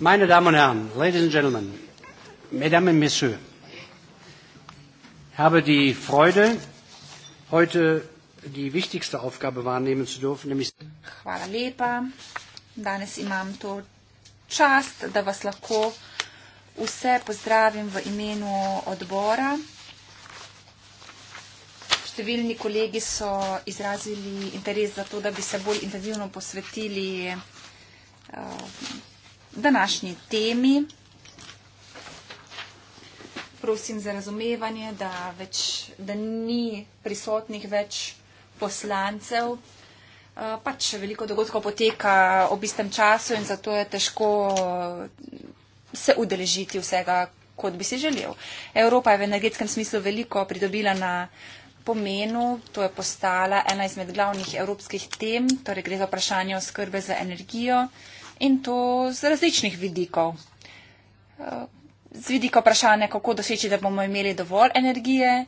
Meine Damen und Herren, Ladies and Gentlemen, Mesdames und Messieurs, ich habe die Freude, heute die wichtigste Aufgabe wahrnehmen zu dürfen, nämlich. Hvala lepa. Danes imam to čast, da vas lahko vse pozdravim v imenu odbora. Številni kolegi so izrazili interes za to, da bi se bolj intenzivno posvetili uh, današnji temi. Prosim za razumevanje, da, več, da ni prisotnih več poslancev. Eh, pač veliko dogodkov poteka ob istem času in zato je težko eh, se udeležiti vsega, kot bi si želel. Evropa je v energetskem smislu veliko pridobila na pomenu, to je postala ena izmed glavnih evropskih tem, torej gre za vprašanje oskrbe za energijo. Uh, in to z različnih vidikov. Z vidika vprašanja, kako doseči, da bomo imeli dovolj energije,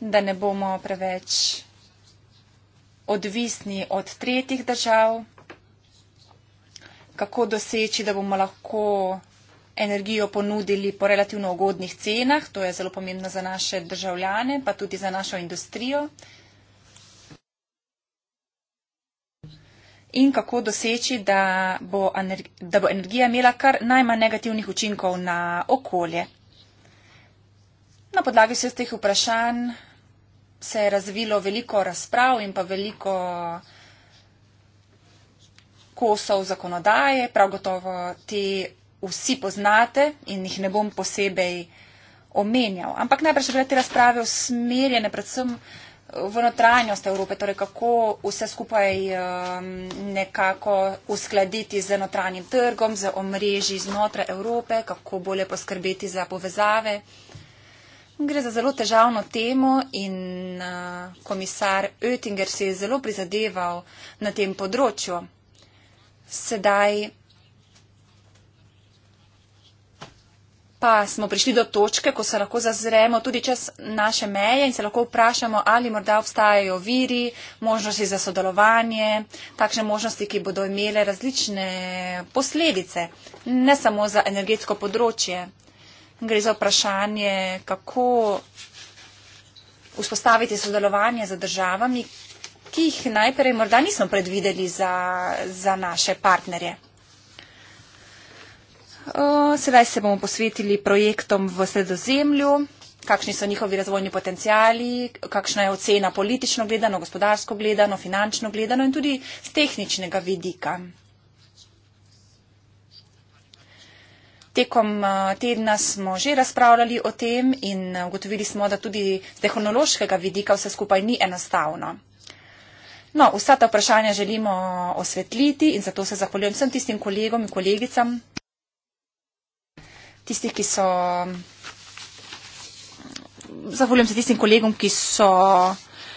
da ne bomo preveč odvisni od tretjih držav, kako doseči, da bomo lahko energijo ponudili po relativno ugodnih cenah, to je zelo pomembno za naše državljane, pa tudi za našo industrijo. in kako doseči, da bo, da bo energija imela kar najmanj negativnih učinkov na okolje. Na podlagi vseh teh vprašanj se je razvilo veliko razprav in pa veliko kosov zakonodaje. Prav gotovo te vsi poznate in jih ne bom posebej omenjal. Ampak najprej so bile te razprave usmerjene predvsem v notranjost Evrope, torej kako vse skupaj um, nekako uskladiti z notranjim trgom, z omrežji znotraj Evrope, kako bolje poskrbeti za povezave. Gre za zelo težavno temo in uh, komisar Oettinger se je zelo prizadeval na tem področju. Sedaj pa smo prišli do točke, ko se lahko zazremo tudi čez naše meje in se lahko vprašamo, ali morda obstajajo viri, možnosti za sodelovanje, takšne možnosti, ki bodo imele različne posledice, ne samo za energetsko področje. Gre za vprašanje, kako vzpostaviti sodelovanje z državami, ki jih najprej morda nismo predvideli za, za naše partnerje. Eh, sedaj se bomo posvetili projektom v sredozemlju, kakšni so njihovi razvojni potencijali, kakšna je ocena politično gledano, gospodarsko gledano, finančno gledano in tudi z tehničnega vidika. Tekom eh, tedna smo že razpravljali o tem in ugotovili smo, da tudi z tehnološkega vidika vse skupaj ni enostavno. No, vsa ta vprašanja želimo osvetliti in zato se zahvaljujem vsem tistim kolegom in kolegicam, tistih, ki so. Zahvaljujem se tistim kolegom, ki so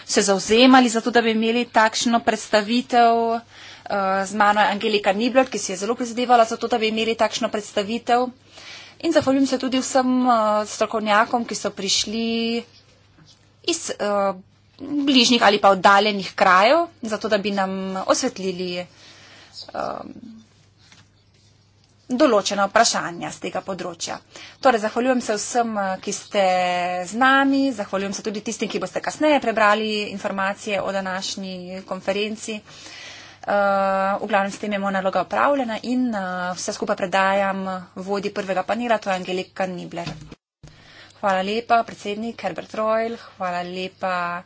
se zauzemali za to, da bi imeli takšno predstavitev. Eh, z mano je Angelika Nibler, ki si je zelo prizadevala za to, da bi imeli takšno predstavitev. In zahvaljujem se tudi vsem eh, strokovnjakom, ki so prišli iz eh, bližnjih ali pa oddaljenih krajev, zato da bi nam osvetlili določena vprašanja z tega področja. Torej, zahvaljujem se vsem, eh, ki ste z nami, zahvaljujem se tudi tistim, ki boste kasneje prebrali informacije o današnji konferenci. Eh, v glavnem s tem je moja naloga opravljena in eh, vse skupaj predajam vodi prvega panela, to je Angelika Nibler. Hvala lepa, predsednik Herbert Royal, hvala lepa.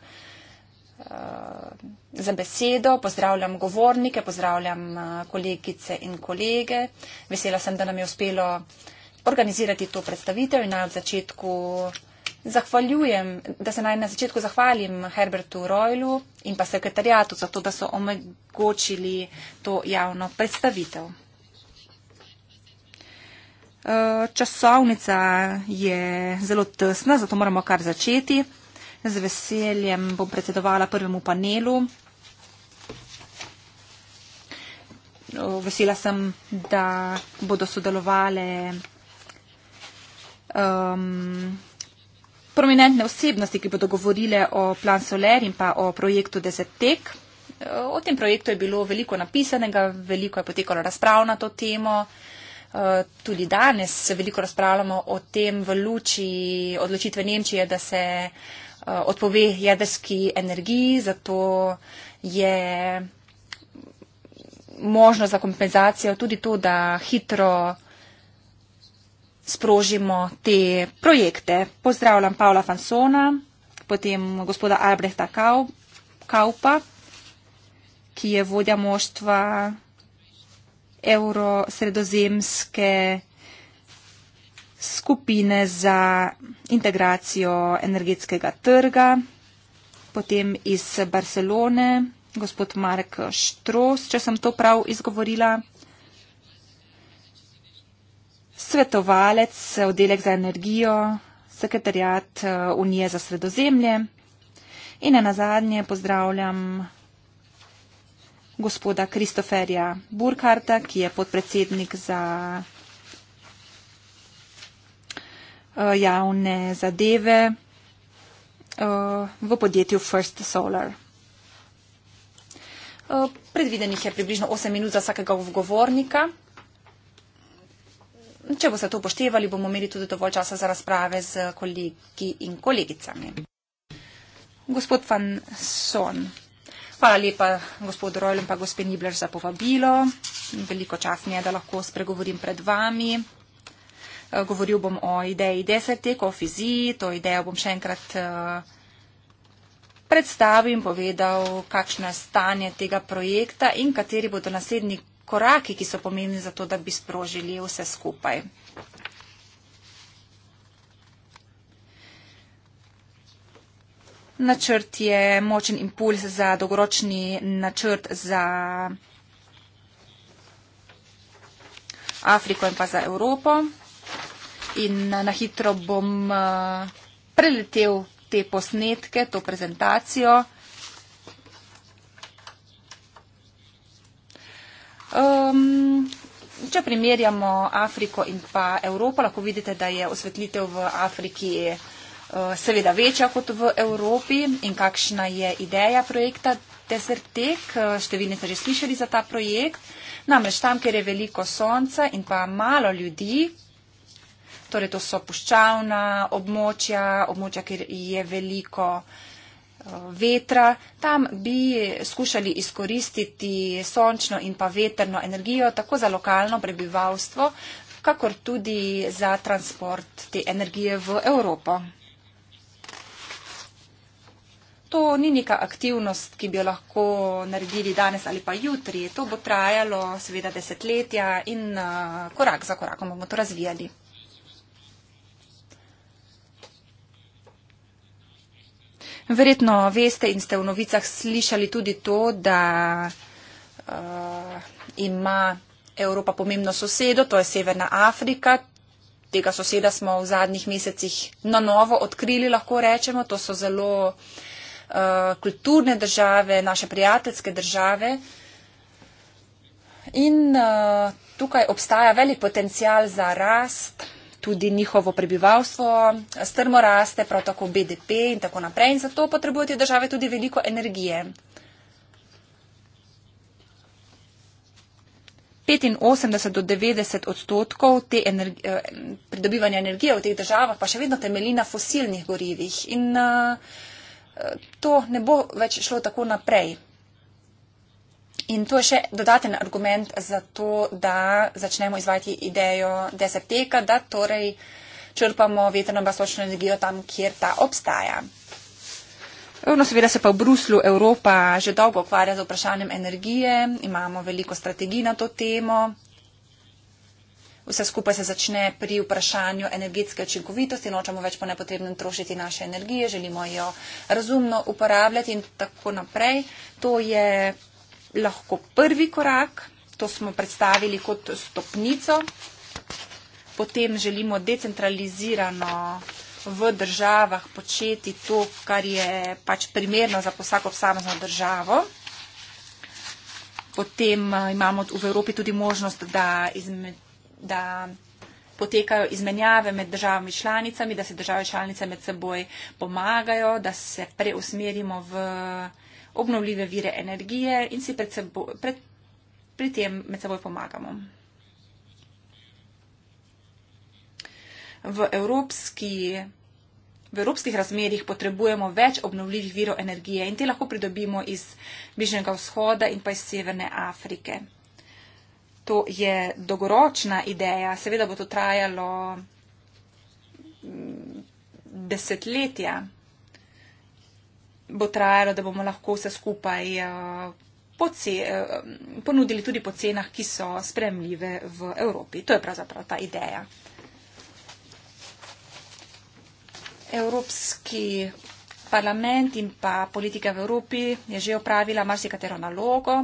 Eh, za besedo, pozdravljam govornike, pozdravljam eh, kolegice in kolege. Vesela sem, da nam je uspelo organizirati to predstavitev in naj v začetku zahvaljujem, da se naj na začetku zahvalim Herbertu Rojlu in pa sekretarjatu za to, da so omogočili to javno predstavitev. Eh, časovnica je zelo tesna, zato moramo kar začeti. Z veseljem bom predsedovala prvemu panelu. Vesela sem, da bodo sodelovali um, prominentne osebnosti, ki bodo govorile o Plan Soler in pa o projektu DZTEK. O tem projektu je bilo veliko napisanega, veliko je potekalo razprav na to temo. Uh, tudi danes veliko razpravljamo o tem v luči odločitve Nemčije, da se uh, Eh, odpove jedrski energiji, zato je možno za kompenzacijo tudi to, da hitro sprožimo te projekte. Pozdravljam Paula Fansona, potem gospoda Albrehta Kaupa, ki je vodja moštva Evrosredozemske skupine za integracijo energetskega trga, potem iz Barcelone gospod Mark Štros, če sem to prav izgovorila, svetovalec, oddelek za energijo, sekretarjat eh, Unije za sredozemlje in na nazadnje pozdravljam gospoda Kristoferja Burkarta, ki je podpredsednik za Eh, javne zadeve eh, v podjetju First Solar. Eh, predvidenih je približno 8 minut za vsakega govornika. Če boste to upoštevali, bomo imeli tudi dovolj časa za razprave z kolegi in kolegicami. Gospod Van Son, hvala lepa gospod Rojl in pa gospod Nibler za povabilo. Veliko čas mi je, da lahko spregovorim pred vami. Eh, govoril bom o ideji DSRT, kofizi, to idejo bom še enkrat eh, predstavil in povedal, kakšno je stanje tega projekta in kateri bodo naslednji koraki, ki so pomembni za to, da bi sprožili vse skupaj. Načrt je močen impuls za dogoročni načrt za Afriko in pa za Evropo in na hitro bom eh, preletel te posnetke, to prezentacijo. Um, če primerjamo Afriko in pa Evropo, lahko vidite, da je osvetlitev v Afriki uh, seveda večja kot v Evropi in kakšna je ideja projekta Desertek. Eh, številni ste že slišali za ta projekt. Namreč tam, kjer je veliko sonca in pa malo ljudi, Torej, to so puščavna območja, območja, kjer je veliko eh, vetra. Tam bi skušali izkoristiti sončno in pa veterno energijo tako za lokalno prebivalstvo, kakor tudi za transport te energije v Evropo. To ni neka aktivnost, ki bi jo lahko naredili danes ali pa jutri. To bo trajalo seveda desetletja in eh, korak za korakom bomo to razvijali. Verjetno veste in ste v novicah slišali tudi to, da uh, ima Evropa pomembno sosedo, to je Severna Afrika. Tega soseda smo v zadnjih mesecih na novo odkrili, lahko rečemo. To so zelo uh, kulturne države, naše prijateljske države. In uh, tukaj obstaja velik potencial za rast tudi njihovo prebivalstvo strmo raste, prav tako BDP in tako naprej. In zato potrebujete države tudi veliko energije. 85 do 90 odstotkov te energi eh, pridobivanja energije v teh državah pa še vedno temelji na fosilnih gorivih. In uh, to ne bo več šlo tako naprej. In to je še dodaten argument za to, da začnemo izvajati idejo desapteka, da torej črpamo vetrno basočno energijo tam, kjer ta obstaja. No, seveda se pa v Bruslu Evropa že dolgo ukvarja z vprašanjem energije, imamo veliko strategij na to temo. Vse skupaj se začne pri vprašanju energetske očinkovitosti, nočemo več po nepotrebnem trošiti naše energije, želimo jo razumno uporabljati in tako naprej. To je lahko prvi korak, to smo predstavili kot stopnico, potem želimo decentralizirano v državah početi to, kar je pač primerno za vsako posamezno državo. Potem eh, imamo v Evropi tudi možnost, da, izme, da potekajo izmenjave med državami članicami, da se države članice med seboj pomagajo, da se preusmerimo v obnovljive vire energije in si pred sebo, pred, pri tem med seboj pomagamo. V, evropski, v evropskih razmerih potrebujemo več obnovljivih virov energije in te lahko pridobimo iz Bližnjega vzhoda in pa iz Severne Afrike. To je dolgoročna ideja, seveda bo to trajalo mm, desetletja bo trajalo, da bomo lahko vse skupaj uh, poce, uh, ponudili tudi po cenah, ki so spremljive v Evropi. To je pravzaprav ta ideja. Evropski parlament in pa politika v Evropi je že opravila marsikatero nalogo.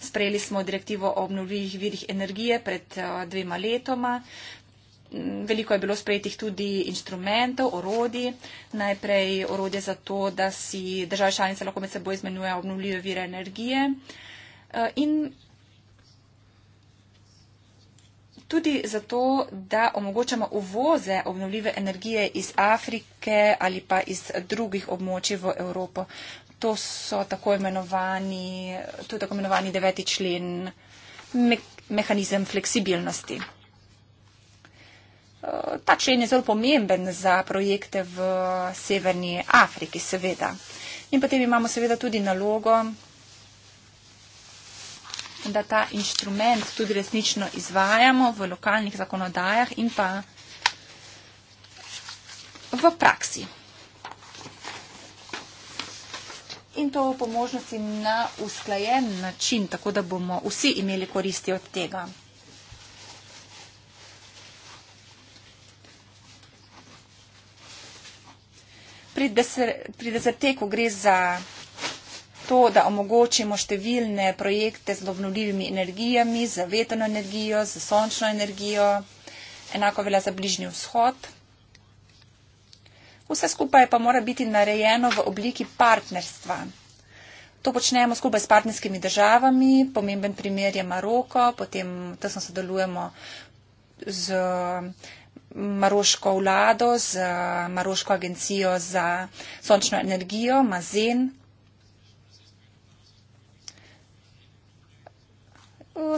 Sprejeli smo direktivo o obnovljivih virih energije pred eh, dvema letoma veliko je bilo sprejetih tudi instrumentov, orodi. Najprej orodje za to, da si države članice lahko med seboj izmenjujejo obnovljive vire energije. Eh, in tudi zato, da omogočamo uvoze obnovljive energije iz Afrike ali pa iz drugih območij v Evropo. To so tako imenovani, to tako imenovani deveti člen me mehanizem fleksibilnosti ta člen je zelo pomemben za projekte v Severni Afriki, seveda. In potem imamo seveda tudi nalogo, da ta inštrument tudi resnično izvajamo v lokalnih zakonodajah in pa v praksi. In to po možnosti na usklajen način, tako da bomo vsi imeli koristi od tega. pri, deser, pri deserteku gre za to, da omogočimo številne projekte z obnovljivimi energijami, za vetrno energijo, za sončno energijo, enako velja za bližnji vzhod. Vse skupaj pa mora biti narejeno v obliki partnerstva. To počnemo skupaj s partnerskimi državami, pomemben primer je Maroko, potem tesno sodelujemo z maroško vlado, z eh, maroško agencijo za sončno energijo, Mazen.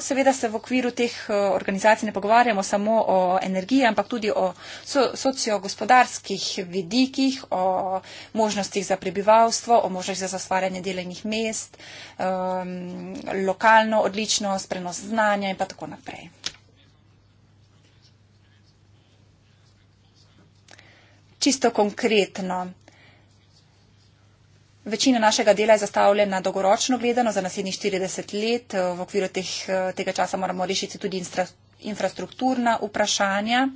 Seveda se v okviru teh eh, organizacij ne pogovarjamo samo o energiji, ampak tudi o so, sociogospodarskih vidikih, o možnostih za prebivalstvo, o možnostih za zastvarjanje delenih mest, um, lokalno odličnost, prenos znanja in pa tako naprej. čisto konkretno. Večina našega dela je zastavljena dolgoročno gledano za naslednjih 40 let. V okviru teh, tega časa moramo rešiti tudi infrastrukturna vprašanja.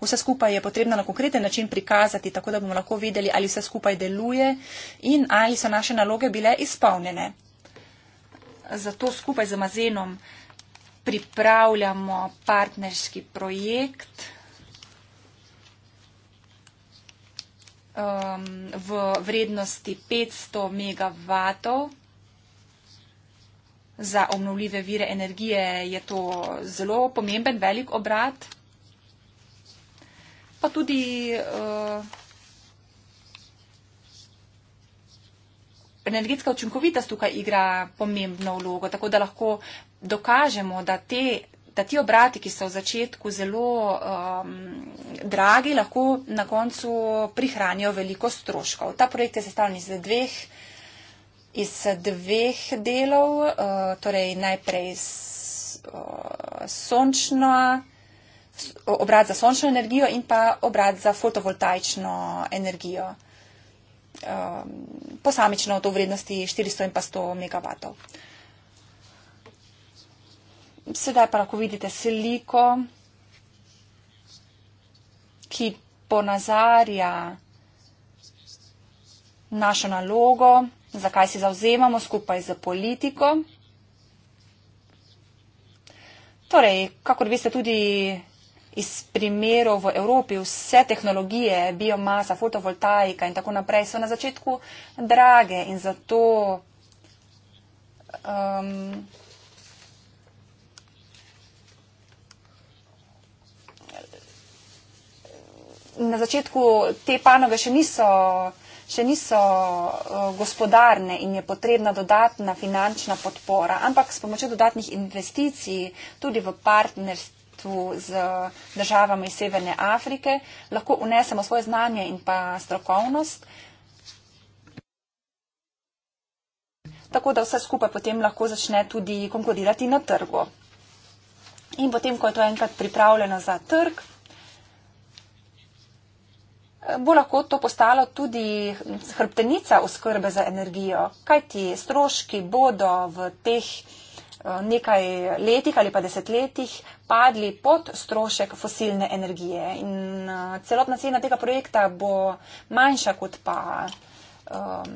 Vse skupaj je potrebno na konkreten način prikazati, tako da bomo lahko vedeli, ali vse skupaj deluje in ali so naše naloge bile izpolnjene. Zato skupaj z Mazenom pripravljamo partnerski projekt. um, v vrednosti 500 megavatov. Za obnovljive vire energije je to zelo pomemben, velik obrat. Pa tudi uh, energetska učinkovitost tukaj igra pomembno vlogo, tako da lahko dokažemo, da te da ti obrati, ki so v začetku zelo um, dragi, lahko na koncu prihranijo veliko stroškov. Ta projekt je sestavljen iz dveh, iz dveh delov, uh, torej najprej uh, sončno, obrat za sončno energijo in pa obrat za fotovoltaično energijo. Um, posamično to vrednosti 400 in pa 100 megavatov sedaj pa lahko vidite sliko, ki ponazarja našo nalogo, zakaj se zauzemamo skupaj z politiko. Torej, kakor veste tudi iz primerov v Evropi, vse tehnologije, biomasa, fotovoltaika in tako naprej so na začetku drage in zato. Um, na začetku te panoge še niso, še niso eh, gospodarne in je potrebna dodatna finančna podpora, ampak s pomočjo dodatnih investicij tudi v partnerstvu z državami iz Severne Afrike lahko unesemo svoje znanje in pa strokovnost. Tako da vse skupaj potem lahko začne tudi konkurirati na trgu. In potem, ko je to enkrat pripravljeno za trg, bo lahko to postalo tudi hrbtenica oskrbe za energijo, kaj ti stroški bodo v teh eh, nekaj letih ali pa desetletjih padli pod strošek fosilne energije. In eh, celotna cena tega projekta bo manjša kot pa um,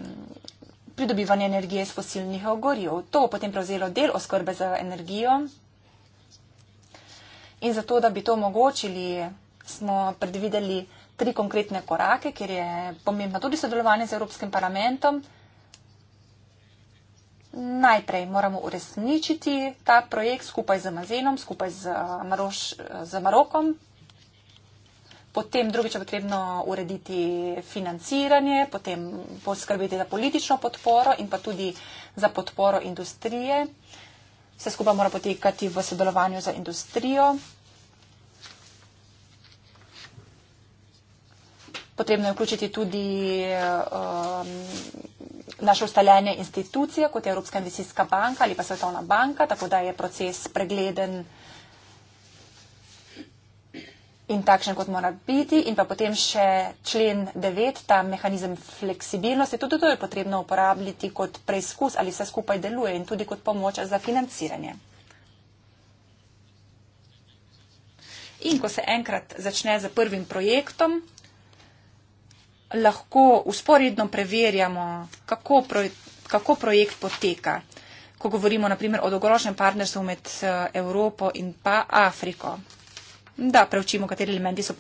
pridobivanje energije iz fosilnih ogorjev. To bo potem prevzelo del oskrbe za energijo. In zato, da bi to omogočili, smo predvideli tri konkretne korake, kjer je pomembno tudi sodelovanje z Evropskim parlamentom. Najprej moramo uresničiti ta projekt skupaj z Mazenom, skupaj z, Maroš, z Marokom. Potem drugič je potrebno urediti financiranje, potem poskrbeti za politično podporo in pa tudi za podporo industrije. Vse skupaj mora potekati v sodelovanju za industrijo. Potrebno je vključiti tudi um, naše ustaljene institucije, kot je Evropska investicijska banka ali pa Svetovna banka, tako da je proces pregleden in takšen, kot mora biti. In pa potem še člen 9, ta mehanizem fleksibilnosti, tudi to je potrebno uporabljati kot preizkus, ali vse skupaj deluje in tudi kot pomoč za financiranje. In ko se enkrat začne z prvim projektom, lahko usporedno preverjamo, kako, proj kako projekt poteka, ko govorimo naprimer o dolgoročnem partnerstvu med eh, Evropo in pa Afriko. Da preučimo, kateri elementi so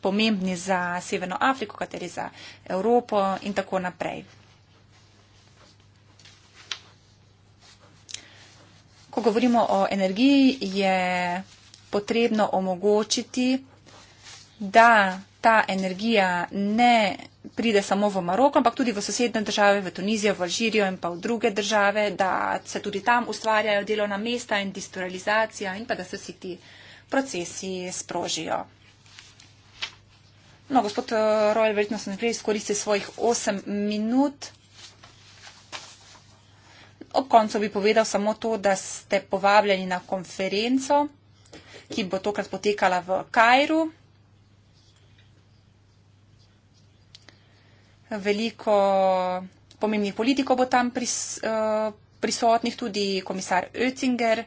pomembni za Severno Afriko, kateri za Evropo in tako naprej. Ko govorimo o energiji, je potrebno omogočiti, da ta energija ne pride samo v Maroko, ampak tudi v sosedne države, v Tunizijo, v Alžirijo in pa v druge države, da se tudi tam ustvarjajo delovna mesta, industrializacija in pa da se vsi ti procesi sprožijo. No, gospod eh, Rojl, verjetno sem že izkoristil svojih 8 minut. Ob koncu bi povedal samo to, da ste povabljeni na konferenco, ki bo tokrat potekala v Kajru. veliko pomembnih politikov bo tam pris, eh, prisotnih, tudi komisar Oettinger,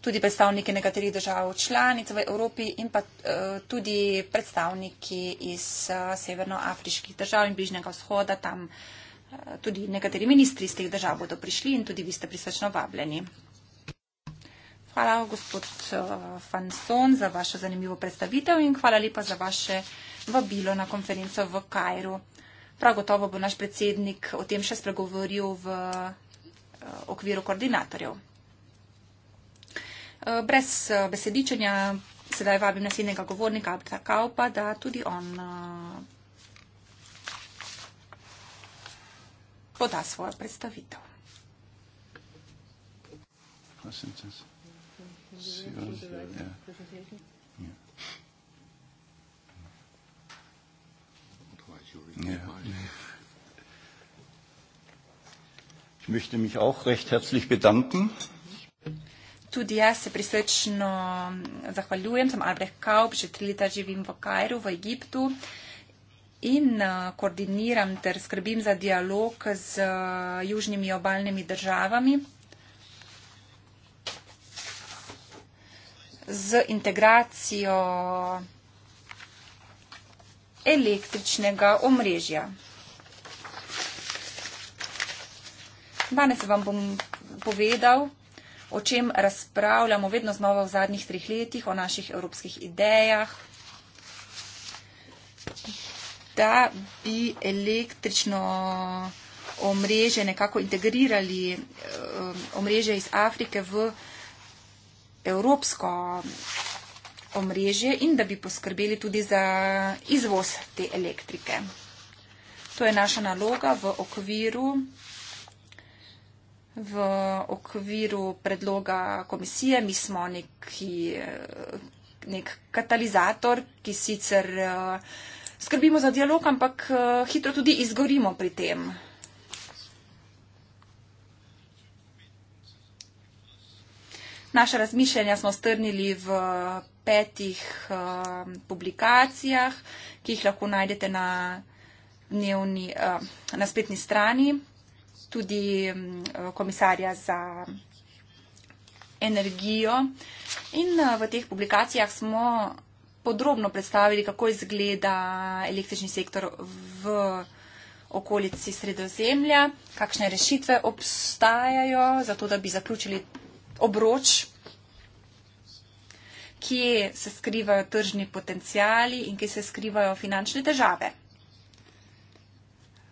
tudi predstavniki nekaterih držav članic v Evropi in pa eh, tudi predstavniki iz eh, severnoafriških držav in bližnjega vzhoda tam. Tudi nekateri ministri iz teh držav bodo prišli in tudi vi ste prisrčno vabljeni. Hvala, gospod Fanson, za vašo zanimivo predstavitev in hvala lepa za vaše vabilo na konferenco v Kajru. Prav gotovo bo naš predsednik o tem še spregovoril v eh, okviru koordinatorjev. Eh, brez eh, besedičenja sedaj vabim naslednjega govornika, Abda Kaupa, da tudi on poda svojo predstavitev. Prosim, čas. Si vas, ja. Ja. Ich möchte mich auch recht herzlich bedanken. Tudi jaz se prisrčno zahvaljujem, sem Albrecht Kaup, že tri leta živim v Kajru, v Egiptu in e, koordiniram ter skrbim za dialog z e, južnimi obaljnimi državami. Z integracijo električnega omrežja. Danes vam bom povedal, o čem razpravljamo vedno znova v zadnjih treh letih, o naših evropskih idejah, da bi električno omrežje nekako integrirali eh, omrežje iz Afrike v evropsko omrežje omrežje in da bi poskrbeli tudi za izvoz te elektrike. To je naša naloga v okviru, v okviru predloga komisije. Mi smo neki, nek katalizator, ki sicer skrbimo za dialog, ampak hitro tudi izgorimo pri tem. Naše razmišljanja smo strnili v petih um, publikacijah, ki jih lahko najdete na, dnevni, uh, na spetni strani, tudi um, komisarja za energijo. In uh, v teh publikacijah smo podrobno predstavili, kako izgleda električni sektor v okolici sredozemlja, kakšne rešitve obstajajo, zato da bi zaključili obroč kje se skrivajo tržni potencijali in kje se skrivajo finančne težave,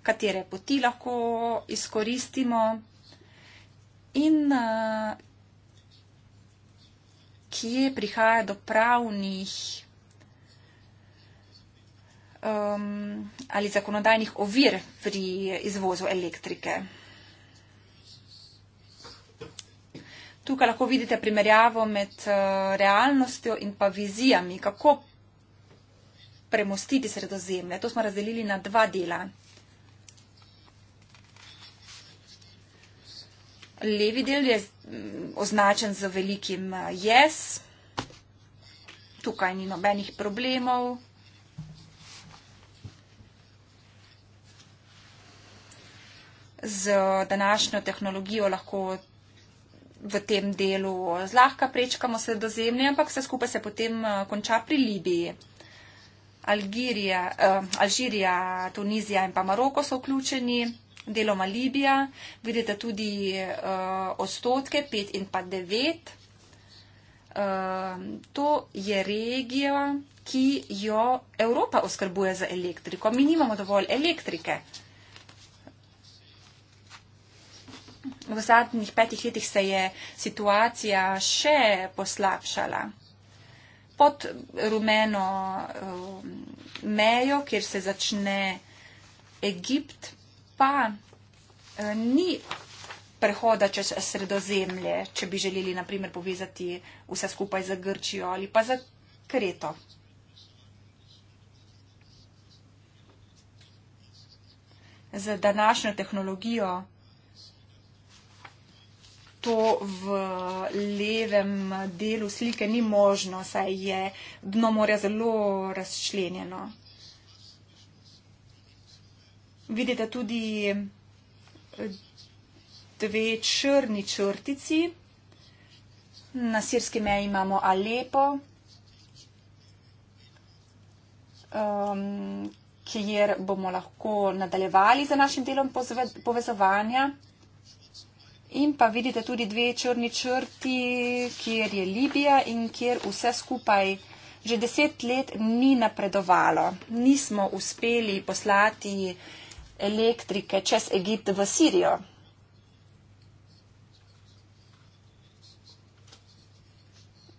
katere poti lahko izkoristimo in eh, kje prihaja do pravnih um, ali zakonodajnih ovir pri izvozu elektrike. Tukaj lahko vidite primerjavo med eh, realnostjo in pa vizijami, kako premostiti sredozemlje. To smo razdelili na dva dela. Levi del je mm, označen z velikim eh, jes. Yes. Tukaj ni nobenih problemov. Z današnjo tehnologijo lahko v tem delu. Zlahka prečkamo sredozemlje, ampak vse skupaj se potem eh, konča pri Libiji. Algirija, eh, Alžirija, Tunizija in pa Maroko so vključeni, deloma Libija. Vidite tudi eh, odstotke 5 in pa 9. Eh, to je regija, ki jo Evropa oskrbuje za elektriko. Mi nimamo dovolj elektrike. Eh, v zadnjih petih letih se je situacija še poslabšala. Pod rumeno um, mejo, kjer se začne Egipt, pa eh, ni prehoda čez sredozemlje, če bi želeli naprimer povezati vse skupaj za Grčijo ali pa za Kreto. Z današnjo tehnologijo to v levem delu slike ni možno, saj je dno morja zelo razčlenjeno. Vidite tudi eh, dve črni črtici. Na sirski meji imamo Alepo, ehm, kjer bomo lahko nadaljevali za našim delom povezovanja. In pa vidite tudi dve črni črti, kjer je Libija in kjer vse skupaj že deset let ni napredovalo. Nismo uspeli poslati elektrike čez Egipt v Sirijo.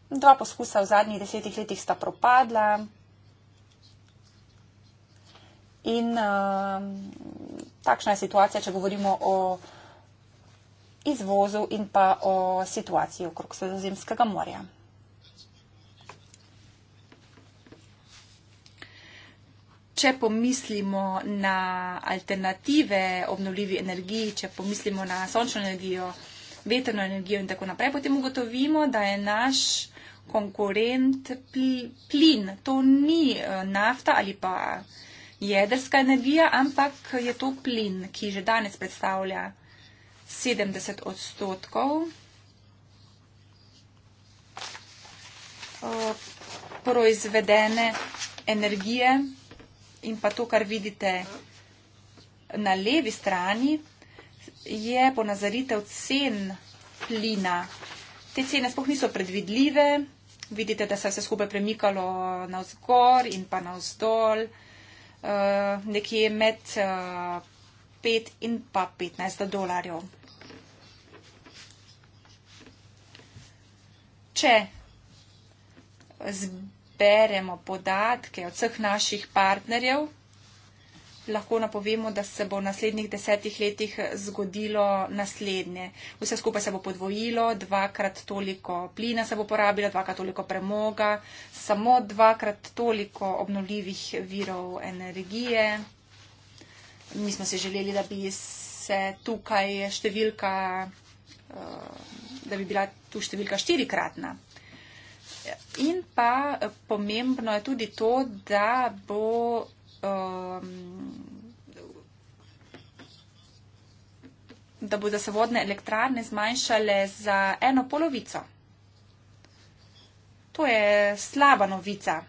Dva poskusa v zadnjih desetih letih sta propadla. In uh, takšna je situacija, če govorimo o izvozu in pa o situaciji okrog Sredozemskega morja. Če pomislimo na alternative obnovljivi energiji, če pomislimo na sončno energijo, vetrno energijo in tako naprej, potem ugotovimo, da je naš konkurent plin. To ni eh, nafta ali pa jedrska energija, ampak je to plin, ki že danes predstavlja 70 odstotkov. proizvedene energije in pa to, kar vidite na levi strani, je ponazaritev cen plina. Te cene spoh niso predvidljive, vidite, da se vse skupaj premikalo navzgor in pa navzdol, eh, nekje med eh, 5 in pa 15 dolarjev. Če zberemo podatke od vseh naših partnerjev, lahko napovemo, da se bo v naslednjih desetih letih zgodilo naslednje. Vse skupaj se bo podvojilo, dvakrat toliko plina se bo porabilo, dvakrat toliko premoga, samo dvakrat toliko obnovljivih virov energije mi smo se želeli, da bi se tukaj številka, eh, da bi bila tu številka štirikratna. In pa eh, pomembno je tudi to, da bo ehm, da bodo se vodne elektrarne zmanjšale za eno polovico. To je slaba novica.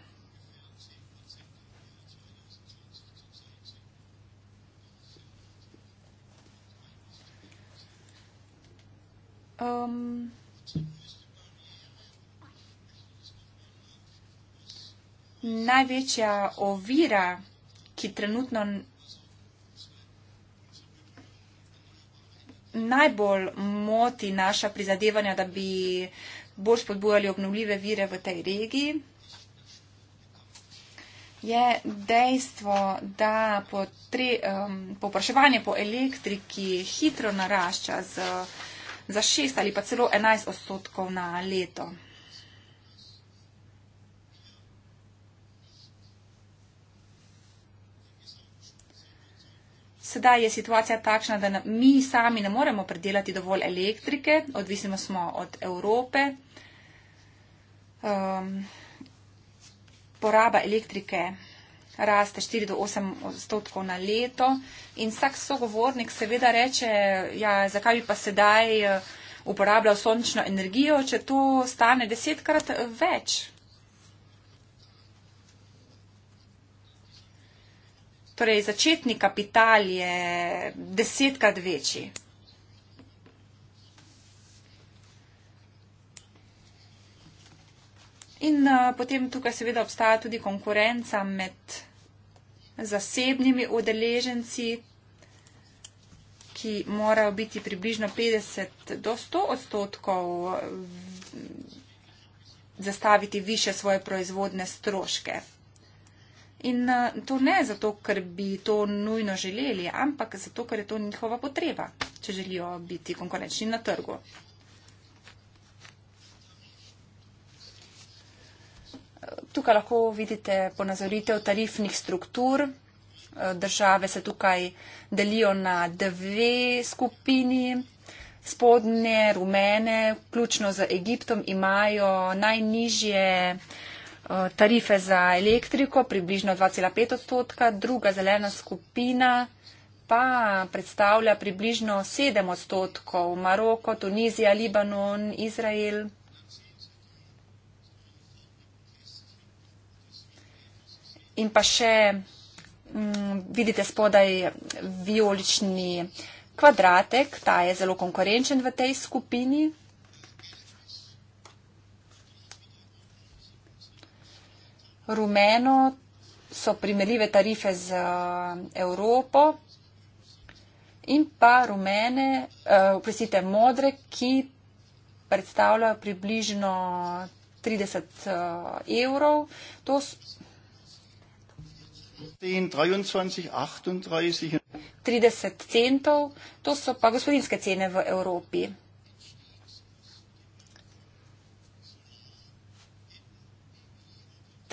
Um, največja ovira, ki trenutno najbolj moti naša prizadevanja, da bi bolj spodbujali obnovljive vire v tej regiji, je dejstvo, da po tre, um, popraševanje po elektriki hitro narašča z. Um, za 6 ali pa celo 11 odstotkov na leto. Sedaj je situacija takšna, da mi sami ne moremo predelati dovolj elektrike, odvisni smo od Evrope. Um, poraba elektrike raste 4 do 8 odstotkov na leto in vsak sogovornik seveda reče, ja, zakaj bi pa sedaj eh, uporabljal sončno energijo, če to stane desetkrat več. Torej, začetni kapital je desetkrat večji. In uh, potem tukaj seveda obstaja tudi konkurenca med zasebnimi udeleženci, ki morajo biti približno 50 do 100 odstotkov eh, zastaviti više svoje proizvodne stroške. In eh, to ne zato, ker bi to nujno želeli, ampak zato, ker je to njihova potreba, če želijo biti konkurenčni na trgu. Tukaj lahko vidite ponazoritev tarifnih struktur. Države se tukaj delijo na dve skupini. Spodnje, rumene, vključno z Egiptom, imajo najnižje eh, tarife za elektriko, približno 2,5 odstotka. Druga zelena skupina pa predstavlja približno 7 odstotkov Maroko, Tunizija, Libanon, Izrael. in pa še mm, vidite spodaj vijolični kvadratek, ta je zelo konkurenčen v tej skupini. Rumeno so primerljive tarife z eh, Evropo in pa rumene, eh, prosite, modre, ki predstavljajo približno 30 eh, evrov. To 30 centov, to so pa gospodinske cene v Evropi.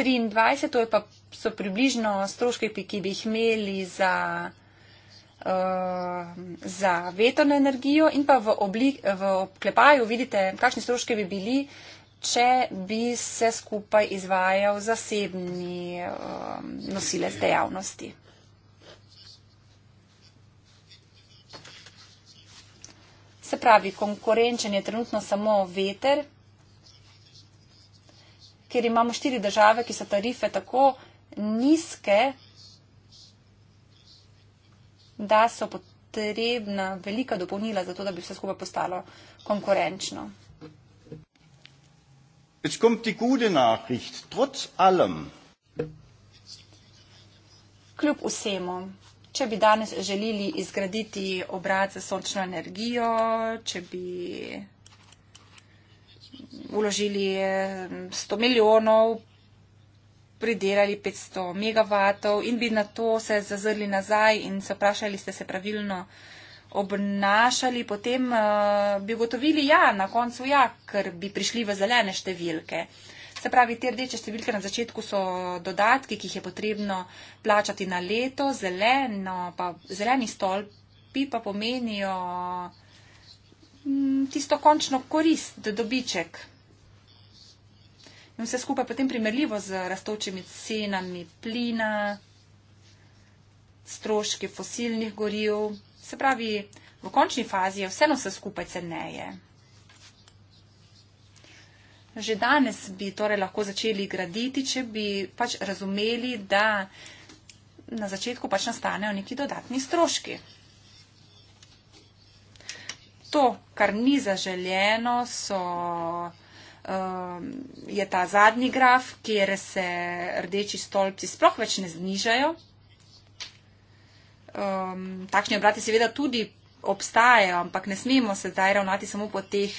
To je pa so približno stroške, ki bi jih imeli za, uh, za vetrno energijo in pa v, oblik, v oklepaju vidite, kakšni stroške bi bili, uh, če bi se skupaj izvajal zasebni um, nosilec dejavnosti. Se pravi, konkurenčen je trenutno samo veter, ker imamo štiri države, ki so tarife tako nizke, da so potrebna velika dopolnila za to, da bi vse skupaj postalo konkurenčno. Jetzt kommt die gute Nachricht. Trotz allem. Kljub vsemu, če bi danes želeli izgraditi obrat za sončno energijo, če bi uložili 100 milijonov, pridelali 500 megavatov in bi na to se zazrli nazaj in se vprašali, ste se pravilno obnašali, potem uh, bi ugotovili, ja, na koncu ja, ker bi prišli v zelene številke. Se pravi, te rdeče številke na začetku so dodatki, ki jih je potrebno plačati na leto, zeleno, pa, zeleni stolpi pa pomenijo m, mm, tisto končno korist, dobiček. In vse skupaj potem primerljivo z rastočimi cenami plina, stroški fosilnih goriv, Se pravi, v končni fazi je vseeno vse skupaj ceneje. Že danes bi torej lahko začeli graditi, če bi pač razumeli, da na začetku pač nastanejo neki dodatni stroški. To, kar ni zaželjeno, so, um, je ta zadnji graf, kjer se rdeči stolpci sploh več ne znižajo um, takšni obrati seveda tudi obstajajo, ampak ne smemo se zdaj ravnati samo po teh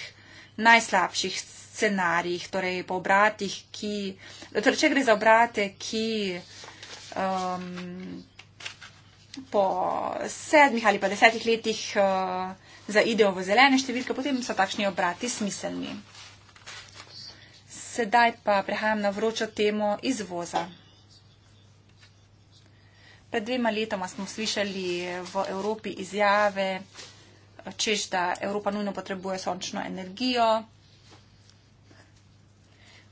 najslabših scenarijih, torej po obratih, ki, torej če gre za obrate, ki um, po sedmih ali pa desetih letih uh, zaidejo v zelene številke, potem so takšni obrati smiselni. Sedaj pa prehajam na vročo temo izvoza. Pred dvema letoma smo slišali v Evropi izjave, češ, da Evropa nujno potrebuje sončno energijo.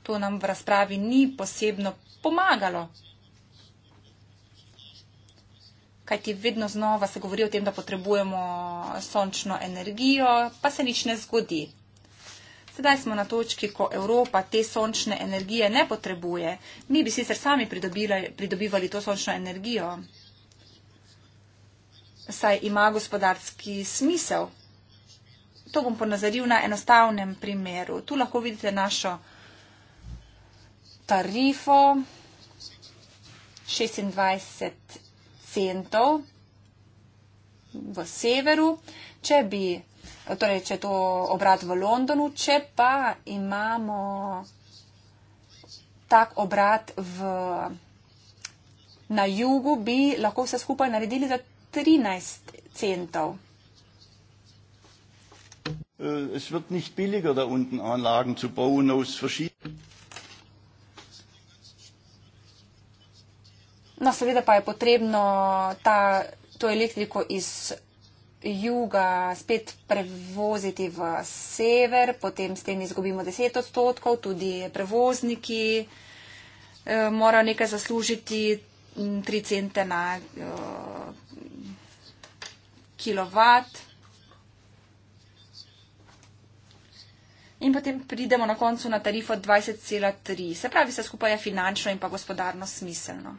To nam v razpravi ni posebno pomagalo. Kaj ti vedno znova se govori o tem, da potrebujemo sončno energijo, pa se nič ne zgodi. Sedaj smo na točki, ko Evropa te sončne energije ne potrebuje. Mi bi sicer sami pridobivali to sončno energijo, saj ima gospodarski smisel. To bom ponazoril na enostavnem primeru. Tu lahko vidite našo tarifo 26 centov v severu. Če bi torej, če je to obrat v Londonu, če pa imamo tak obrat v, na jugu, bi lahko vse skupaj naredili za 13 centov. Äh, es wird nicht billiger, da unten Anlagen zu bauen aus verschiedenen. No, seveda pa je potrebno ta, to elektriko iz juga spet prevoziti v sever, potem s tem izgubimo 10 odstotkov, tudi prevozniki eh, morajo nekaj zaslužiti, 3 mm, cente na eh, kilovat. In potem pridemo na koncu na tarifo 20,3. Se pravi, se skupaj je finančno in pa gospodarno smiselno.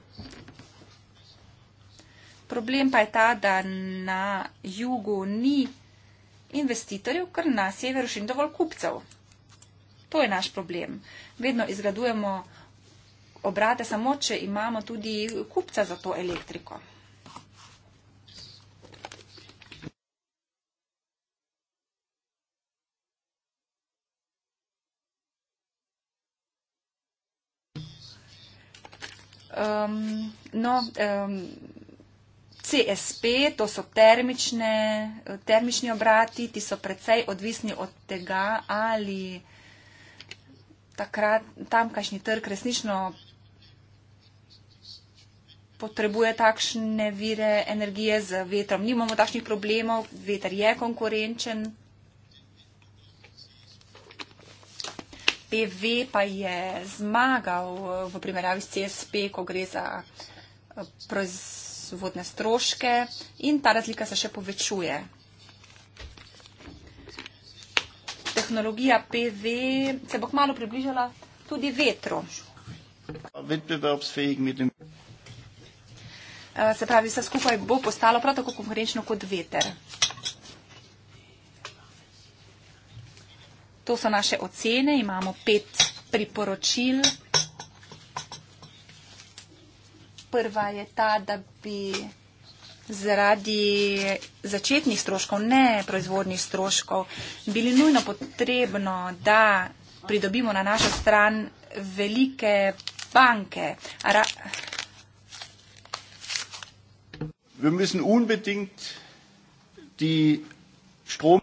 Problem pa je ta, da na jugu ni investitorjev, ker na severu še ni dovolj kupcev. To je naš problem. Vedno izgradujemo obrate samo, če imamo tudi kupca za to elektriko. Um, no, um, CSP, to so termične, termični obrati, ti so precej odvisni od tega, ali takrat tamkajšnji trg resnično potrebuje takšne vire energije z vetrom. Nimamo takšnih problemov, veter je konkurenčen. PV pa je zmagal v primerjavi s CSP, ko gre za eh, proizvodnjo vodne stroške in ta razlika se še povečuje. Tehnologija PV se bo kmalo približala tudi vetru. Eh, se pravi, vse skupaj bo postalo prav tako konkurenčno kot veter. To so naše ocene, imamo pet priporočil. Prva je ta, da bi zaradi začetnih stroškov, ne proizvodnih stroškov, bili nujno potrebno, da pridobimo na našo stran velike banke. Ra Wir müssen unbedingt die Strom.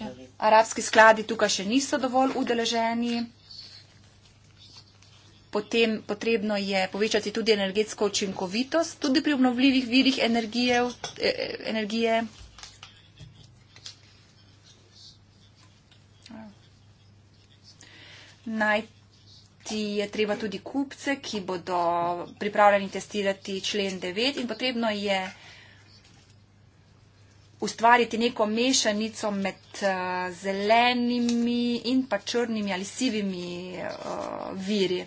Ja. Arabski skladi tukaj še niso dovolj udeleženi potem potrebno je povečati tudi energetsko učinkovitost, tudi pri obnovljivih virih energije. Eh, energije. Najti je treba tudi kupce, ki bodo pripravljeni testirati člen 9 in potrebno je ustvariti neko mešanico med eh, zelenimi in pa črnimi ali sivimi uh, viri.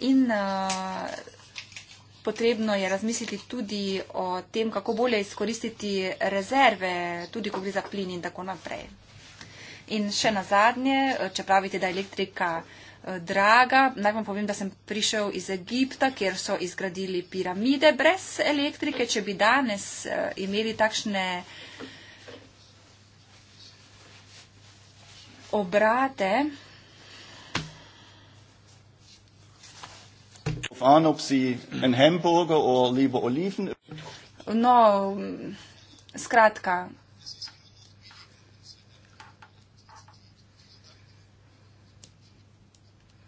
In eh, potrebno je razmisliti tudi o tem, kako bolje izkoristiti rezerve, tudi ko gre za plin in tako naprej. In še na zadnje, eh, če pravite, da je elektrika eh, draga, naj vam povem, da sem prišel iz Egipta, kjer so izgradili piramide brez elektrike. Če bi danes imeli takšne obrate, an, ob sie ein Hamburger oder lieber Oliven. No, skratka.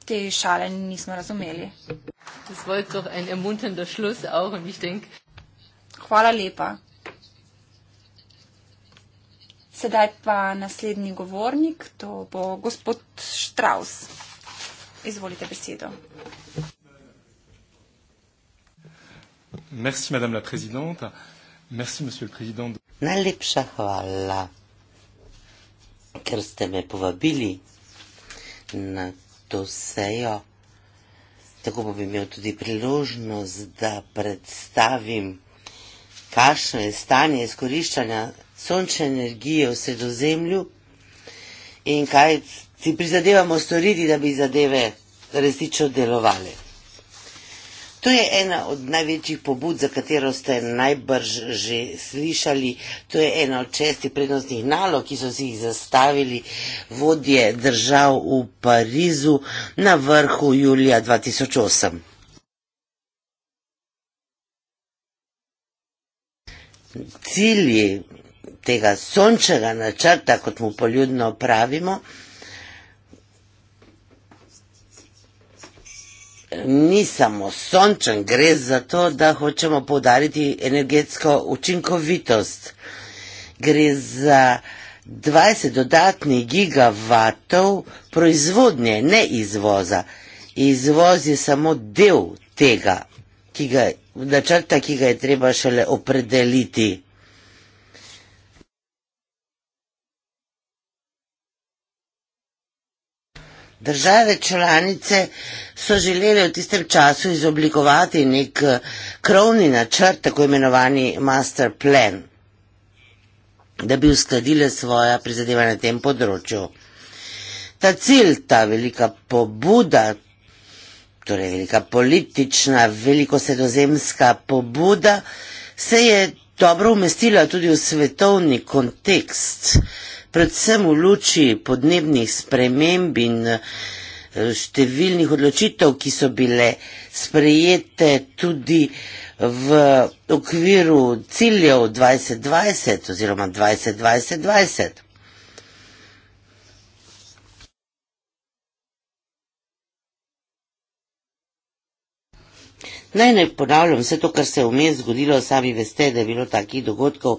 Te Schale nicht mehr so Das war jetzt doch ein ermunternder Schluss auch und ich denke. Hvala lepa. Sedaj pa naslednji govornik, to bo gospod Štraus. Izvolite besedo. Merci Madame la Présidente. Merci Monsieur le Président. Najlepša hvala, ker ste me povabili na to sejo. Tako bom imel tudi priložnost, da predstavim, kakšno je stanje izkoriščanja sončne energije v sredozemlju in kaj si prizadevamo storiti, da bi zadeve resnično delovali. To je ena od največjih pobud, za katero ste najbrž že slišali. To je ena od šestih prednostnih nalog, ki so si jih zastavili vodje držav v Parizu na vrhu julija 2008. Cilji tega sončnega načrta, kot mu poljudno pravimo, ni samo sončen, gre za to, da hočemo povdariti energetsko učinkovitost. Gre za 20 dodatnih gigavatov proizvodnje, ne izvoza. Izvoz je samo del tega, ki ga, načrta, ki ga je treba šele opredeliti. Države članice so želeli v tistem času izoblikovati nek eh, krovni načrt, tako imenovani master plan, da bi uskladile svoja prizadevanja na tem področju. Ta cilj, ta velika pobuda, torej velika politična, velikosredozemska pobuda, se je dobro umestila tudi v svetovni kontekst, predvsem v luči podnebnih sprememb in uh, Eh, številnih odločitev, ki so bile sprejete tudi v okviru ciljev 2020 oziroma 2020. -2020. Naj ne ponavljam vse to, kar se je vmes zgodilo, sami veste, da je bilo takih dogodkov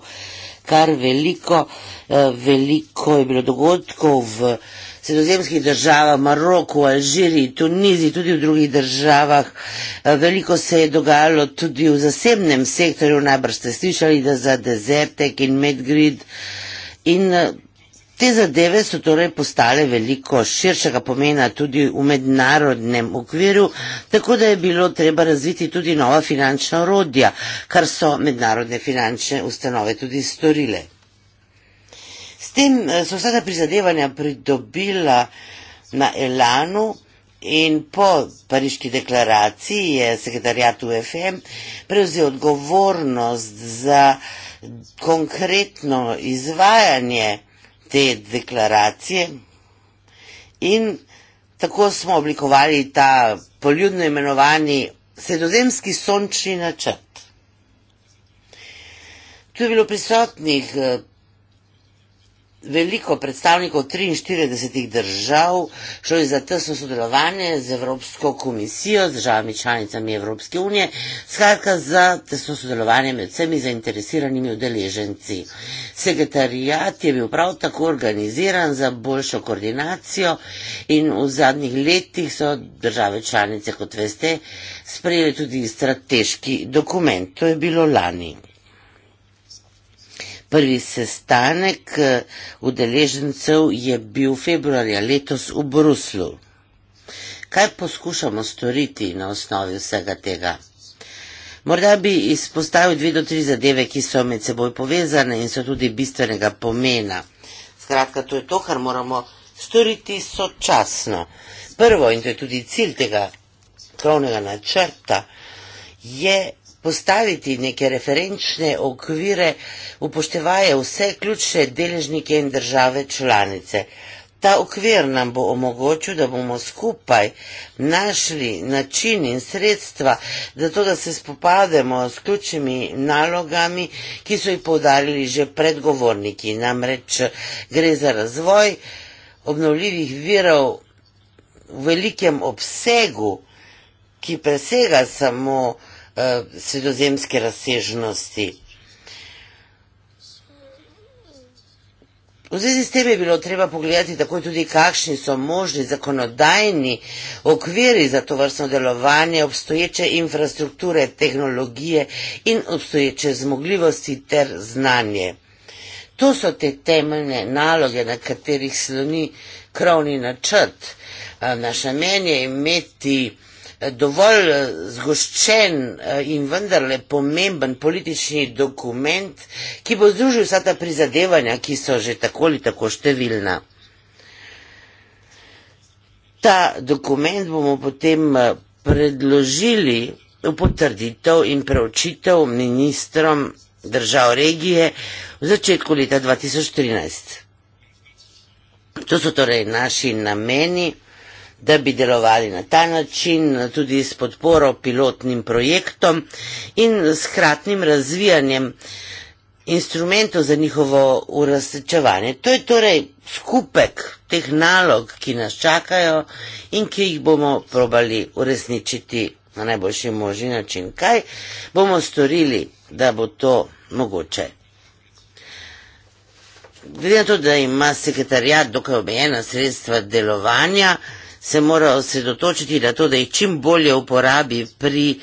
kar veliko, eh, veliko je bilo dogodkov v sredozemskih država, Maroku, Alžiriji, Tuniziji, tudi v drugih državah. Eh, veliko se je dogajalo tudi v zasebnem sektorju, najbrž ste slišali, da za Desertek in Medgrid. In eh, te zadeve so torej postale veliko širšega pomena tudi v mednarodnem okviru, tako da je bilo treba razviti tudi nova finančna orodja, kar so mednarodne finančne ustanove tudi storile tem eh, so vsa ta prizadevanja pridobila na Elanu in po pariški deklaraciji je sekretarjat UFM prevzel odgovornost za konkretno izvajanje te deklaracije in tako smo oblikovali ta poljudno imenovani sredozemski sončni načrt. Tu je bilo prisotnih eh, veliko predstavnikov 43 držav šlo je za tesno sodelovanje z Evropsko komisijo, z državami članicami Evropske unije, skratka za tesno sodelovanje med vsemi zainteresiranimi udeleženci. Sekretarijat je bil prav tako organiziran za boljšo koordinacijo in v zadnjih letih so države članice, kot veste, sprejeli tudi strateški dokument. To je bilo lani. Prvi sestanek eh, udeležencev je bil februarja letos v Bruslu. Kaj poskušamo storiti na osnovi vsega tega? Morda bi izpostavil dve do tri zadeve, ki so med seboj povezane in so tudi bistvenega pomena. Skratka, to je to, kar moramo storiti sočasno. Prvo, in to je tudi cilj tega krovnega načrta, je postaviti neke referenčne okvire, upoštevaje vse ključne deležnike in države članice. Ta okvir nam bo omogočil, da bomo skupaj našli način in sredstva, da to, da se spopademo s ključnimi nalogami, ki so jih povdarili že predgovorniki. Namreč gre za razvoj obnovljivih virov v velikem obsegu, ki presega samo Eh, sredozemske razsežnosti. V zvezi s tem je bilo treba pogledati tako tudi, kakšni so možni zakonodajni okviri za to vrstno delovanje obstoječe infrastrukture, tehnologije in obstoječe zmogljivosti ter znanje. To so te temeljne naloge, na katerih sloni krovni načrt. Eh, Naša men je imeti dovolj eh, zgoščen eh, in vendarle pomemben politični dokument, ki bo združil vsa ta prizadevanja, ki so že tako ali tako številna. Ta dokument bomo potem eh, predložili v potrditev in preučitev ministrom držav regije v začetku leta 2013. To so torej naši nameni da bi delovali na ta način, tudi s podporo pilotnim projektom in s kratnim razvijanjem instrumentov za njihovo uresničevanje. To je torej skupek teh nalog, ki nas čakajo in ki jih bomo probali uresničiti na najboljši možni način. Kaj bomo storili, da bo to mogoče? Glede na to, da ima sekretarjat dokaj omejena sredstva delovanja, se mora osredotočiti na to, da jih čim bolje uporabi pri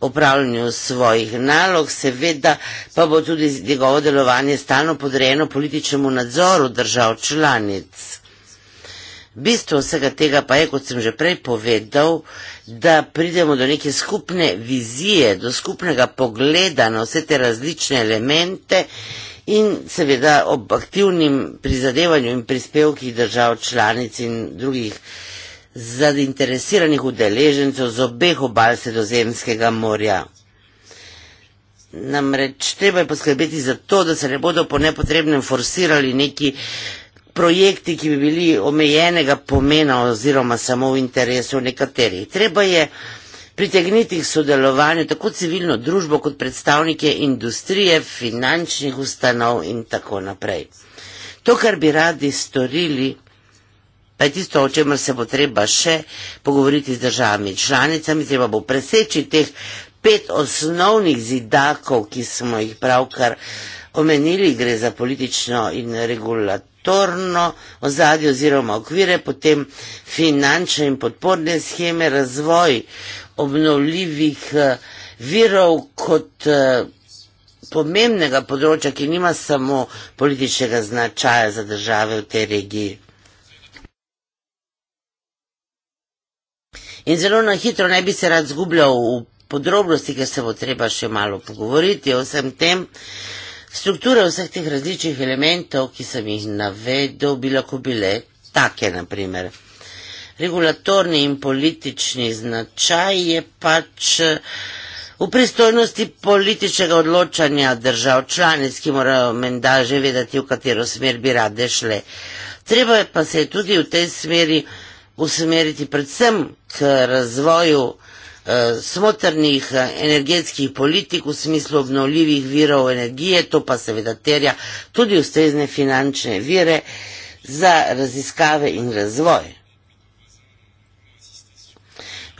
opravljanju svojih nalog, seveda pa bo tudi njegovo delovanje stalno podrejeno političnemu nadzoru držav članic. Bistvo vsega tega pa je, kot sem že prej povedal, da pridemo do neke skupne vizije, do skupnega pogleda na vse te različne elemente in seveda ob aktivnim prizadevanju in prispevkih držav članic in drugih zainteresiranih udeležencev z obeh obal sredozemskega morja. Namreč treba je poskrbeti za to, da se ne bodo po nepotrebnem forsirali neki projekti, ki bi bili omejenega pomena oziroma samo v interesu nekaterih. Treba je pritegniti k sodelovanju tako civilno družbo kot predstavnike industrije, finančnih ustanov in tako naprej. To, kar bi radi storili, pa je tisto, o čemer se bo treba še pogovoriti z državami članicami, treba bo preseči teh pet osnovnih zidakov, ki smo jih pravkar omenili, gre za politično in regulatorno ozadje oziroma okvire, potem finančne in podporne scheme, razvoj obnovljivih eh, virov kot eh, pomembnega področja, ki nima samo političnega značaja za države v tej regiji. In zelo na hitro ne bi se rad zgubljal v podrobnosti, ker se bo treba še malo pogovoriti o vsem tem. Strukture vseh teh različnih elementov, ki sem jih navedel, bi lahko bile take, na primer. Regulatorni in politični značaj je pač v pristojnosti političnega odločanja držav članic, ki morajo menda že vedeti, v katero smer bi rade šle. Treba pa se je tudi v tej smeri usmeriti predvsem k razvoju eh, smotrnih eh, energetskih politik v smislu obnovljivih virov energije, to pa seveda terja tudi ustrezne finančne vire za raziskave in razvoj.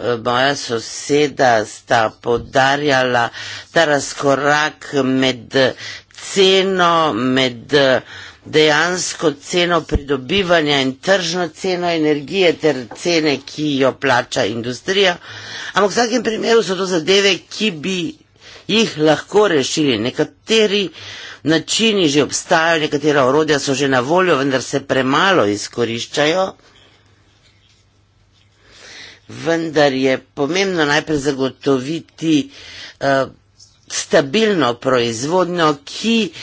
Eh, moja soseda sta podarjala ta razkorak med ceno, med uh, dejansko ceno pridobivanja in tržno ceno energije ter cene, ki jo plača industrija. Ampak v vsakem primeru so to zadeve, ki bi jih lahko rešili. Nekateri načini že obstajajo, nekatera orodja so že na voljo, vendar se premalo izkoriščajo. Vendar je pomembno najprej zagotoviti uh, stabilno proizvodnjo, ki uh,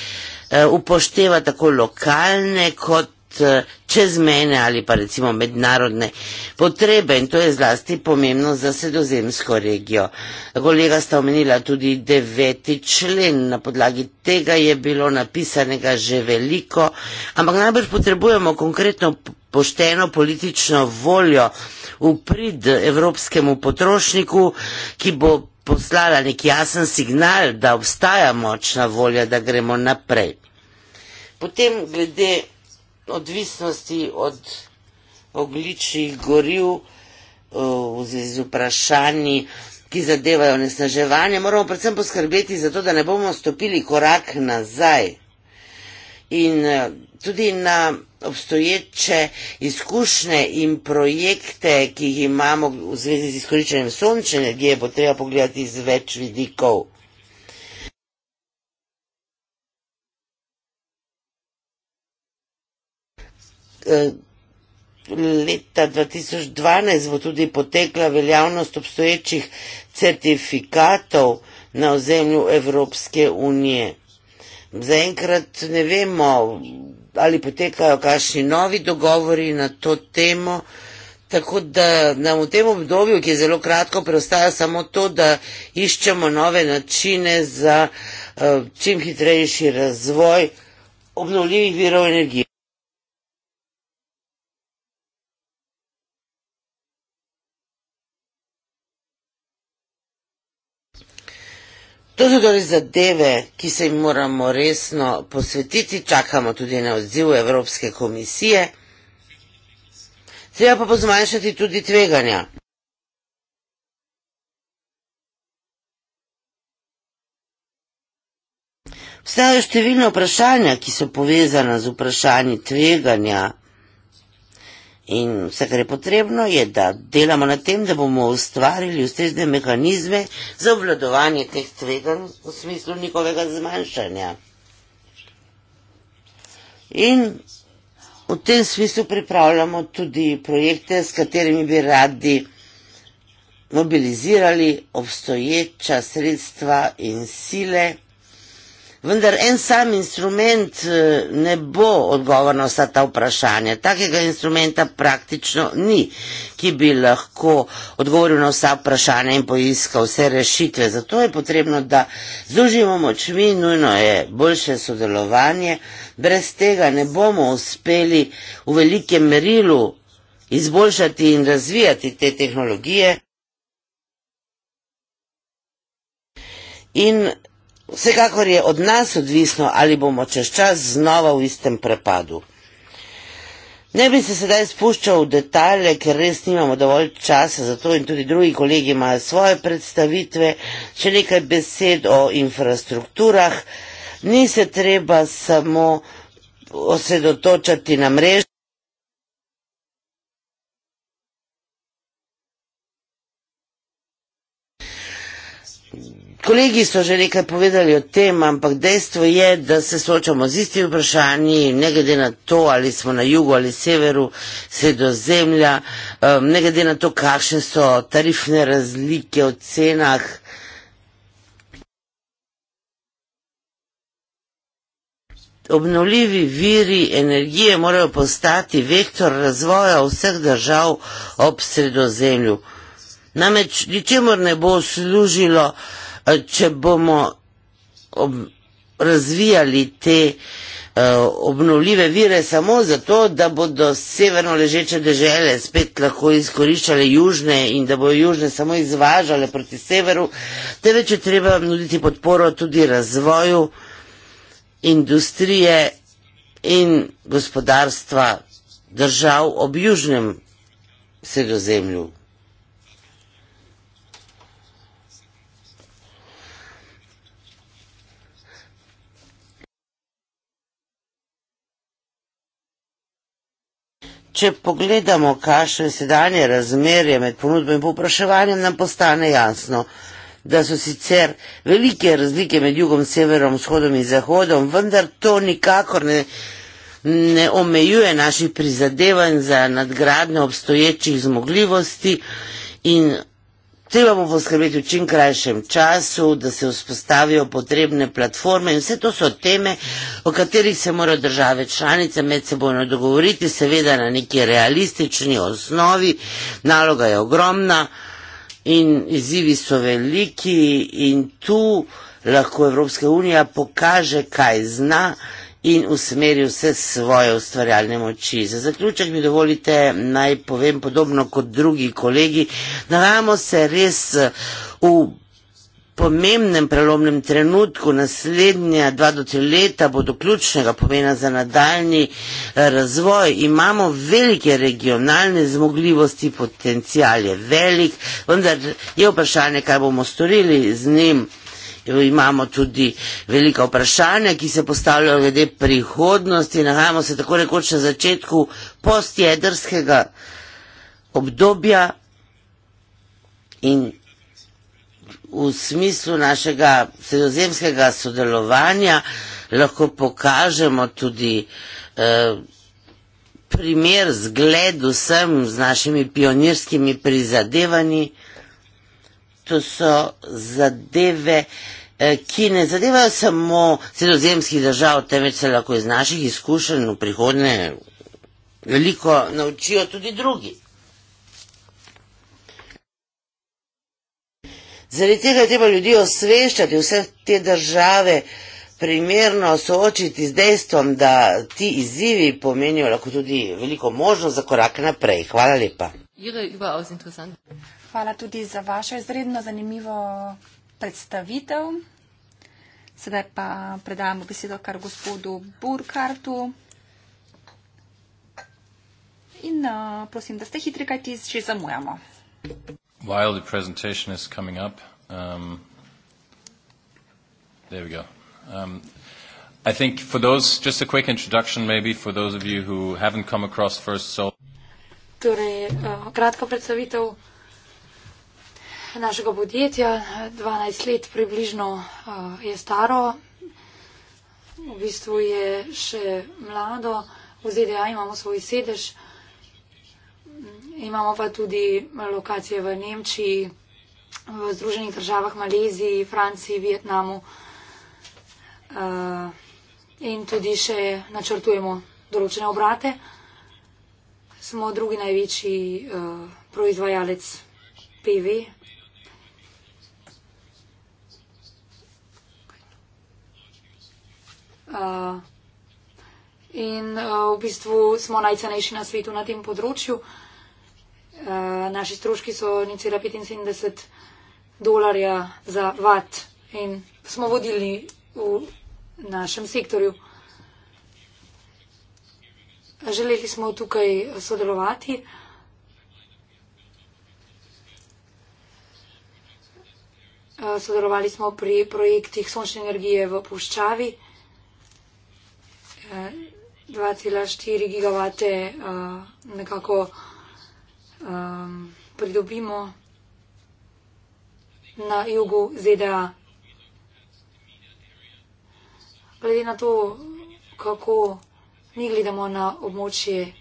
Eh, upošteva tako lokalne kot eh, čezmene ali pa recimo mednarodne potrebe in to je zlasti pomembno za sredozemsko regijo. Kolega sta omenila tudi deveti člen, na podlagi tega je bilo napisanega že veliko, ampak najbrž potrebujemo konkretno pošteno politično voljo v prid evropskemu potrošniku, ki bo poslala nek jasen signal, da obstaja močna volja, da gremo naprej. Potem glede odvisnosti od ogličnih goril v zvezi z vprašanji, ki zadevajo nesnaževanje, moramo predvsem poskrbeti za to, da ne bomo stopili korak nazaj. In eh, tudi na obstoječe izkušnje in projekte, ki jih imamo v zvezi z izkoriščanjem sončne energije, bo treba pogledati iz več vidikov. Eh, leta 2012 bo tudi potekla veljavnost obstoječih certifikatov na ozemlju Evropske unije. Zaenkrat ne vemo, ali potekajo kakšni novi dogovori na to temo. Tako da nam v tem obdobju, ki je zelo kratko, preostaja samo to, da iščemo nove načine za uh, čim hitrejši razvoj obnovljivih virov energije. To so torej zadeve, ki se jim moramo resno posvetiti, čakamo tudi na odziv Evropske komisije. Treba pa pozmanjšati tudi tveganja. Vstajajo številne vprašanja, ki so povezane z vprašanji tveganja. In vse, kar je potrebno, je, da delamo na tem, da bomo ustvarili ustrezne mehanizme za obvladovanje teh tveganj v smislu njihovega zmanjšanja. In v tem smislu pripravljamo tudi projekte, s katerimi bi radi mobilizirali obstoječa sredstva in sile. Vendar en sam instrument eh, ne bo odgovor na vsa ta vprašanja. Takega instrumenta praktično ni, ki bi lahko odgovoril na vsa vprašanja in poiskal vse rešitve. Zato je potrebno, da združimo močvi, nujno je boljše sodelovanje. Brez tega ne bomo uspeli v velikem merilu izboljšati in razvijati te tehnologije. In Vsekakor je od nas odvisno, ali bomo čez čas znova v istem prepadu. Ne bi se sedaj spuščal v detalje, ker res nimamo dovolj časa za to in tudi drugi kolegi imajo svoje predstavitve, še nekaj besed o infrastrukturah, ni se treba samo osredotočati na mrež. Kolegi so že nekaj povedali o tem, ampak dejstvo je, da se soočamo z istimi vprašanji, ne glede na to, ali smo na jugu ali severu sredozemlja, ne glede na to, kakšne so tarifne razlike v cenah. Obnovljivi viri energije morajo postati vektor razvoja vseh držav ob sredozemlju. Namreč ničemor ne bo služilo, če bomo razvijali te eh, obnovljive vire samo zato, da bodo severno ležeče dežele spet lahko izkoriščale južne in da bojo južne samo izvažale proti severu, teveč je treba nuditi podporo tudi razvoju industrije in gospodarstva držav ob južnem sredozemlju. Če pogledamo, kakšne sedanje razmerje med ponudbo in popraševanjem, nam postane jasno, da so sicer velike razlike med jugom, severom, vzhodom in zahodom, vendar to nikakor ne, ne omejuje naših prizadevanj za nadgradnjo obstoječih zmogljivosti in Treba bo poskrbeti v čim krajšem času, da se vzpostavijo potrebne platforme in vse to so teme, o katerih se morajo države članice med sebojno dogovoriti, seveda na neki realistični osnovi. Naloga je ogromna in izzivi so veliki in tu lahko Evropska unija pokaže, kaj zna in usmeri vse svoje ustvarjalne moči. Za zaključek mi dovolite, naj povem podobno kot drugi kolegi, nalajamo se res v pomembnem prelomnem trenutku, naslednja dva do tri leta bo do ključnega pomena za nadaljni eh, razvoj. Imamo velike regionalne zmogljivosti, potencial je velik, vendar je vprašanje, kaj bomo storili z njim imamo tudi velika vprašanja, ki se postavljajo glede prihodnosti. Nahajamo se tako rekoč na začetku postjedrskega obdobja in v smislu našega sredozemskega sodelovanja lahko pokažemo tudi eh, primer zgled vsem z našimi pionirskimi prizadevanji to so zadeve, eh, ki ne zadevajo samo sredozemskih držav, temveč se lahko iz naših izkušenj v prihodnje veliko naučijo tudi drugi. Zaradi tega je treba ljudi osveščati, vse te države primerno soočiti z dejstvom, da ti izzivi pomenijo lahko tudi veliko možnost za korak naprej. Hvala lepa. Ihre überaus interessant. Hvala tudi za vašo izredno zanimivo predstavitev. Sedaj pa predajamo besedo kar gospodu Burkartu. In uh, prosim, da ste hitri, kaj ti že zamujamo. While the presentation is coming up, um, there we go. Um, I think for those, just a quick introduction maybe for those of you who haven't come across First Soul. Torej, uh, kratka predstavitev našega podjetja. 12 let približno je staro, v bistvu je še mlado. V ZDA imamo svoj sedež, imamo pa tudi lokacije v Nemčiji, v Združenih državah, Maleziji, Franciji, Vietnamu in tudi še načrtujemo določene obrate. Smo drugi največji proizvajalec PV, Eh, in uh, v bistvu smo najcenejši na svetu na tem področju. Uh, naši stroški so 0,75 dolarja za vat in smo vodili v našem sektorju. Želeli smo tukaj sodelovati. Sodelovali smo pri projektih sončne energije v Puščavi. 2,4 gigavate uh, nekako um, pridobimo na jugu ZDA. Glede na to, kako mi gledamo na območje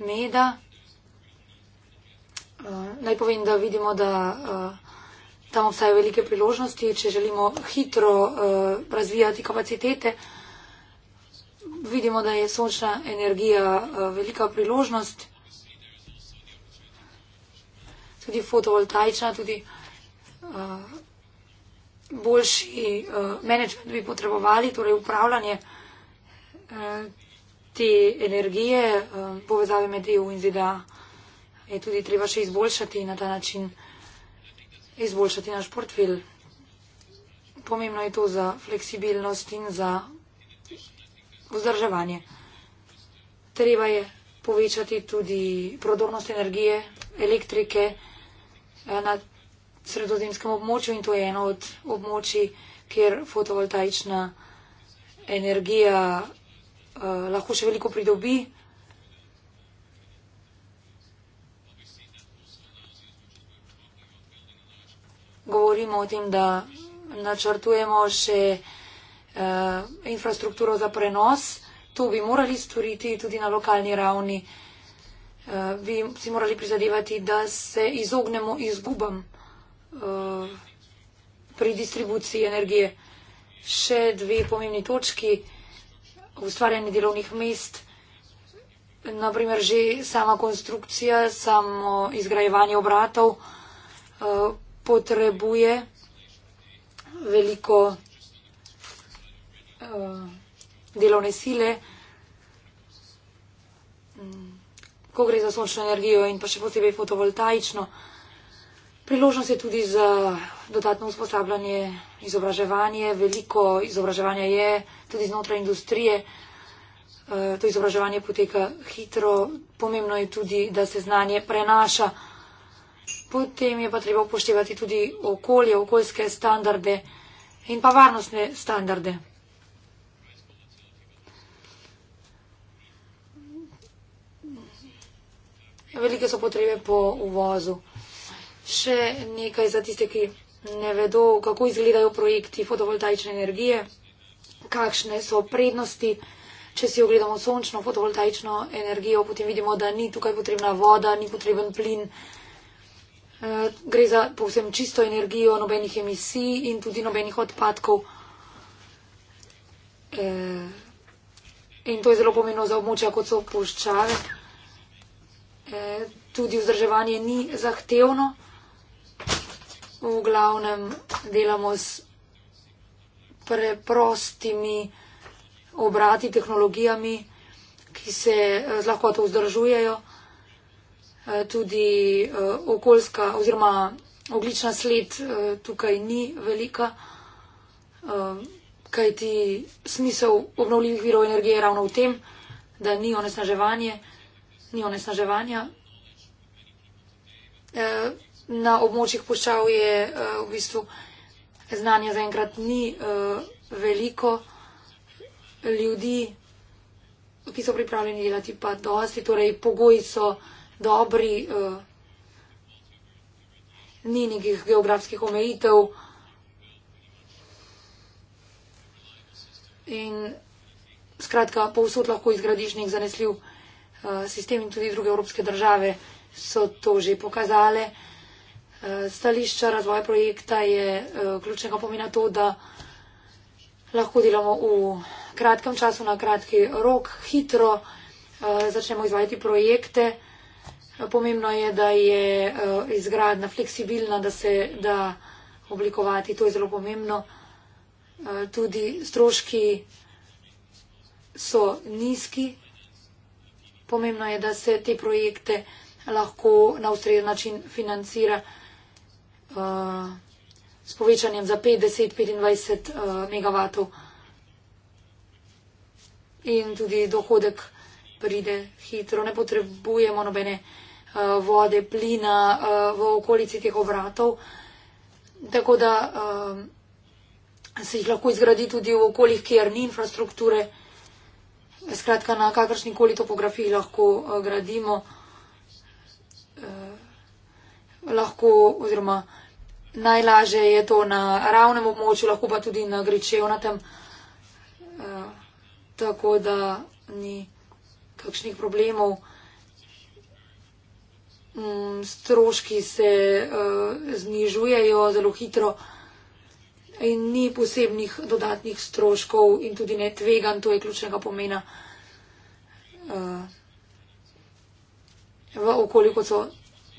meda, uh, naj povem, da vidimo, da uh, tam obstajajo velike priložnosti, če želimo hitro uh, razvijati kapacitete. Uh, vidimo, da je sončna energija eh, velika priložnost. Tudi fotovoltaična, tudi eh, boljši eh, menedžment bi potrebovali, torej upravljanje te energije, povezave med EU in ZDA je tudi treba še izboljšati in na ta način izboljšati naš portfelj. Pomembno je to za fleksibilnost in za vzdrževanje. Treba je povečati tudi prodornost energije, elektrike eh, na sredozemskem območju in to je eno od območij, kjer fotovoltaična energija eh, lahko še veliko pridobi. Govorimo o tem, da načrtujemo še eh, infrastrukturo za prenos. To bi morali storiti tudi na lokalni ravni. Eh, bi si morali prizadevati, da se izognemo izgubam eh, pri distribuciji energije. Še dve pomembni točki. Ustvarjanje delovnih mest. Naprimer, že sama konstrukcija, samo izgrajevanje obratov eh, potrebuje veliko Eh, delovne sile, mm, ko gre za sončno energijo in pa še posebej fotovoltaično. Priložnost je tudi za dodatno usposabljanje, izobraževanje. Veliko izobraževanja je tudi znotraj industrije. Eh, to izobraževanje poteka hitro. Pomembno je tudi, da se znanje prenaša. Potem je pa treba upoštevati tudi okolje, okoljske standarde in pa varnostne standarde. velike so potrebe po uvozu. Še nekaj za tiste, ki ne vedo, kako izgledajo projekti fotovoltaične energije, kakšne so prednosti. Če si ogledamo sončno fotovoltaično energijo, potem vidimo, da ni tukaj potrebna voda, ni potreben plin. Eh, gre za povsem čisto energijo, nobenih emisij in tudi nobenih odpadkov. Eh, in to je zelo pomembno za območja, kot so puščave. E, tudi vzdrževanje ni zahtevno. V glavnem delamo s preprostimi obrati, tehnologijami, ki se e, z lahkoto vzdržujejo. E, tudi okoljska oziroma oglična sled tukaj ni velika, kajti smisel obnovljivih virov energije je ravno v tem, da ni onesnaževanje ni onesnaževanja. E, na območjih puščav je e, v bistvu znanja zaenkrat ni e, veliko ljudi, ki so pripravljeni delati pa dosti, torej pogoji so dobri, ni nekih geografskih omejitev. In skratka, povsod lahko izgradiš nek zanesljiv. Eh, sistem in tudi druge evropske države so to že pokazale. Eh, stališča razvoja projekta je eh, ključnega pomena to, da lahko delamo v kratkem času, na kratki rok, hitro začnemo izvajati projekte. Pomembno je, da je izgradna fleksibilna, da se da oblikovati. To je zelo pomembno. Tudi stroški so nizki, Pomembno je, da se te projekte lahko na ustrezen način financira uh, s povečanjem za 50-25 uh, MW. In tudi dohodek pride hitro. Ne potrebujemo nobene uh, vode, plina uh, v okolici teh obratov. Tako da uh, se jih lahko izgradi tudi v okoljih, kjer ni infrastrukture. Uh, skratka, na kakršni koli topografiji lahko uh, gradimo, uh, lahko, oziroma najlažje je to na ravnem območju, lahko pa tudi na gričevnatem, uh, tako da ni kakšnih problemov. Mm, stroški se uh, znižujejo zelo hitro in ni posebnih dodatnih stroškov in tudi ne tvegan, to je ključnega pomena. Eh, v okolju, kot so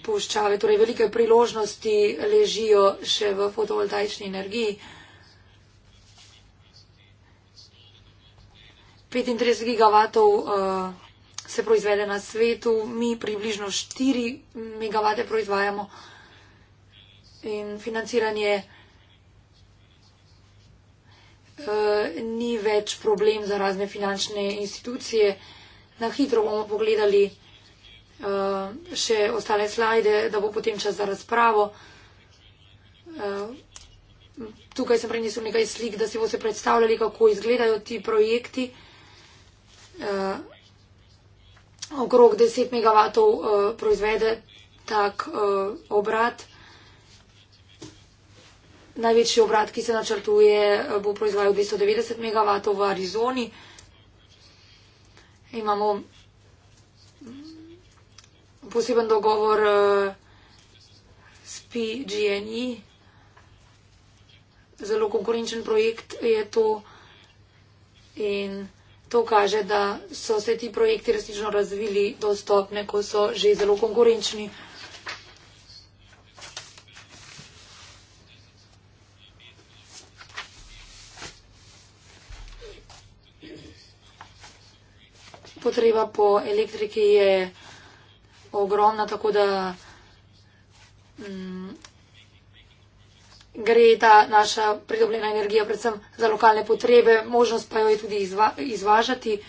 puščave, torej velike priložnosti ležijo še v fotovoltaični energiji. 35 gigavatov uh, se proizvede na svetu, mi približno 4 megavate proizvajamo in financiranje uh, uh, ni več problem za razne finančne institucije. Na hitro bomo pogledali uh, še ostale slajde, da bo potem čas za razpravo. Uh, tukaj sem prenesel nekaj slik, da si boste predstavljali, kako izgledajo ti projekti. Uh, okrog 10 MW uh, proizvede tak uh, obrat. Največji obrat, ki se načrtuje, bo proizvajal 290 MW v Arizoni. Imamo poseben dogovor s PG&E. Zelo konkurenčen projekt je to in to kaže, da so se ti projekti resnično razvili do stopne, ko so že zelo konkurenčni. potreba po elektriki je ogromna, tako da mm, gre ta naša pridobljena energija predvsem za lokalne potrebe, možnost pa jo je tudi izva, izvažati.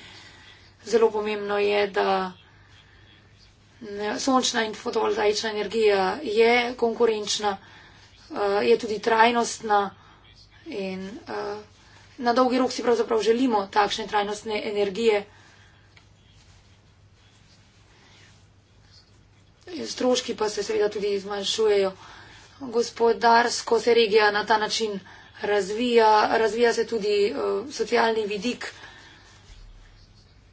Zelo pomembno je, da mm, sončna in fotovoltaična energija je konkurenčna, eh, je tudi trajnostna in eh, na dolgi rok si pravzaprav želimo takšne trajnostne energije. stroški pa se seveda tudi zmanjšujejo. Gospodarsko se regija na ta način razvija, razvija se tudi uh, socialni vidik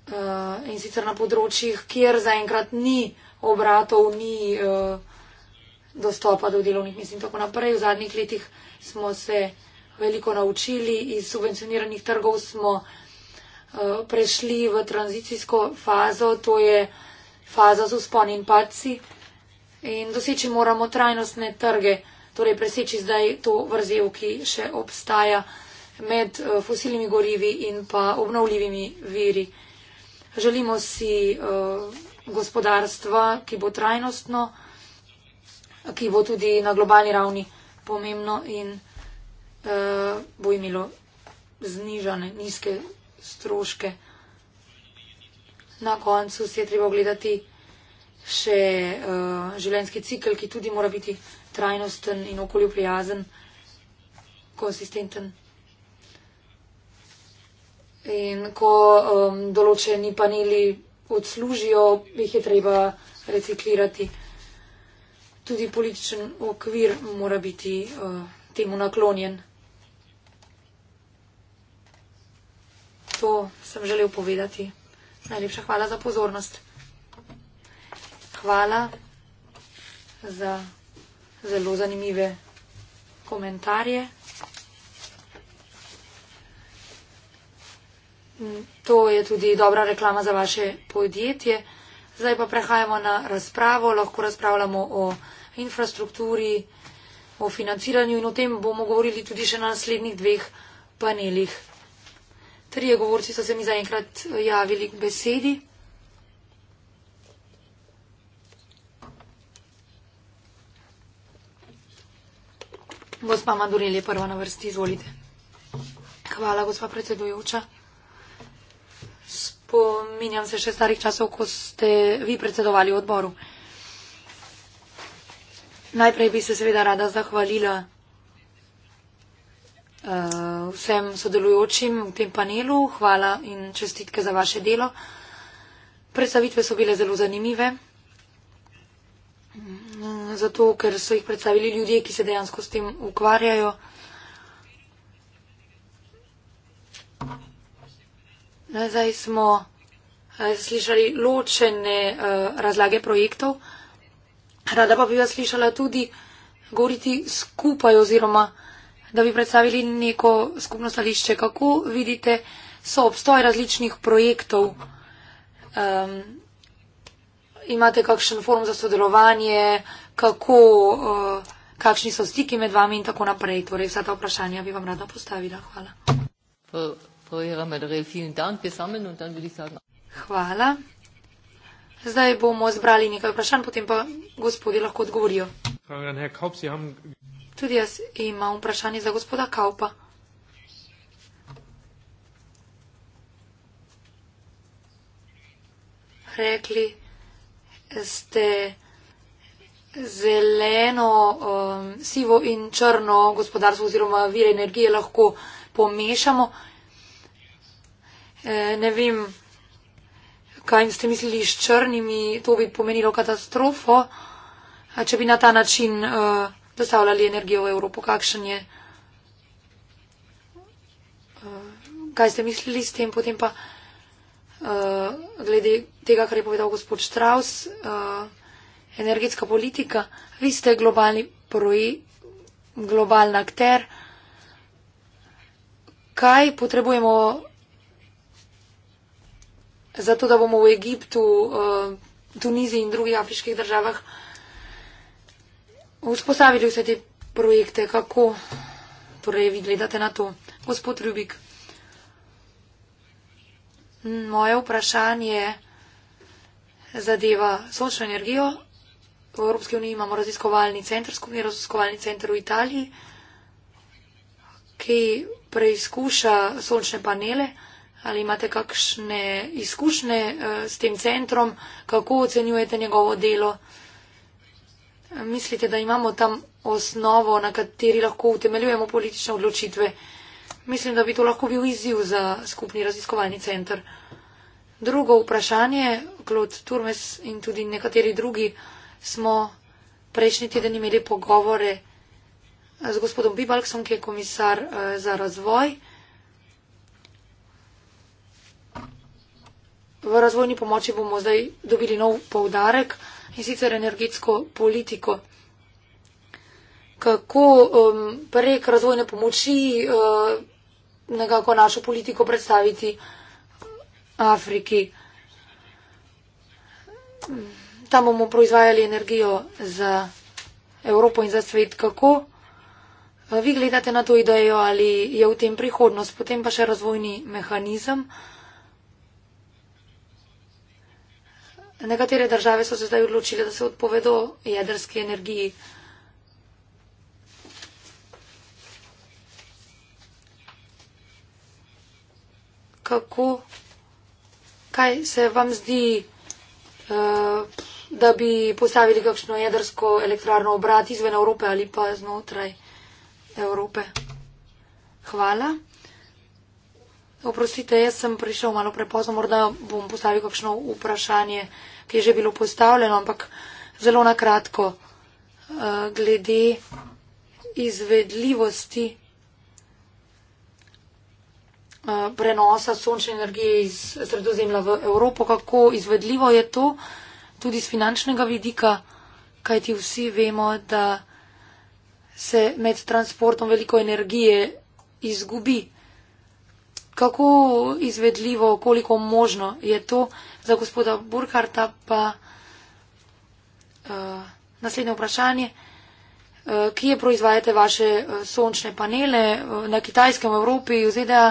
uh, in sicer na področjih, kjer zaenkrat ni obratov, ni uh, dostopa do delovnih mest in tako naprej. V zadnjih letih smo se veliko naučili, iz subvencioniranih trgov smo uh, prešli v tranzicijsko fazo, to je uh, faza z usponi in padci in doseči moramo trajnostne trge, torej preseči zdaj to vrzel, ki še obstaja med eh, fosilnimi gorivi in pa obnovljivimi viri. Želimo si uh, gospodarstva, ki bo trajnostno, ki bo tudi na globalni ravni pomembno in uh, bo imelo znižane, nizke stroške na koncu si je treba ogledati še uh, življenjski cikl, ki tudi mora biti trajnosten in okolju prijazen, konsistenten. In ko um, določeni paneli odslužijo, jih je treba reciklirati. Tudi političen okvir mora biti uh, temu naklonjen. To sem želel povedati. Najlepša hvala za pozornost. Hvala za zelo zanimive komentarje. To je tudi dobra reklama za vaše podjetje. Zdaj pa prehajamo na razpravo. Lahko razpravljamo o infrastrukturi, o financiranju in o tem bomo govorili tudi še na naslednjih dveh panelih trije govorci so se mi zaenkrat eh, javili k besedi. Gospa Madurel je prva na vrsti, izvolite. Hvala, gospa predsedujoča. Spominjam se še starih časov, ko ste vi predsedovali odboru. Najprej bi se seveda rada zahvalila Eh, vsem sodelujočim v tem panelu. Hvala in čestitke za vaše delo. Predstavitve so bile zelo zanimive, mm, zato ker so jih predstavili ljudje, ki se dejansko s tem ukvarjajo. Zdaj smo eh, slišali ločene eh, razlage projektov. Rada pa bi vas slišala tudi govoriti skupaj oziroma da bi predstavili neko skupno stališče. Kako vidite so obstoj različnih projektov? Um, imate kakšen forum za sodelovanje? Kako, uh, kakšni so stiki med vami in tako naprej? Torej, vsa ta vprašanja bi vam rada postavila. Hvala. Hvala. Zdaj bomo zbrali nekaj vprašanj, potem pa gospodje lahko odgovorijo. Tudi jaz imam vprašanje za gospoda Kaupa. Rekli ste zeleno, um, sivo in črno gospodarstvo oziroma vire energije lahko pomešamo. E, ne vem, kaj ste mislili s črnimi, to bi pomenilo katastrofo, če bi na ta način. Uh, dostavljali energijo v Evropo, kakšen je. Eh, kaj ste mislili s tem? Potem pa eh, glede tega, kar je povedal gospod Štraus, eh, energetska politika, vi ste globalni proji, globalni akter. Kaj potrebujemo za to, da bomo v Egiptu, Tuniziji in drugih afriških državah vzpostavili vse te projekte, kako torej vi gledate na to, gospod Rubik. Moje vprašanje zadeva sončno energijo. V Evropski uniji imamo raziskovalni center, skupni raziskovalni center v Italiji, ki preizkuša sončne panele. Ali imate kakšne izkušnje eh, s tem centrom, kako ocenjujete njegovo delo? Mislite, da imamo tam osnovo, na kateri lahko utemeljujemo politične odločitve? Mislim, da bi to lahko bil izziv za skupni raziskovalni center. Drugo vprašanje, Klod Turmes in tudi nekateri drugi, smo prejšnji teden imeli pogovore z gospodom Bibalksom, ki je komisar eh, za razvoj. V razvojni pomoči bomo zdaj dobili nov poudarek in sicer energetsko politiko. Kako um, prek razvojne pomoči uh, nekako našo politiko predstaviti Afriki. Tam bomo proizvajali energijo za Evropo in za svet. Kako uh, vi gledate na to idejo ali je v tem prihodnost, potem pa še razvojni mehanizem. Nekatere države so se zdaj odločile, da se odpovedo jedrski energiji. Kako, kaj se vam zdi, eh, da bi postavili kakšno jedrsko elektrarno obrat izven Evrope ali pa znotraj Evrope? Hvala. Oprostite, jaz sem prišel malo prepozno, morda bom postavil kakšno vprašanje, ki je že bilo postavljeno, ampak zelo na kratko. Eh, glede izvedljivosti eh, prenosa sončne energije iz sredozemlja v Evropo, kako izvedljivo je to tudi z finančnega vidika, kajti vsi vemo, da se med transportom veliko energije izgubi kako izvedljivo, koliko možno je to za gospoda Burkarta, pa uh, naslednje vprašanje, uh, kje proizvajate vaše uh, sončne panele uh, na Kitajskem, Evropi, v ZDA,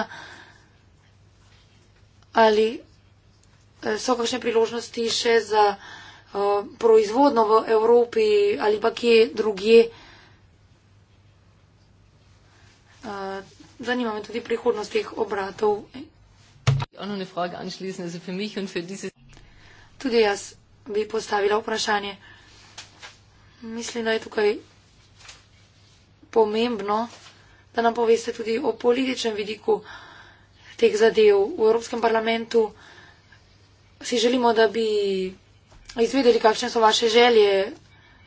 ali uh, so kakšne priložnosti še za uh, proizvodno v Evropi ali pa kje drugje. Uh, Zanima me tudi prihodnost teh obratov. Tudi jaz bi postavila vprašanje. Mislim, da je tukaj pomembno, da nam poveste tudi o političnem vidiku teh zadev v Evropskem parlamentu. Si želimo, da bi izvedeli, kakšne so vaše želje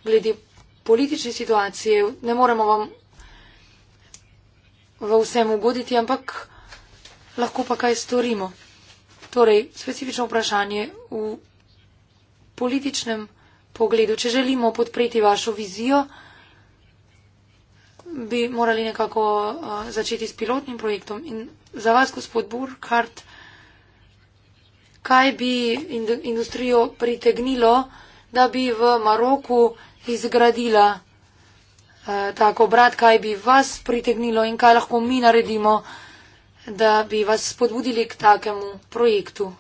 glede politične situacije. Ne moremo vam v vsemu voditi, ampak lahko pa kaj storimo. Torej, specifično vprašanje v političnem pogledu. Če želimo podpreti vašo vizijo, bi morali nekako uh, začeti s pilotnim projektom. In za vas, gospod Burkhardt, kaj bi industrijo pritegnilo, da bi v Maroku izgradila tako, brat, kaj bi vas pritegnilo in kaj lahko mi naredimo, da bi vas spodbudili k takemu projektu.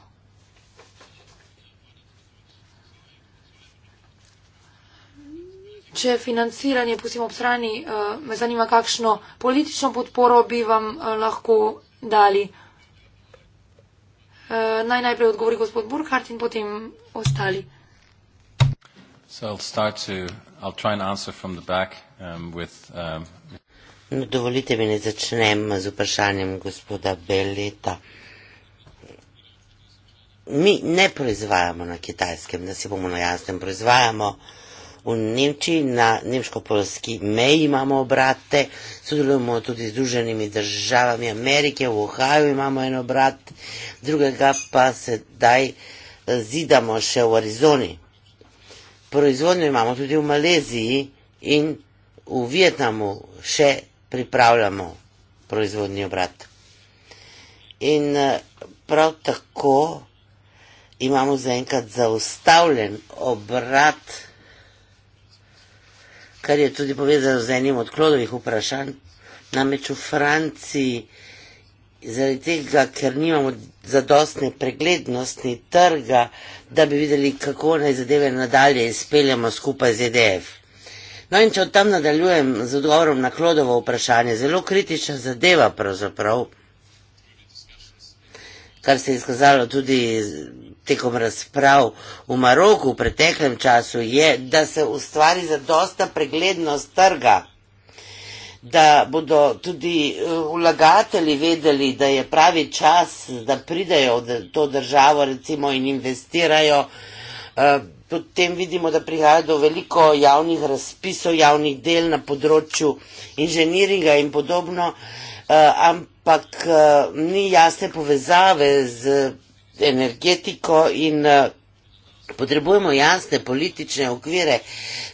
Če financiranje pustimo ob strani, eh, me zanima, kakšno politično podporo bi vam eh, lahko dali. Eh, naj najprej odgovori gospod Burkhardt in potem ostali. So, I'll try and answer from the back um, with. Um, Dovolite mi, da začnem z vprašanjem gospoda Beleta. Mi ne proizvajamo na kitajskem, da se bomo na jasnem, proizvajamo v Nemčiji, na nemško-polski meji imamo obrate, sodelujemo tudi z druženimi državami Amerike, v Ohaju imamo en obrat, drugega pa sedaj zidamo še v Arizoni proizvodnjo imamo tudi v Maleziji in v Vietnamu še pripravljamo proizvodni obrat. In eh, prav tako imamo zaenkrat zaustavljen obrat, kar je tudi povezano z enim od klodovih vprašanj, namreč v Franciji zaradi tega, ker nimamo zadostne preglednosti trga, da bi videli, kako naj zadeve nadalje izpeljamo skupaj z EDF. No in če od tam nadaljujem z odgovorom na Klodovo vprašanje, zelo kritična zadeva pravzaprav, kar se je izkazalo tudi tekom razprav v Maroku v preteklem času, je, da se ustvari zadosta preglednost trga da bodo tudi eh, vlagatelji vedeli, da je pravi čas, da pridejo v to državo recimo, in investirajo. Eh, potem vidimo, da prihaja do veliko javnih razpisov, javnih del na področju inženiringa in podobno, eh, ampak ni jasne povezave z energetiko in Potrebujemo jasne politične okvire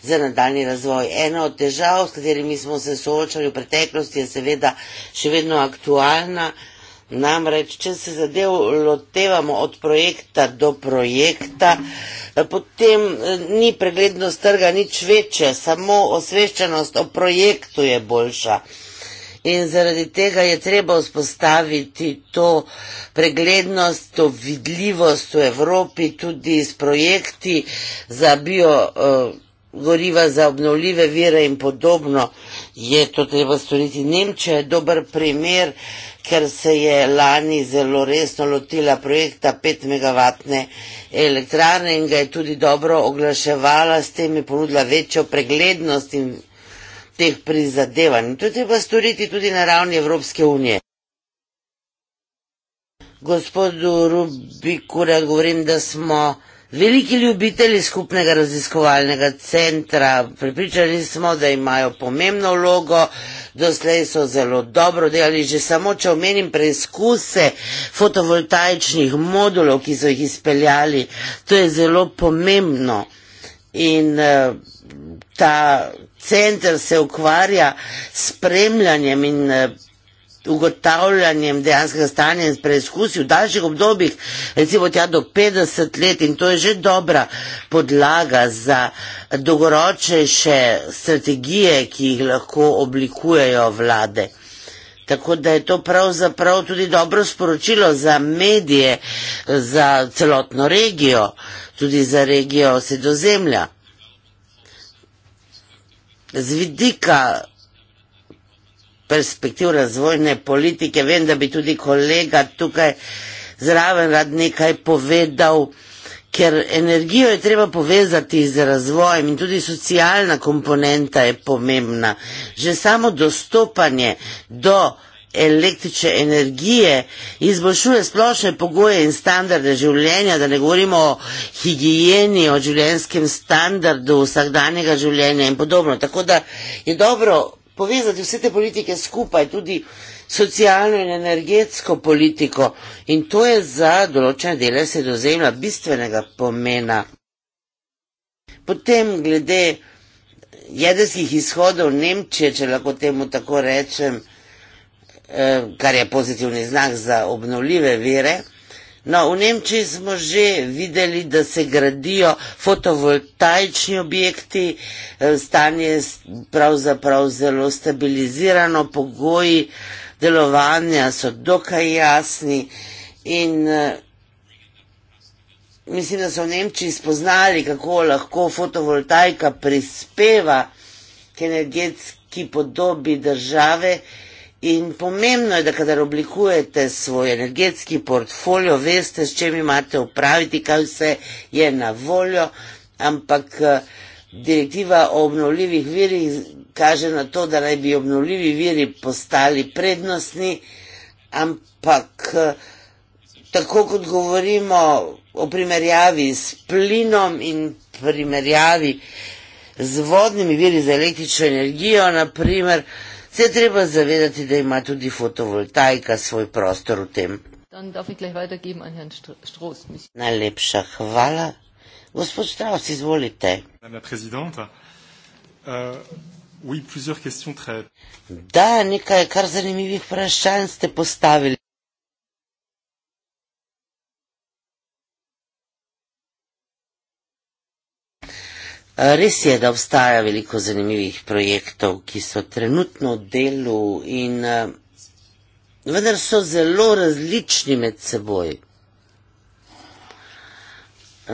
za nadaljni razvoj. Ena od težav, s katerimi smo se soočali v preteklosti, je seveda še vedno aktualna. Namreč, če se zadev lotevamo od projekta do projekta, potem eh, ni preglednost trga nič večja, samo osveščenost o projektu je boljša in zaradi tega je treba vzpostaviti to preglednost, to vidljivost v Evropi tudi s projekti za bio eh, goriva za obnovljive vire in podobno je to treba storiti. Nemčija je dober primer, ker se je lani zelo resno lotila projekta 5 MW elektrarne in ga je tudi dobro oglaševala, s tem je ponudila večjo preglednost in teh prizadevanj. To treba storiti tudi na ravni Evropske unije. Gospodu Rubikura govorim, da smo veliki ljubitelji skupnega raziskovalnega centra. Pripričani smo, da imajo pomembno vlogo, doslej so zelo dobro delali. Že samo, če omenim preizkuse fotovoltaičnih modulov, ki so jih izpeljali, to je zelo pomembno. In eh, ta center se ukvarja s spremljanjem in eh, ugotavljanjem dejanskega stanja in preizkusi v daljših obdobjih, recimo tja do 50 let in to je že dobra podlaga za dolgoročnejše strategije, ki jih lahko oblikujejo vlade. Tako da je to pravzaprav tudi dobro sporočilo za medije, za celotno regijo, tudi za regijo sredozemlja z vidika perspektiv razvojne politike, vem, da bi tudi kolega tukaj zraven rad nekaj povedal, ker energijo je treba povezati z razvojem in tudi socialna komponenta je pomembna. Že samo dostopanje do energije, električne energije, izboljšuje splošne pogoje in standarde življenja, da ne govorimo o higijeni, o življenjskem standardu vsakdanjega življenja in podobno. Tako da je dobro povezati vse te politike skupaj, tudi socialno in energetsko politiko in to je za določene dele sredozemlja bistvenega pomena. Potem glede jedrskih izhodov Nemčije, če lahko temu tako rečem, Eh, kar je pozitivni znak za obnovljive vire. No, v Nemčiji smo že videli, da se gradijo fotovoltaični objekti, eh, stanje je pravzaprav zelo stabilizirano, pogoji delovanja so dokaj jasni in eh, mislim, da so v Nemčiji spoznali, kako lahko fotovoltaika prispeva k energetski podobi države, In pomembno je, da kadar oblikujete svoj energetski portfolio, veste, s čem imate upraviti, kaj vse je na voljo, ampak eh, direktiva o obnovljivih virih kaže na to, da naj bi obnovljivi viri postali prednostni, ampak eh, tako kot govorimo o primerjavi s plinom in primerjavi z vodnimi viri za električno energijo, naprimer, se je treba zavedati, da ima tudi fotovoltaika svoj prostor v tem. Najlepša hvala. Gospod Strauss, izvolite. Euh, da, nekaj kar zanimivih vprašanj ste postavili. Res je, da obstaja veliko zanimivih projektov, ki so trenutno v delu in eh, vendar so zelo različni med seboj.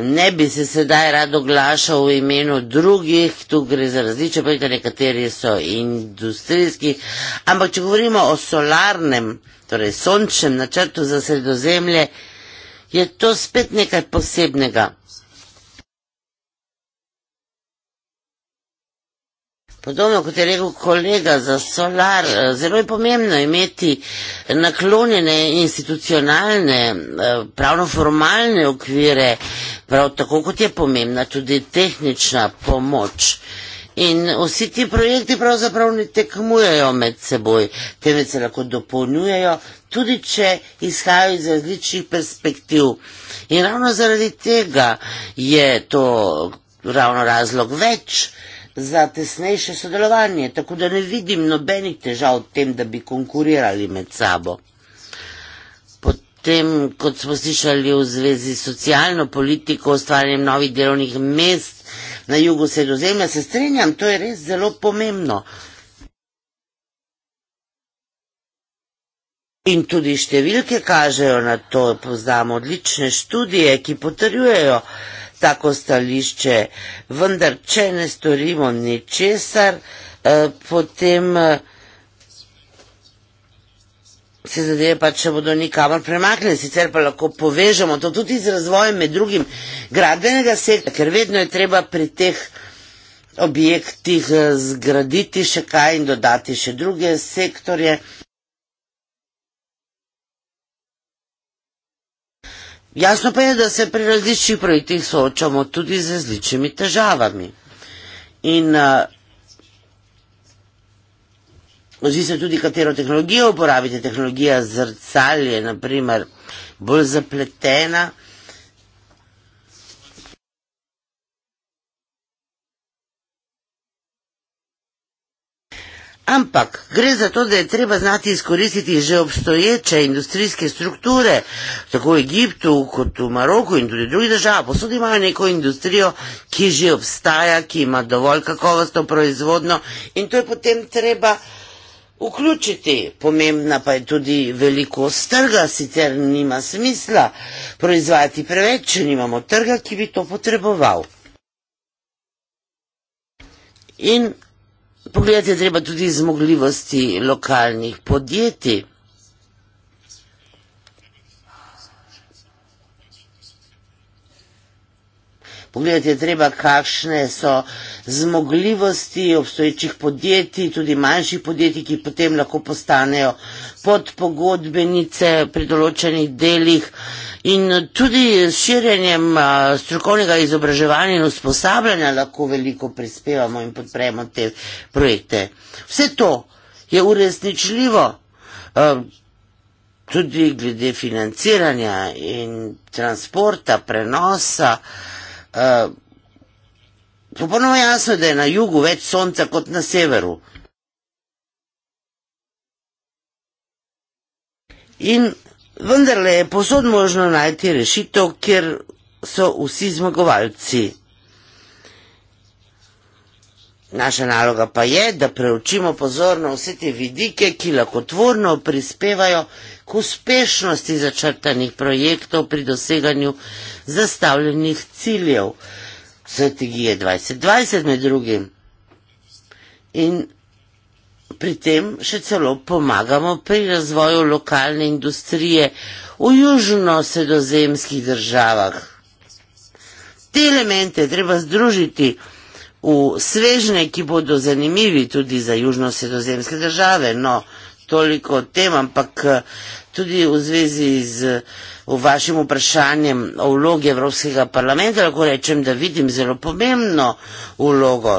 Ne bi se sedaj rado oglašal v imenu drugih, tu gre za različne projekte, nekateri so industrijski, ampak če govorimo o solarnem, torej sončnem načrtu za sredozemlje, je to spet nekaj posebnega. Podobno kot je rekel kolega za solar, eh, zelo je pomembno imeti naklonjene institucionalne, eh, pravno-formalne okvire, prav tako kot je pomembna tudi tehnična pomoč. In vsi ti projekti pravzaprav ne tekmujejo med seboj, temveč se lahko dopolnjujejo, tudi če izhajajo iz različnih perspektiv. In ravno zaradi tega je to ravno razlog več, za tesnejše sodelovanje, tako da ne vidim nobenih težav v tem, da bi konkurirali med sabo. Potem, kot smo slišali v zvezi s socialno politiko, ustvarjanjem novih delovnih mest na jugu sredozemlja, se strinjam, to je res zelo pomembno. In tudi številke kažejo na to, poznamo odlične študije, ki potrjujejo, tako stališče. Vendar, če ne storimo ničesar, eh, potem eh, se zadeve pa če bodo nikamor premaknile, sicer pa lahko povežemo to tudi z razvojem med drugim gradbenega sektorja, ker vedno je treba pri teh objektih eh, zgraditi še kaj in dodati še druge sektorje. Jasno pa je, da se pri različnih projektih soočamo tudi z različnimi težavami. In vzi se tudi, katero tehnologijo uporabite. Tehnologija zrcal je naprimer bolj zapletena. Ampak gre za to, da je treba znati izkoristiti že obstoječe industrijske strukture, tako v Egiptu kot v Maroku in tudi drugih držav. Posod imajo neko industrijo, ki že obstaja, ki ima dovolj kakovostno proizvodno in to je potem treba vključiti. Pomembna pa je tudi velikost trga, sicer nima smisla proizvajati preveč, če nimamo trga, ki bi to potreboval. In Pogledati je treba tudi zmogljivosti lokalnih podjetij. pogledati je treba, kakšne so zmogljivosti obstoječih podjetij, tudi manjših podjetij, ki potem lahko postanejo podpogodbenice pri določenih delih in tudi s širjenjem strokovnega izobraževanja in usposabljanja lahko veliko prispevamo in podpremo te projekte. Vse to je uresničljivo. Tudi glede financiranja in transporta, prenosa popolnoma jasno, da je na jugu več sonca kot na severu. In vendarle je posod možno najti rešitev, kjer so vsi zmagovalci. Naša naloga pa je, da preučimo pozorno vse te vidike, ki lahko tvorno prispevajo uspešnosti začrtanih projektov pri doseganju zastavljenih ciljev strategije 2020 med drugim. In pri tem še celo pomagamo pri razvoju lokalne industrije v južno-sredozemskih državah. Te elemente treba združiti v svežne, ki bodo zanimivi tudi za južno-sredozemske države, no toliko o tem, ampak Tudi v zvezi z vašim vprašanjem o vlogi Evropskega parlamenta lahko rečem, da vidim zelo pomembno vlogo.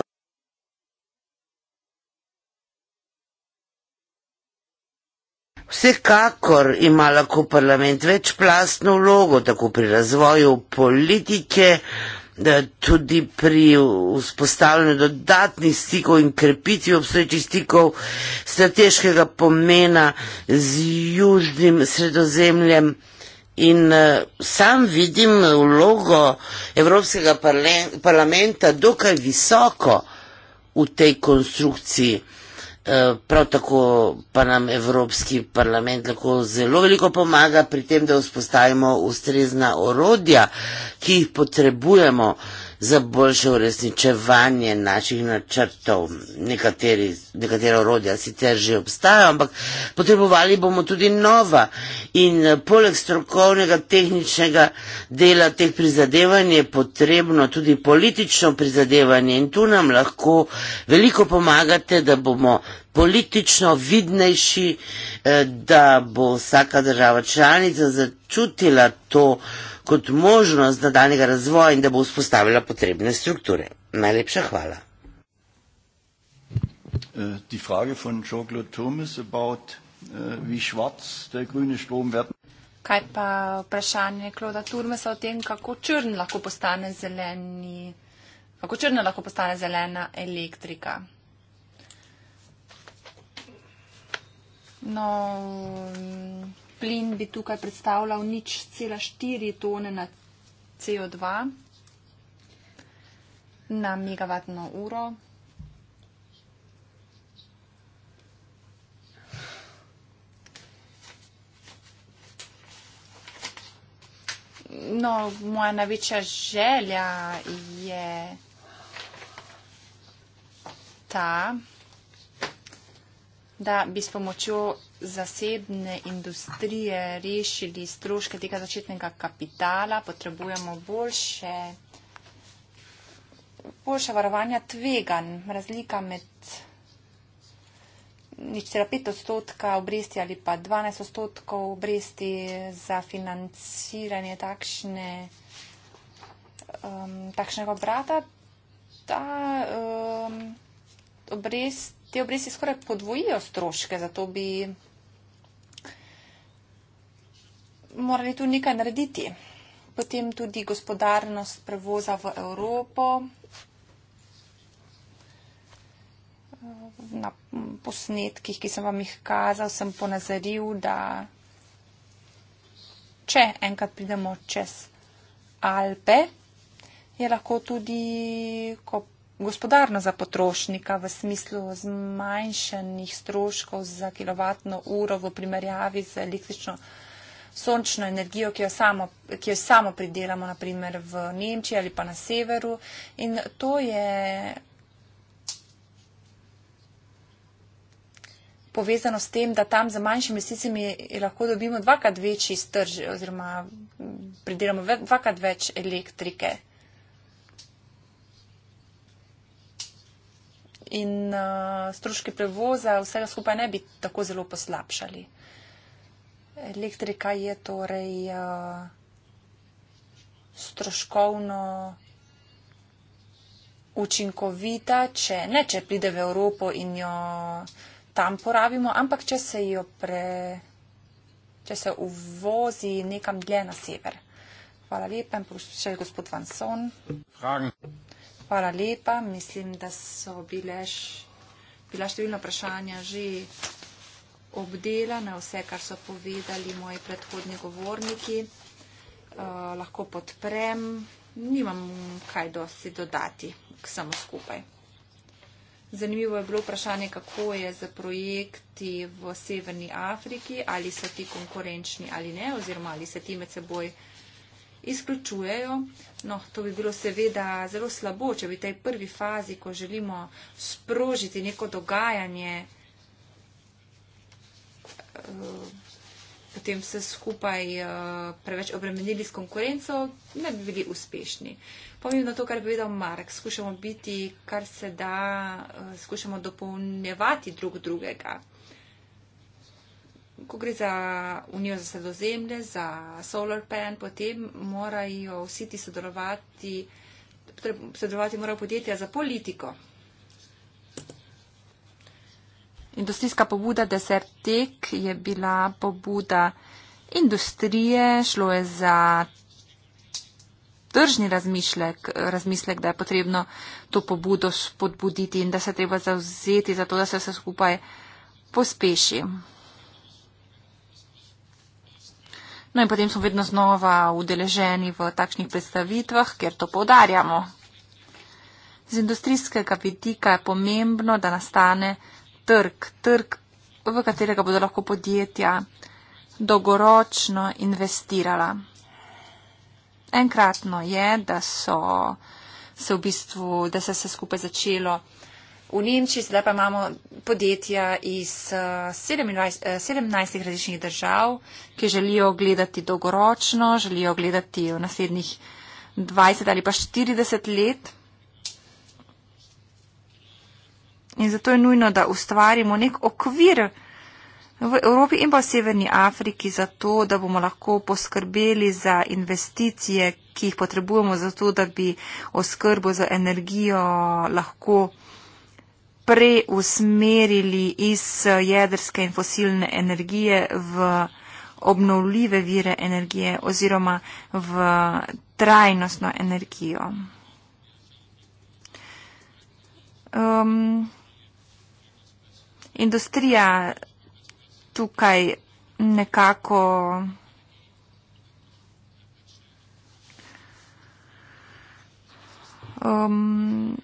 Vsekakor ima lahko parlament večplastno vlogo, tako pri razvoju politike, tudi pri vzpostavljanju dodatnih stikov in krepitvi obstoječih stikov strateškega pomena z južnim sredozemljem. In eh, sam vidim vlogo Evropskega parlamenta dokaj visoko v tej konstrukciji. Eh, prav tako pa nam Evropski parlament lahko zelo veliko pomaga pri tem, da vzpostavimo ustrezna orodja, ki jih potrebujemo za boljše uresničevanje naših načrtov. Nekateri, nekatera orodja sicer že obstajajo, ampak potrebovali bomo tudi nova in eh, poleg strokovnega, tehničnega dela teh prizadevanj je potrebno tudi politično prizadevanje in tu nam lahko veliko pomagate, da bomo politično vidnejši, eh, da bo vsaka država članica začutila to, kot možnost nadaljnega razvoja in da bo vzpostavila potrebne strukture. Najlepša hvala. Äh, äh, Kaj pa vprašanje Kloda Turmesa o tem, kako črn lahko postane zeleni, kako črna lahko postane zelena elektrika? No, plin bi tukaj predstavljal nič cela štiri tone na CO2 na megavatno uro. No, moja največja želja je ta, da bi s pomočjo zasebne industrije rešili stroške tega začetnega kapitala, potrebujemo boljše, boljše varovanja tvegan, razlika med nič cela pet odstotka obresti ali pa 12 odstotkov obresti za financiranje takšne, um, takšnega obrata, ta um, obrest, te obresti skoraj podvojijo stroške, zato bi morali tu nekaj narediti. Potem tudi gospodarnost prevoza v Evropo, na posnetkih, ki sem vam jih kazal, sem ponazaril, da če enkrat pridemo čez Alpe, je lahko tudi gospodarno za potrošnika v smislu zmanjšanih stroškov za kilovatno uro v primerjavi z električno energijo sončno energijo, ki jo samo, ki jo samo pridelamo naprimer v Nemčiji ali pa na severu. In to je povezano s tem, da tam za manjšimi investicijami lahko dobimo dvakrat večji strž oziroma pridelamo dvakrat več elektrike. In uh, stroški prevoza vsega skupaj ne bi tako zelo poslabšali. Elektrika je torej uh, stroškovno učinkovita, če ne, če pride v Evropo in jo tam porabimo, ampak če se jo pre, če se uvozi nekam dlje na sever. Hvala lepa in še gospod Vanson. Fragen. Hvala lepa, mislim, da so bile, bila številna vprašanja že obdelana, vse, kar so povedali moji predhodni govorniki, eh, lahko podprem. Nimam kaj dosti dodati k samo skupaj. Zanimivo je bilo vprašanje, kako je za projekti v Severni Afriki, ali so ti konkurenčni ali ne, oziroma ali se ti med seboj izključujejo. No, to bi bilo seveda zelo slabo, če bi v tej prvi fazi, ko želimo sprožiti neko dogajanje, Eh, potem vse skupaj uh, preveč obremenili s konkurenco, ne bi bili uspešni. Pomembno je to, kar je povedal Mark. Skušamo biti, kar se da, uh, skušamo dopolnjevati drug drugega. Ko gre za Unijo za sredozemlje, za Solar Pen, potem morajo vsi ti sodelovati, torej sodelovati morajo podjetja za politiko industrijska pobuda Desertek je bila pobuda industrije, šlo je za tržni razmišljek, razmislek, da je potrebno to pobudo spodbuditi in da se treba zauzeti za to, da se vse skupaj pospeši. No in potem smo vedno znova udeleženi v takšnih predstavitvah, ker to povdarjamo. Z industrijskega vidika je pomembno, da nastane trg, trg, v katerega bodo lahko podjetja dolgoročno investirala. Enkratno je, da so se v bistvu, da se je skupaj začelo v Nemčiji, zdaj pa imamo podjetja iz 17, eh, 17 eh, različnih držav, ki želijo gledati dolgoročno, želijo gledati v naslednjih 20 ali pa 40 let. In zato je nujno, da ustvarimo nek okvir v Evropi in pa Severni Afriki za to, da bomo lahko poskrbeli za investicije, ki jih potrebujemo za to, da bi oskrbo za energijo lahko preusmerili iz jedrske in fosilne energije v obnovljive vire energije oziroma v trajnostno energijo. Um, industrija tukaj nekako. Um,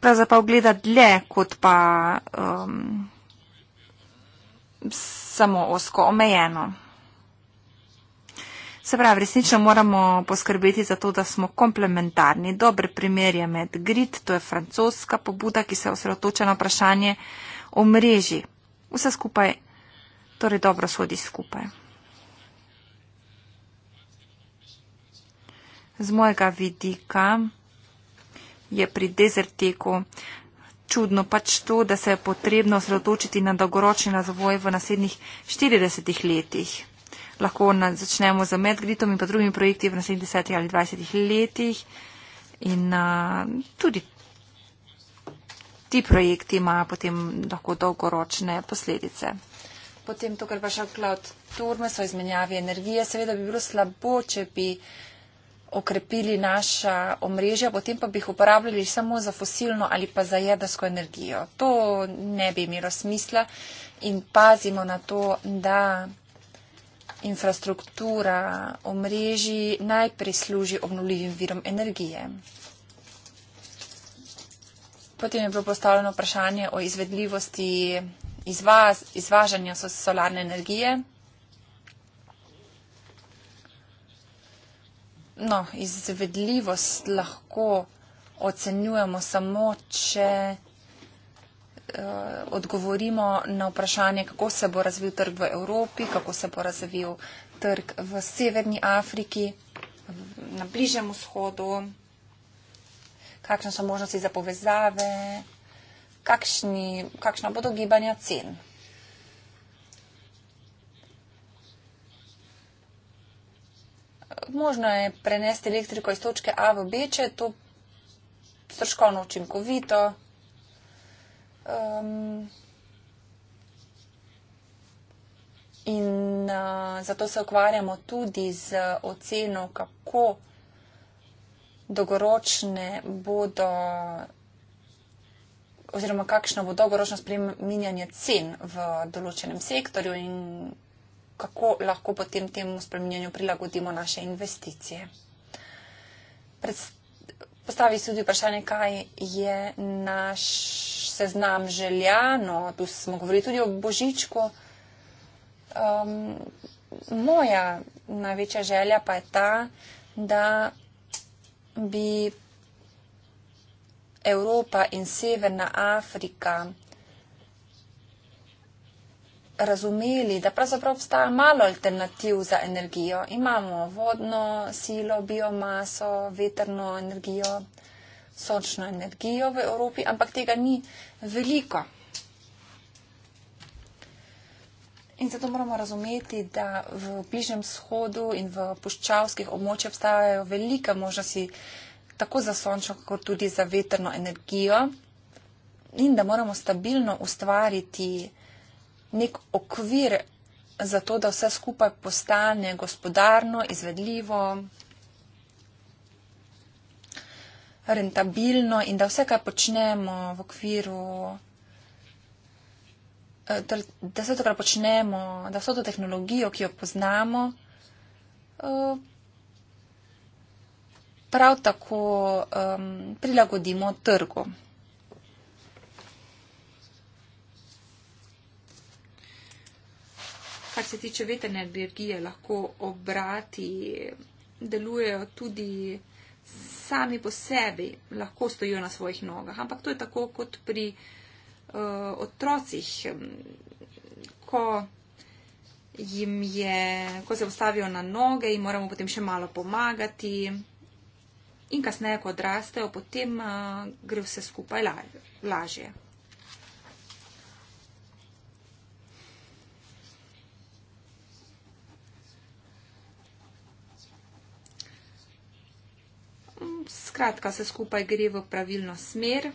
pravzaprav gleda dlje kot pa um, samo osko omejeno. Se pravi, resnično moramo poskrbeti za to, da smo komplementarni. Dober primer je med grid, to je francoska pobuda, ki se osredotoča na vprašanje uh, omreži. Vse skupaj torej dobro sodi skupaj. Z mojega vidika je pri dezerteku čudno pač to, da se je potrebno osredotočiti na dolgoročni razvoj v naslednjih 40 letih. Lahko na, začnemo z medgritom in pa drugimi projekti v naslednjih 10 ali 20 letih in a, tudi ti projekti imajo potem lahko dolgoročne posledice. Potem to, kar vaša cloud turme so izmenjavi energije, seveda bi bilo slabo, če bi okrepili naša omrežja, potem pa bi jih uporabljali samo za fosilno ali pa za jedrsko energijo. To ne bi imelo smisla in pazimo na to, da infrastruktura omrežji najprej služi obnuljivim virom energije. Potem je bilo postavljeno vprašanje o izvedljivosti izvaz, izvažanja solarne energije. No, izvedljivost lahko ocenjujemo samo, če eh, odgovorimo na vprašanje, kako se bo razvil trg v Evropi, kako se bo razvil trg v Severni Afriki, na Bližnem vzhodu kakšne so možnosti za povezave, kakšni, kakšna bodo gibanja cen. Možno je prenesti elektriko iz točke A v B, če je to stroškovno učinkovito. Um, in uh, zato se ukvarjamo tudi z oceno, kako dolgoročne bodo oziroma kakšno bo dolgoročno spreminjanje cen v določenem sektorju in kako lahko potem temu spreminjanju prilagodimo naše investicije. Postavi se tudi vprašanje, kaj je naš seznam želja, no tu smo govorili tudi o božičku. Um, moja največja želja pa je ta, da bi Evropa in Severna Afrika razumeli, da pravzaprav obstaja malo alternativ za energijo. Imamo vodno silo, biomaso, veterno energijo, sončno energijo v Evropi, ampak tega ni veliko. In zato moramo razumeti, da v Bližnjem shodu in v puščavskih območjih obstajajo velike možnosti tako za sončno, kot tudi za veterno energijo in da moramo stabilno ustvariti nek okvir za to, da vse skupaj postane gospodarno, izvedljivo, rentabilno in da vse, kar počnemo v okviru Eh, torej, da vse to, kar počnemo, da vso to tehnologijo, ki jo poznamo, eh, prav tako prilagodimo trgu. Kar se tiče veterne energije, lahko obrati delujejo tudi sami po sebi, lahko stojijo na svojih nogah, ampak to je tako kot pri uh, otrocih, ko, je, ko se postavijo na noge in moramo potem še malo pomagati. In kasneje, ko odrastejo, potem uh, gre vse skupaj la, lažje. Skratka, vse skupaj gre v pravilno smer.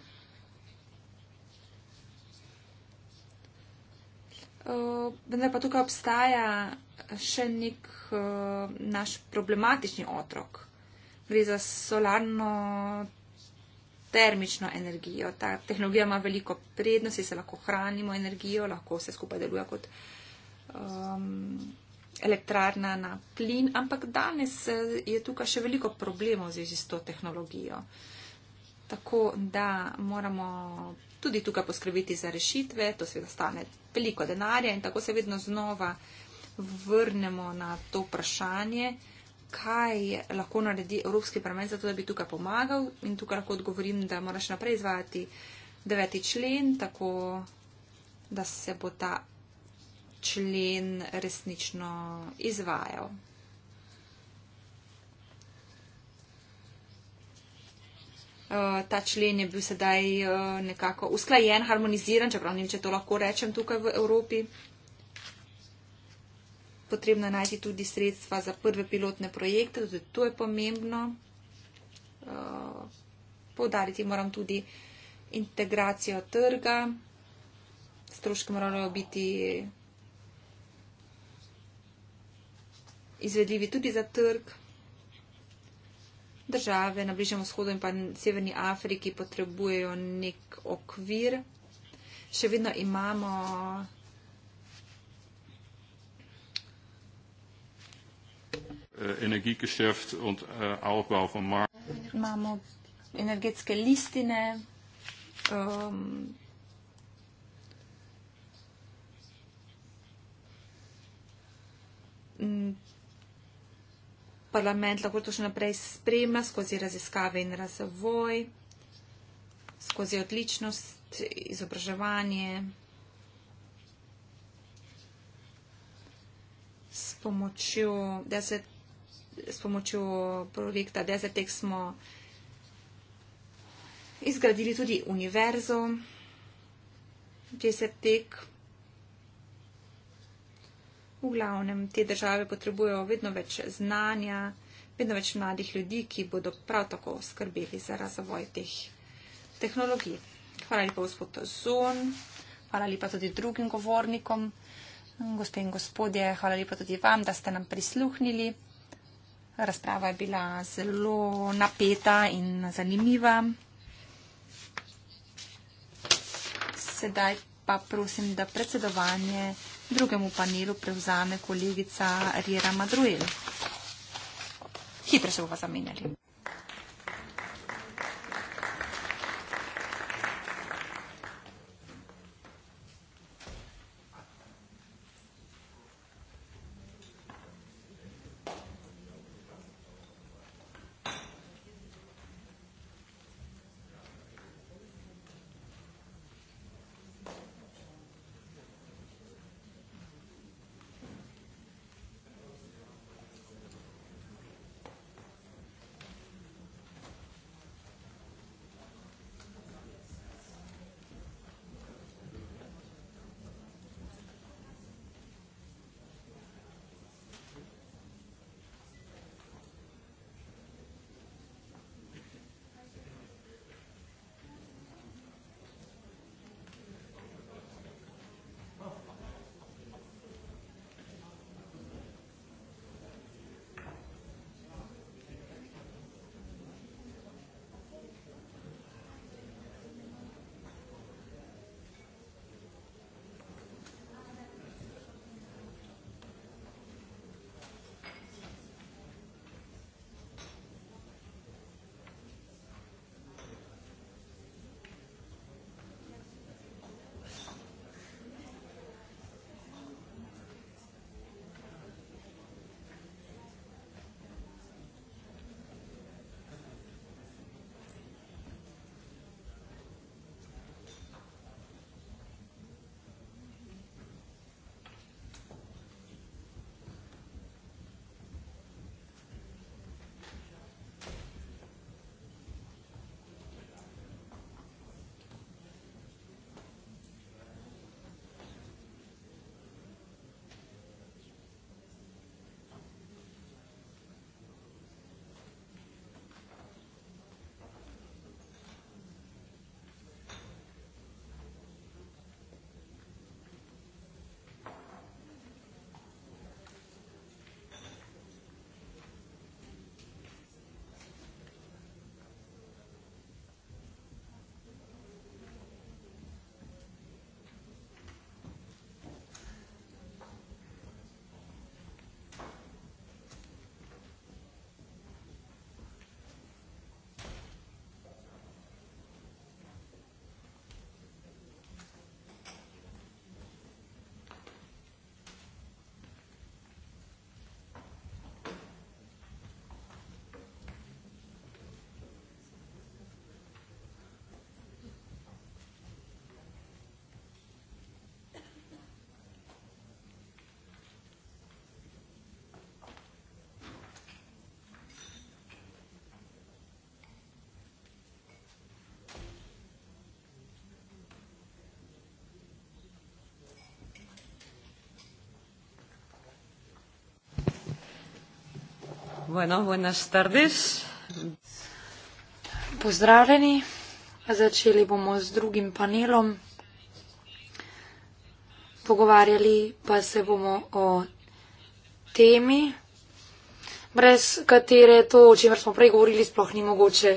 Eh, vendar pa tukaj obstaja še nek uh, naš problematični otrok. Gre za solarno termično energijo. Ta tehnologija ima veliko prednosti, se lahko hranimo energijo, lahko vse skupaj deluje kot um, elektrarna na plin, ampak danes eh, je tukaj še veliko problemov z isto tehnologijo. Tako da moramo tudi tukaj poskrbiti za rešitve, to seveda stane veliko denarja in tako se vedno znova vrnemo na to vprašanje, kaj lahko naredi Evropski parlament za to, da bi tukaj pomagal in tukaj lahko odgovorim, da moraš naprej izvajati deveti člen, tako da se bo ta člen resnično izvajal. Eh, ta člen je bil sedaj eh, nekako usklajen, harmoniziran, čeprav ne vem, če to lahko rečem tukaj v Evropi. Potrebno je najti tudi sredstva za prve pilotne projekte, tudi to je pomembno. Eh, poudariti moram tudi integracijo trga. Stroške morajo biti izvedljivi tudi za trg države na Bližnjem vzhodu in pa Severni Afriki potrebujejo nek okvir. Še vedno imamo eh, energigeschäft und uh, eh, aufbau von Markt. Imamo energetske listine, um, ehm, m, parlament lahko to še naprej spremlja skozi raziskave in razvoj, skozi odličnost, izobraževanje, s pomočjo, deset, s pomočjo projekta Desertek smo izgradili tudi univerzo, Desertek, V glavnem, te države potrebujejo vedno več znanja, vedno več mladih ljudi, ki bodo prav tako skrbeli za razvoj teh tehnologij. Hvala lepa gospod Zon, hvala lepa tudi drugim govornikom, gospe in gospodje, hvala lepa tudi vam, da ste nam prisluhnili. Razprava je bila zelo napeta in zanimiva. Sedaj pa prosim, da predsedovanje drugemu panelu prevzame kolegica Riera Madruel. Hitro se bova zamenjali. Bueno, buenas tardes. Pozdravljeni. Začeli bomo z drugim panelom. Pogovarjali pa se bomo o temi, brez katere to, o čemer smo prej govorili, sploh ni mogoče.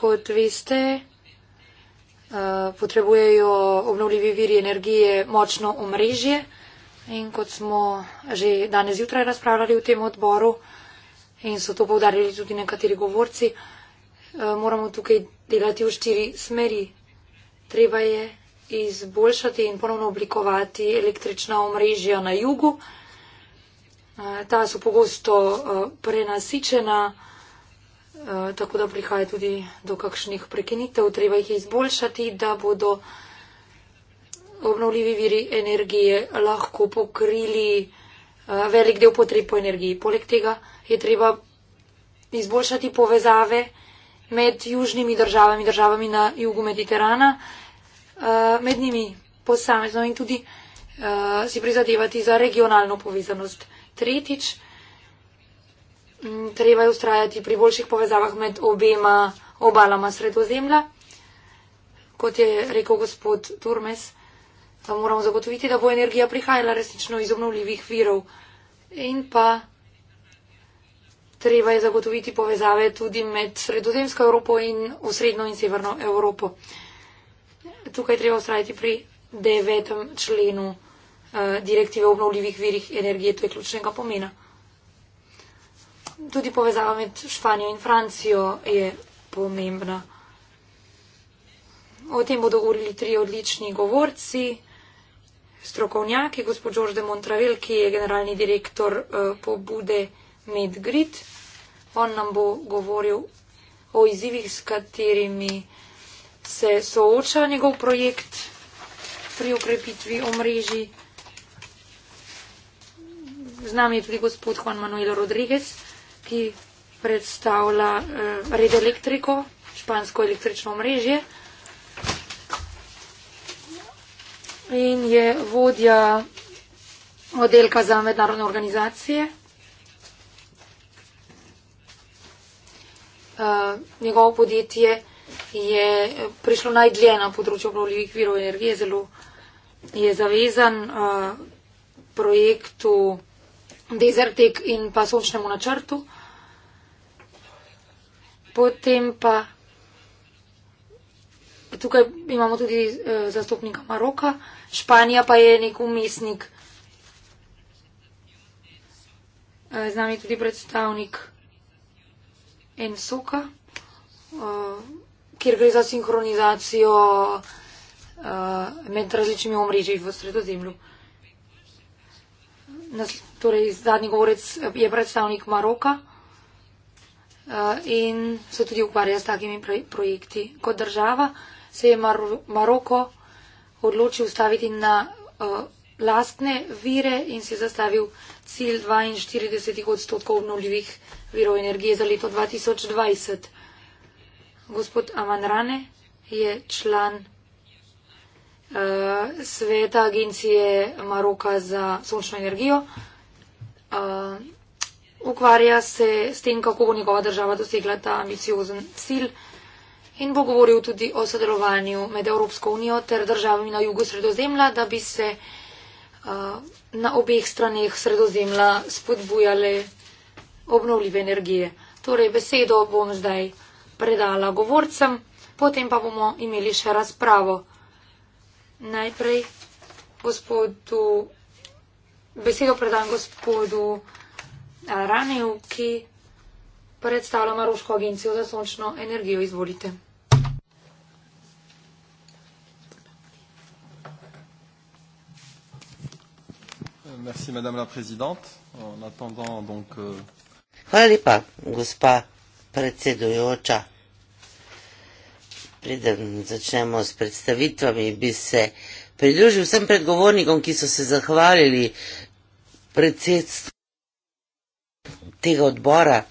Kot veste, eh, potrebujejo obnovljivi viri energije močno omrežje. In kot smo že danes jutraj razpravljali v tem odboru in so to povdarjali tudi nekateri govorci, eh, moramo tukaj delati v štiri smeri. Treba je izboljšati in ponovno oblikovati električna omrežja na jugu. Eh, ta so pogosto eh, prenasičena, tako da prihaja tudi do kakšnih prekinitev. Treba jih izboljšati, da bodo obnovljivi viri energije lahko pokrili eh, velik del potreb po energiji. Poleg tega je treba izboljšati povezave med južnimi državami, državami na jugu Mediterana, eh, med njimi posamezno in tudi eh, si prizadevati za regionalno povezanost. Tretjič, treba je ustrajati pri boljših povezavah med obema obalama sredozemlja, kot je rekel gospod Turmes pa moramo zagotoviti, da bo energija prihajala resnično iz obnovljivih virov. In pa treba je zagotoviti povezave tudi med sredozemsko Evropo in osrednjo in severno Evropo. Tukaj treba ustrajati pri devetem členu eh, direktive o obnovljivih virih energije, to je ključnega pomena. Tudi povezava med Španijo in Francijo je pomembna. O tem bodo govorili tri odlični govorci strokovnjaki, gospod Žorž de Montravel, ki je generalni direktor eh, pobude Medgrid. On nam bo govoril o izzivih, s katerimi se sooča njegov projekt pri ukrepitvi omrežji. Z nami je tudi gospod Juan Manuel Rodriguez, ki predstavlja eh, Red Elektriko, špansko električno omrežje. in je vodja oddelka za mednarodne organizacije. Eh, njegovo podjetje je prišlo najdlje na področju obnovljivih virov energije, zelo je zavezan eh, projektu Desertek in pa sončnemu načrtu. Potem pa tukaj imamo tudi uh, zastopnika Maroka, Španija pa je nek umestnik. Eh, z nami je tudi predstavnik NSOK-a, eh, kjer gre za sinhronizacijo med različnimi omrežji v sredozemlju. Torej, zadnji govorec je predstavnik Maroka in se tudi ukvarja s takimi projekti kot država se je Mar Maroko odločil staviti na uh, lastne vire in si zastavil cilj 42 odstotkov obnovljivih virov energije za leto 2020. Gospod Amanrane je član uh, sveta agencije Maroka za sončno energijo. Uh, ukvarja se s tem, kako bo njegova država dosegla ta ambiciozen cilj in bo govoril tudi o sodelovanju med Evropsko unijo ter državami na jugu sredozemlja, da bi se uh, na obeh straneh sredozemlja spodbujale obnovljive energije. Torej, besedo bom zdaj predala govorcem, potem pa bomo imeli še razpravo. Najprej gospodu, besedo predam gospodu uh, Ranevki. Predstavljam Maroško agencijo za sončno energijo. Izvolite. Merci Madame la Présidente. En attendant donc. Euh... Hvala lepa, gospa predsedujoča. Preden začnemo s predstavitvami, bi se pridružil vsem predgovornikom, ki so se zahvalili predsedstvu tega odbora,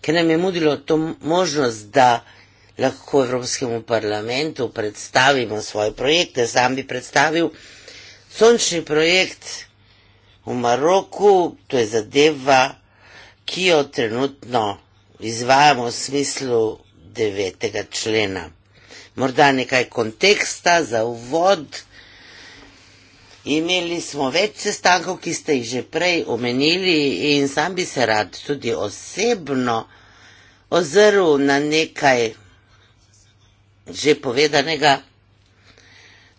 ki nam je mudilo to možnost, da lahko Evropskemu parlamentu predstavimo svoje projekte. Sam bi predstavil sončni projekt, V Maroku to je zadeva, ki jo trenutno izvajamo v smislu devetega člena. Morda nekaj konteksta za uvod. Imeli smo več sestankov, ki ste jih že prej omenili in sam bi se rad tudi osebno ozrl na nekaj že povedanega.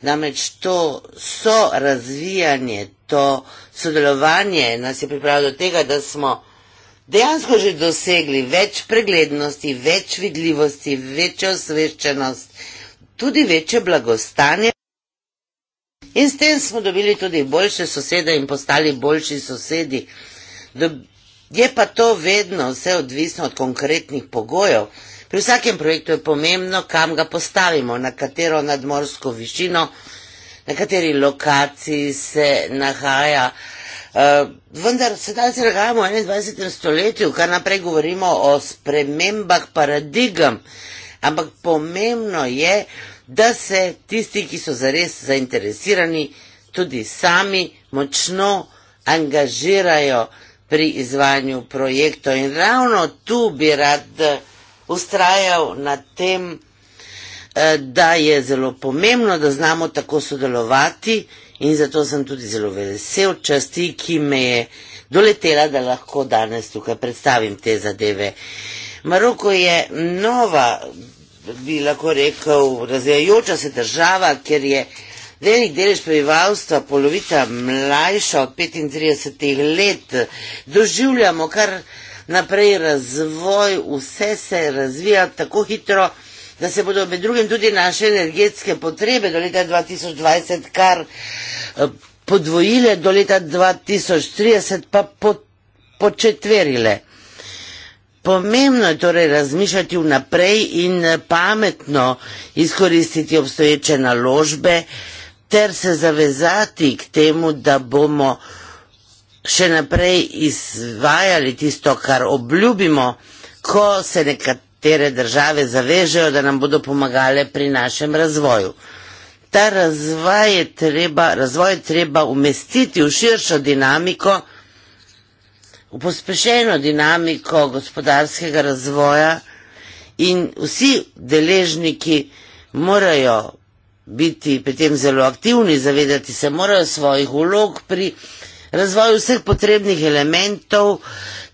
Namreč to so razvijanje, to razvijanje, sodelovanje nas je pripravilo do tega, da smo dejansko že dosegli več preglednosti, več vidljivosti, večjo osveščenost, tudi večje blagostanje. In s tem smo dobili tudi boljše sosede in postali boljši sosedi. Je pa to vedno vse odvisno od konkretnih pogojev. Pri vsakem projektu je pomembno, kam ga postavimo, na katero nadmorsko višino, na kateri lokaciji se nahaja. Eh, vendar sedaj se nahajamo v 21. stoletju, kar naprej govorimo o spremembah paradigem, ampak pomembno je, da se tisti, ki so zares zainteresirani, tudi sami močno angažirajo pri izvajanju projektov. In ravno tu bi rad ustrajal eh, na tem, Eh, da je zelo pomembno, da znamo tako sodelovati in zato sem tudi zelo vesel časti, ki me je doletela, da lahko danes tukaj predstavim te zadeve. Maroko je nova, bi lahko rekel, razvijajoča se država, ker je velik delež prebivalstva, polovica mlajša od 35 let, doživljamo kar naprej razvoj, vse se razvija tako hitro, da se bodo med drugim tudi naše energetske potrebe do leta 2020 kar eh, podvojile, do leta 2030 pa početverile. Pomembno je torej razmišljati vnaprej in eh, pametno izkoristiti obstoječe naložbe ter se zavezati k temu, da bomo še naprej izvajali tisto, kar obljubimo, ko se nekatere nekatere države zavežejo, da nam bodo pomagale pri našem razvoju. Ta razvoj je treba, razvoj je treba umestiti v širšo dinamiko, v pospešeno dinamiko gospodarskega razvoja in vsi deležniki morajo biti pri tem zelo aktivni, zavedati se morajo svojih ulog pri razvoju vseh potrebnih elementov,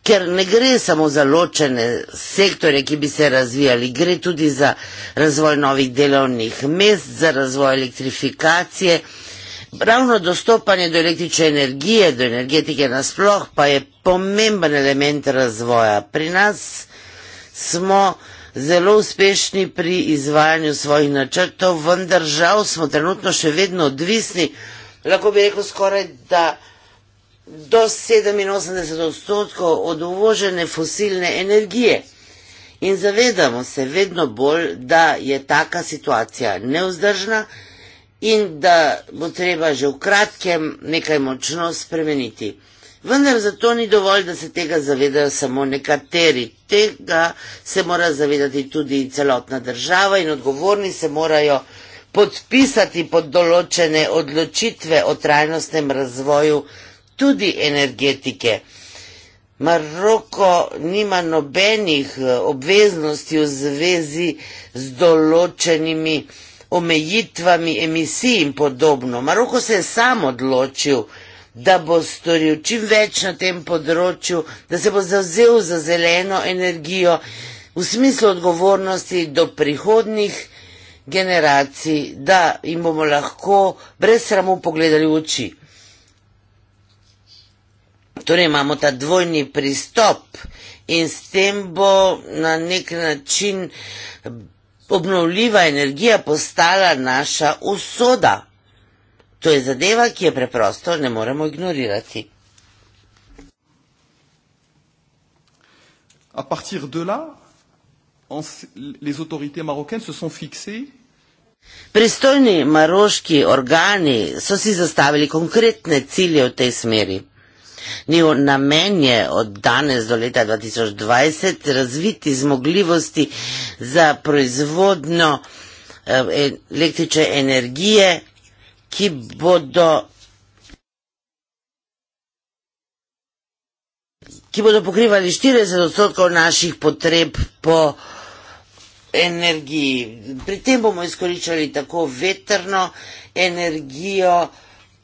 ker ne gre samo za ločene sektore, ki bi se razvijali, gre tudi za razvoj novih delovnih mest, za razvoj elektrifikacije. Ravno dostopanje do električne energije, do energetike nasploh, pa je pomemben element razvoja. Pri nas smo zelo uspešni pri izvajanju svojih načrtov, vendar žal smo trenutno še vedno odvisni, lahko bi rekel skoraj da do 87 odstotkov od uvožene fosilne energije. In zavedamo se vedno bolj, da je taka situacija neuzdržna in da bo treba že v kratkem nekaj močno spremeniti. Vendar zato ni dovolj, da se tega zavedajo samo nekateri. Tega se mora zavedati tudi celotna država in odgovorni se morajo podpisati pod določene odločitve o trajnostnem razvoju tudi energetike. Maroko nima nobenih eh, obveznosti v zvezi z določenimi omejitvami emisij in podobno. Maroko se je sam odločil, da bo storil čim več na tem področju, da se bo zavzel za zeleno energijo v smislu odgovornosti do prihodnih generacij, da jim bomo lahko brez sramu pogledali v oči. Torej imamo ta dvojni pristop in s tem bo na nek način obnovljiva energija postala naša usoda. To je zadeva, ki je preprosto ne moremo ignorirati. A partir de là, on, les autorités marocaines se sont fixées. Pristojni maroški organi so si zastavili konkretne cilje v tej smeri. Njihov namen je od danes do leta 2020 razviti zmogljivosti za proizvodnjo eh, električne energije, ki bodo, ki bodo pokrivali 40 odstotkov naših potreb po energiji. Pri tem bomo izkoriščali tako vetrno energijo,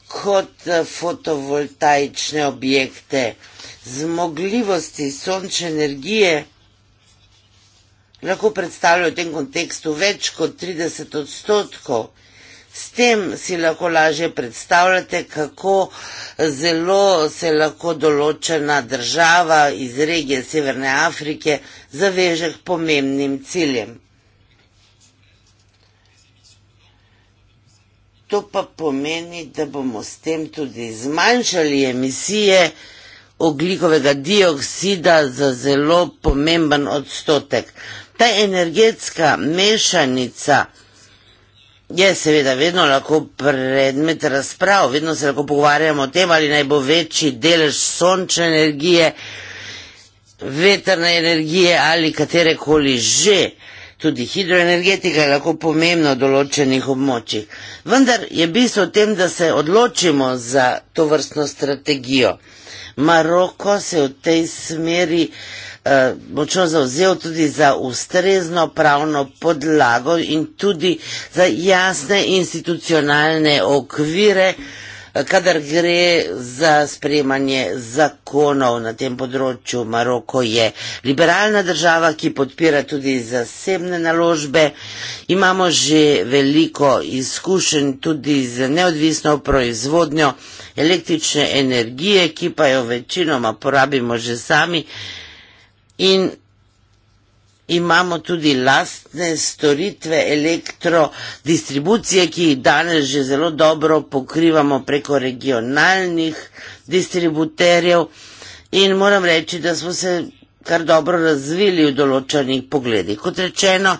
kot eh, fotovoltaične objekte, zmogljivosti sončne energije, lahko predstavljajo v tem kontekstu več kot 30 odstotkov. S tem si lahko lažje predstavljate, kako eh, zelo se lahko določena država iz regije Severne Afrike zaveže k pomembnim ciljem. to pa pomeni, da bomo s tem tudi zmanjšali emisije oglikovega dioksida za zelo pomemben odstotek. Ta energetska mešanica je seveda vedno lahko predmet razprav, vedno se lahko pogovarjamo o tem, ali naj bo večji delež sončne energije, veterne energije ali katerekoli že. Tudi hidroenergetika je lahko pomembna v določenih območjih. Vendar je bistvo v tem, da se odločimo za to vrstno strategijo. Maroko se je v tej smeri eh, močno zauzel tudi za ustrezno pravno podlago in tudi za jasne institucionalne okvire, eh, Kadar gre za sprejemanje zakonov na tem področju, Maroko je liberalna država, ki podpira tudi zasebne naložbe. Imamo že veliko izkušenj tudi z neodvisno proizvodnjo električne energije, ki pa jo večinoma porabimo že sami. In imamo tudi lastne storitve elektrodistribucije, ki jih danes že zelo dobro pokrivamo preko regionalnih distributerjev. In moram reči, da smo se kar dobro razvili v določenih pogledih. Kot rečeno,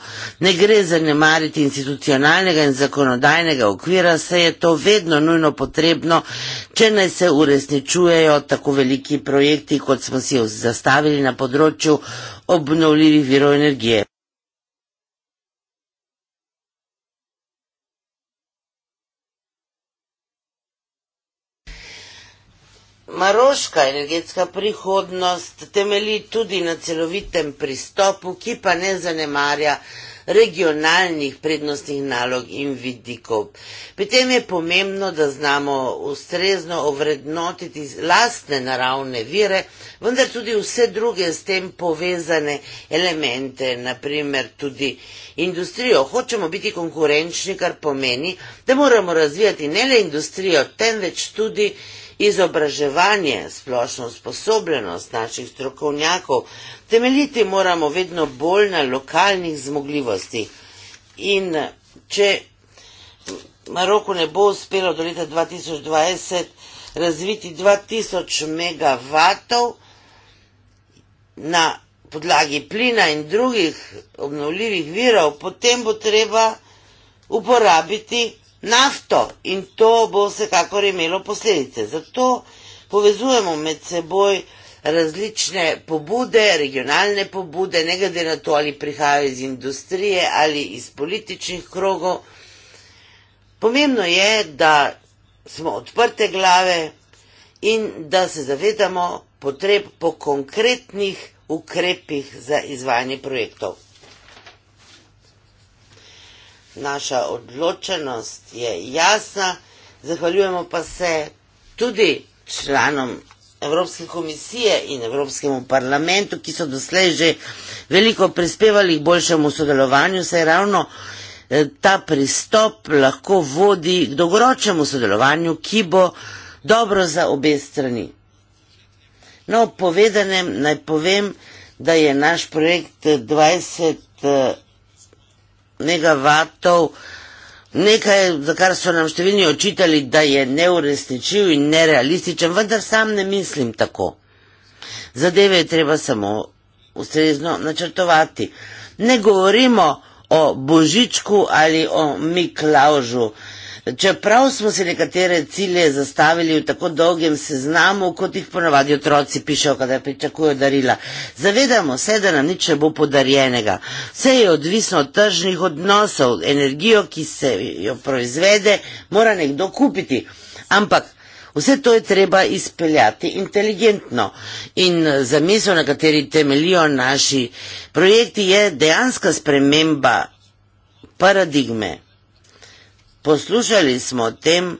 ne gre zanemariti institucionalnega in zakonodajnega okvira, saj je to vedno nujno potrebno, če ne se uresničujejo tako veliki projekti, kot smo si jo zastavili na področju obnovljivih virov energije. Maroška energetska prihodnost temelji tudi na celovitem pristopu, ki pa ne zanemarja regionalnih prednostnih nalog in vidikov. Pri tem je pomembno, da znamo ustrezno ovrednotiti lastne naravne vire, vendar tudi vse druge s tem povezane elemente, naprimer tudi industrijo. Hočemo biti konkurenčni, kar pomeni, da moramo razvijati ne le industrijo, temveč tudi industrijo izobraževanje, splošno sposobljenost naših strokovnjakov, temeljiti moramo vedno bolj na lokalnih zmogljivosti. In če Maroko ne bo uspelo do leta 2020 razviti 2000 megavatov na podlagi plina in drugih obnovljivih virov, potem bo treba uporabiti nafto in to bo vsekakor imelo posledice. Zato povezujemo med seboj različne pobude, regionalne pobude, ne glede na to, ali prihajajo iz industrije ali iz političnih krogov. Pomembno je, da smo odprte glave in da se zavedamo potreb po konkretnih ukrepih za izvajanje projektov naša odločenost je jasna, zahvaljujemo pa se tudi članom Evropske komisije in Evropskemu parlamentu, ki so doslej že veliko prispevali k boljšemu sodelovanju, saj ravno eh, ta pristop lahko vodi k dolgoročnemu sodelovanju, ki bo dobro za obe strani. No, povedanem naj povem, da je naš projekt 20 megavatov, nekaj, za kar so nam številni očitali, da je neurestičiv in nerealističen, vendar sam ne mislim tako. Zadeve je treba samo ustrezno načrtovati. Ne govorimo o Božičku ali o Miklaužu. Čeprav smo si nekatere cilje zastavili v tako dolgem seznamu, kot jih ponavadi otroci pišejo, kadar pričakujejo darila, zavedamo se, da nam nič ne bo podarjenega. Vse je odvisno od tržnih odnosov, energijo, ki se jo proizvede, mora nekdo kupiti. Ampak vse to je treba izpeljati inteligentno in zamisel, na kateri temelijo naši projekti, je dejanska sprememba paradigme. Poslušali smo o tem,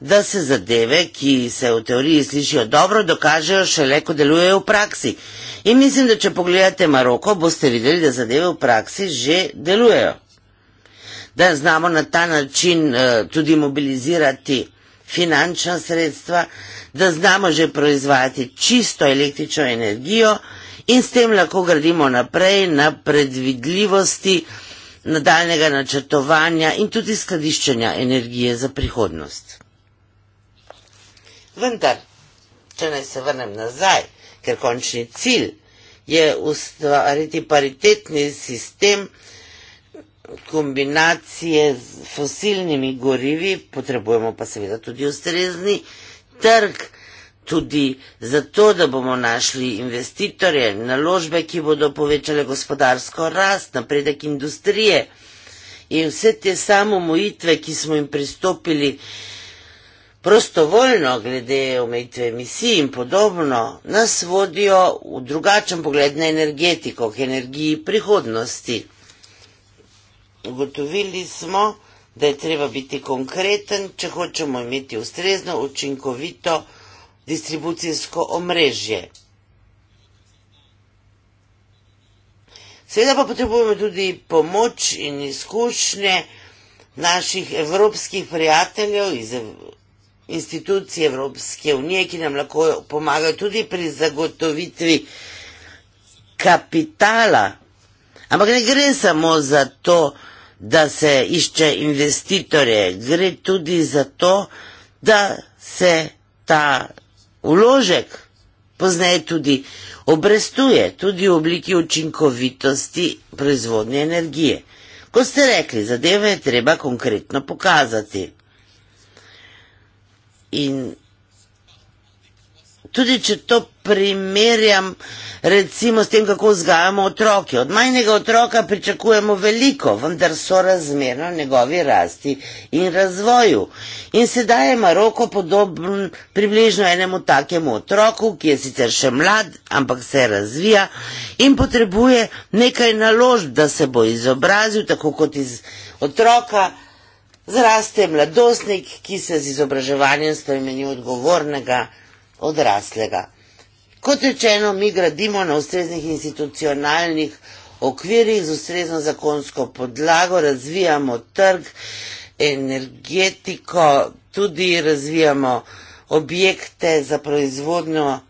da se zadeve, ki se v teoriji slišijo dobro, dokažejo šele, ko delujejo v praksi. In mislim, da če pogledate Maroko, boste videli, da zadeve v praksi že delujejo. Da znamo na ta način eh, tudi mobilizirati finančna sredstva, da znamo že proizvajati čisto električno energijo in s tem lahko gradimo naprej na predvidljivosti, nadaljnega načrtovanja in tudi skladiščenja energije za prihodnost. Vendar, če naj se vrnem nazaj, ker končni cilj je ustvariti paritetni sistem kombinacije z fosilnimi gorivi, potrebujemo pa seveda tudi ustrezni trg tudi zato, da bomo našli investitorje, naložbe, ki bodo povečale gospodarsko rast, napredek industrije in vse te samomojitve, ki smo jim pristopili prostovoljno glede omejitve emisij in podobno, nas vodijo v drugačen pogled na energetiko, k energiji prihodnosti. Ugotovili smo, da je treba biti konkreten, če hočemo imeti ustrezno, učinkovito, distribucijsko omrežje. Seveda pa potrebujemo tudi pomoč in izkušnje naših evropskih prijateljev iz institucij Evropske unije, ki nam lahko pomagajo tudi pri zagotovitvi kapitala. Ampak ne gre samo za to, da se išče investitorje, gre tudi za to, da se ta vložek poznaje tudi obrestuje, tudi v obliki učinkovitosti proizvodnje energije. Ko ste rekli, zadeve je treba konkretno pokazati. In tudi če to primerjam recimo s tem, kako vzgajamo otroke. Od majhnega otroka pričakujemo veliko, vendar so razmerno njegovi rasti in razvoju. In sedaj je Maroko podoben približno enemu takemu otroku, ki je sicer še mlad, ampak se razvija in potrebuje nekaj naložb, da se bo izobrazil, tako kot iz otroka. Zraste mladostnik, ki se z izobraževanjem spremeni odgovornega odraslega. Kot rečeno, mi gradimo na ustreznih institucionalnih okvirih z ustrezno zakonsko podlago, razvijamo trg, energetiko, tudi razvijamo objekte za proizvodno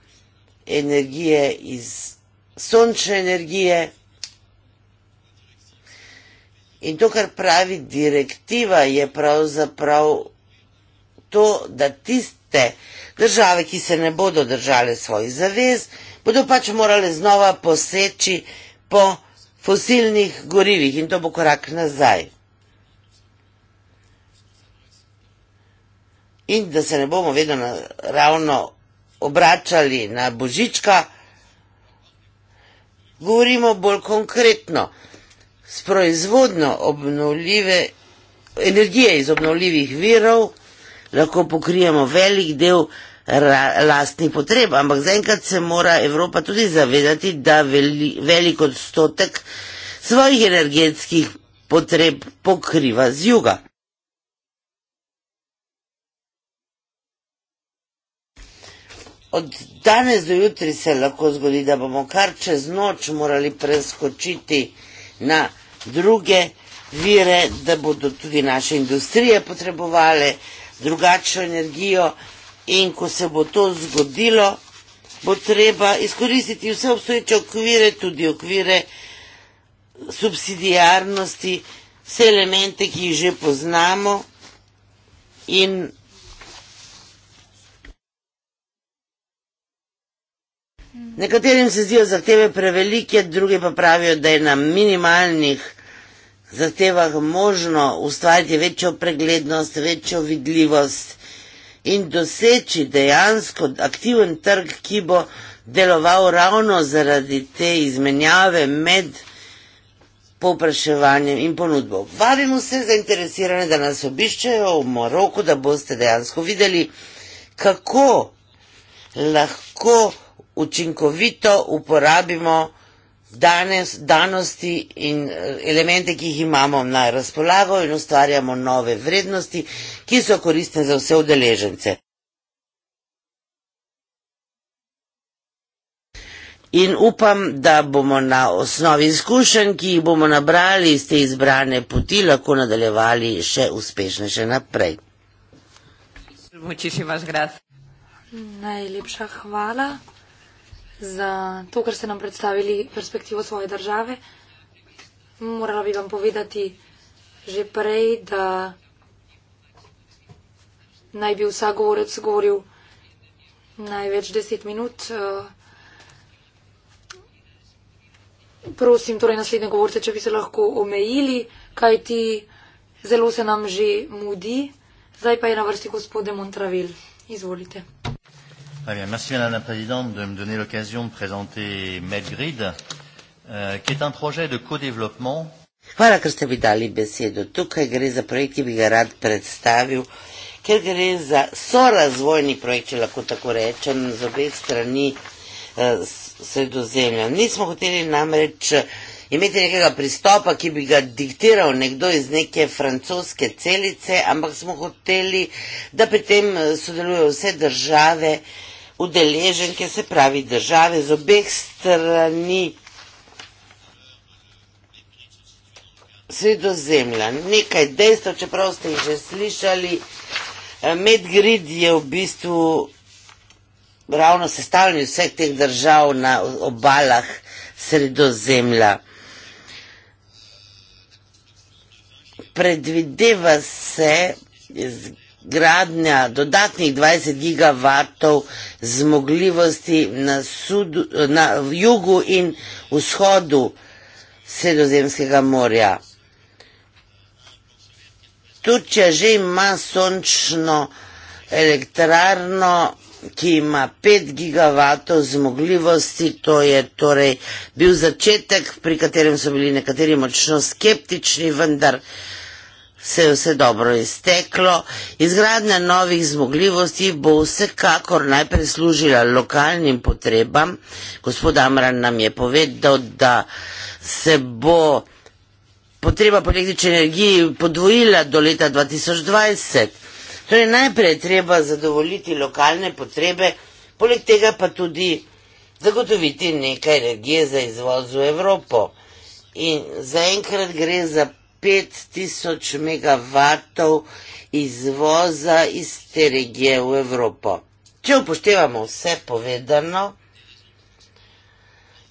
energije iz sončne energije. In to, kar pravi direktiva, je pravzaprav to, da tiste Države, ki se ne bodo držale svojih zavez, bodo pač morale znova poseči po fosilnih gorivih in to bo korak nazaj. In da se ne bomo vedno na, ravno obračali na božička, govorimo bolj konkretno. S proizvodno obnovljive energije iz obnovljivih virov lahko pokrijemo velik del lastnih potreb, ampak zaenkrat se mora Evropa tudi zavedati, da veli, velik odstotek svojih energetskih potreb pokriva z juga. Od danes do jutri se lahko zgodi, da bomo kar čez noč morali preskočiti na druge vire, da bodo tudi naše industrije potrebovale drugačno energijo. In ko se bo to zgodilo, bo treba izkoristiti vse obstoječe okvire, tudi okvire subsidijarnosti, vse elemente, ki jih že poznamo in Nekaterim se zdijo zahteve prevelike, druge pa pravijo, da je na minimalnih zahtevah možno ustvariti večjo preglednost, večjo vidljivost in doseči dejansko aktiven trg, ki bo deloval ravno zaradi te izmenjave med popraševanjem in ponudbo. Vabimo vse zainteresirane, da nas obiščejo v Moroku, da boste dejansko videli, kako lahko učinkovito uporabimo danes, danosti in eh, elemente, ki jih imamo na razpolago in ustvarjamo nove vrednosti, ki so koristne za vse udeležence. In upam, da bomo na osnovi izkušenj, ki jih bomo nabrali iz te izbrane poti, lahko nadaljevali še uspešne še naprej. Najlepša hvala za to, kar ste nam predstavili perspektivo svoje države. Morala bi vam povedati že prej, da naj bi vsak govorec govoril največ deset minut. Eh, prosim torej naslednje govorce, če bi se lahko omejili, kaj ti zelo se nam že mudi. Zdaj pa je na vrsti gospod Demontravil. Izvolite. Très bien. Merci Madame la Présidente de me donner l'occasion de présenter MedGrid, euh, qui est un projet de co-développement. Hvala, ker ste mi dali besedo. Tukaj gre za projekt, ki bi ga rad predstavil, ker gre za sorazvojni projekt, če lahko tako rečem, z obeh strani eh, sredozemlja. Nismo hoteli namreč eh, imeti nekega pristopa, ki bi ga diktiral nekdo iz neke francoske celice, ampak smo hoteli, da pri tem eh, sodelujejo vse države udeleženke, se pravi države z obeh strani sredozemlja. Nekaj dejstev, čeprav ste jih že slišali, eh, Medgrid je v bistvu ravno sestavljen vseh teh držav na obalah sredozemlja. Predvideva se, gradnja dodatnih 20 gigavatov zmogljivosti na, sudu, na jugu in vzhodu Sredozemskega morja. Turčija že ima sončno elektrarno, ki ima 5 gigavatov zmogljivosti, to je torej bil začetek, pri katerem so bili nekateri močno skeptični, vendar se je vse dobro izteklo, izgradnja novih zmogljivosti bo vsekakor najprej služila lokalnim potrebam. Gospod Amran nam je povedal, da se bo potreba po električni energiji podvojila do leta 2020. Torej najprej treba zadovoljiti lokalne potrebe, poleg tega pa tudi zagotoviti nekaj energije za izvoz v Evropo. In zaenkrat gre za 5000 megavatov izvoza iz te regije v Evropo. Če upoštevamo vse povedano,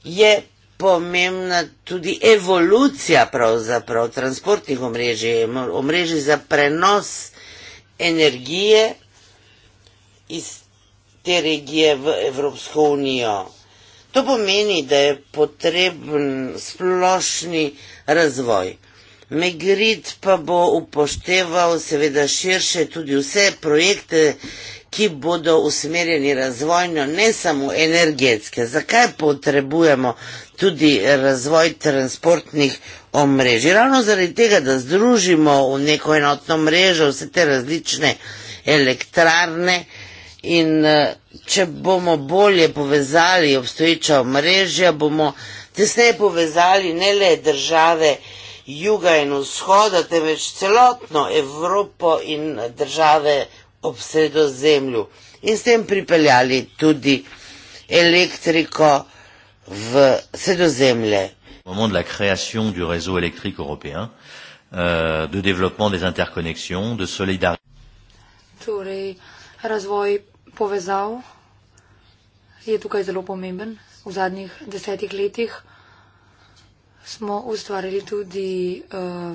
je pomembna tudi evolucija pravzaprav transportnih omrežij, omrežij za prenos energije iz te regije v Evropsko unijo. To pomeni, da je potreben splošni razvoj. Megrid pa bo upošteval seveda širše tudi vse projekte, ki bodo usmerjeni razvojno, ne samo energetske. Zakaj potrebujemo tudi razvoj transportnih omrežij? Ravno zaradi tega, da združimo v neko enotno mrežo vse te različne elektrarne in eh, če bomo bolje povezali obstoječa omrežja, bomo tesneje povezali ne le države, juga in vzhoda, temveč celotno Evropo in države ob sredozemlju. In s tem pripeljali tudi elektriko v sredozemlje. moment de la création du réseau électrique européen, euh, de développement des interconnexions, de solidarité. Torej, razvoj povezav je tukaj zelo pomemben v zadnjih desetih letih smo ustvarili tudi uh,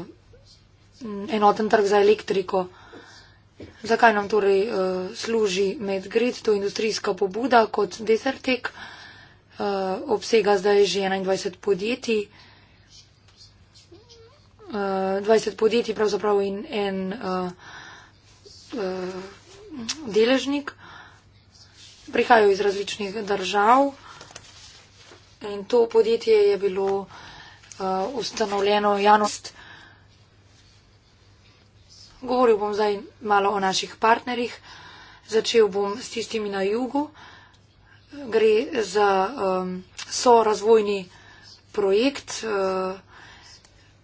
enoten trg za elektriko. Zakaj nam torej uh, služi Medgrid, to je industrijska pobuda kot desertek, uh, eh, obsega zdaj že 21 podjetij, uh, 20 podjetij pravzaprav in en uh, uh, deležnik. Prihajajo iz različnih držav in to podjetje je bilo uh, uh, ustanovljeno javnost. Govoril bom zdaj malo o naših partnerjih. Začel bom s tistimi na jugu. Gre za um, sorazvojni projekt, uh,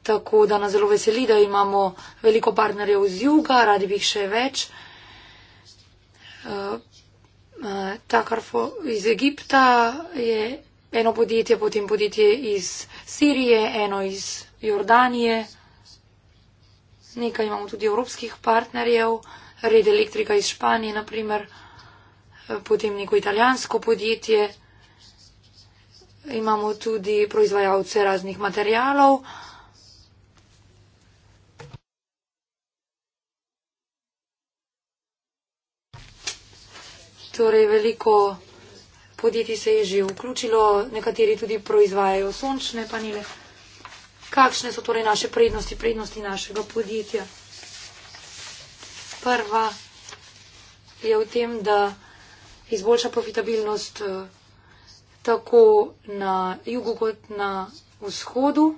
tako da nas zelo veseli, da imamo veliko partnerjev z juga, radi bi jih še več. Uh, uh, Takarfo iz Egipta je eno podjetje, potem podjetje iz Sirije, eno iz Jordanije. Nekaj imamo tudi evropskih partnerjev, red elektrika iz Španije, naprimer, eh, potem neko italijansko podjetje. Imamo tudi proizvajalce raznih materijalov. Torej, veliko podjetij se je že vključilo, nekateri tudi proizvajajo sončne panele. Kakšne so torej naše prednosti, prednosti našega podjetja? Prva je v tem, da izboljša profitabilnost eh, tako na jugu kot na vzhodu.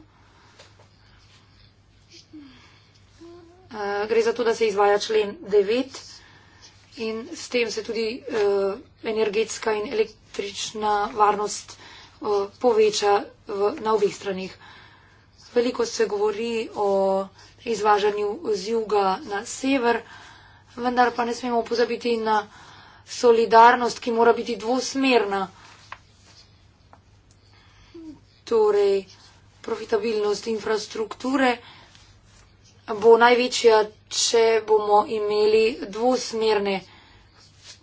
Eh, gre za to, da se izvaja člen 9 in s tem se tudi eh, energetska in elektronska električna varnost eh, poveča v, na obeh stranih. Veliko se govori o izvažanju z juga na sever, vendar pa ne smemo pozabiti na solidarnost, ki mora biti dvosmerna. Torej, profitabilnost infrastrukture bo največja, če bomo imeli dvosmerne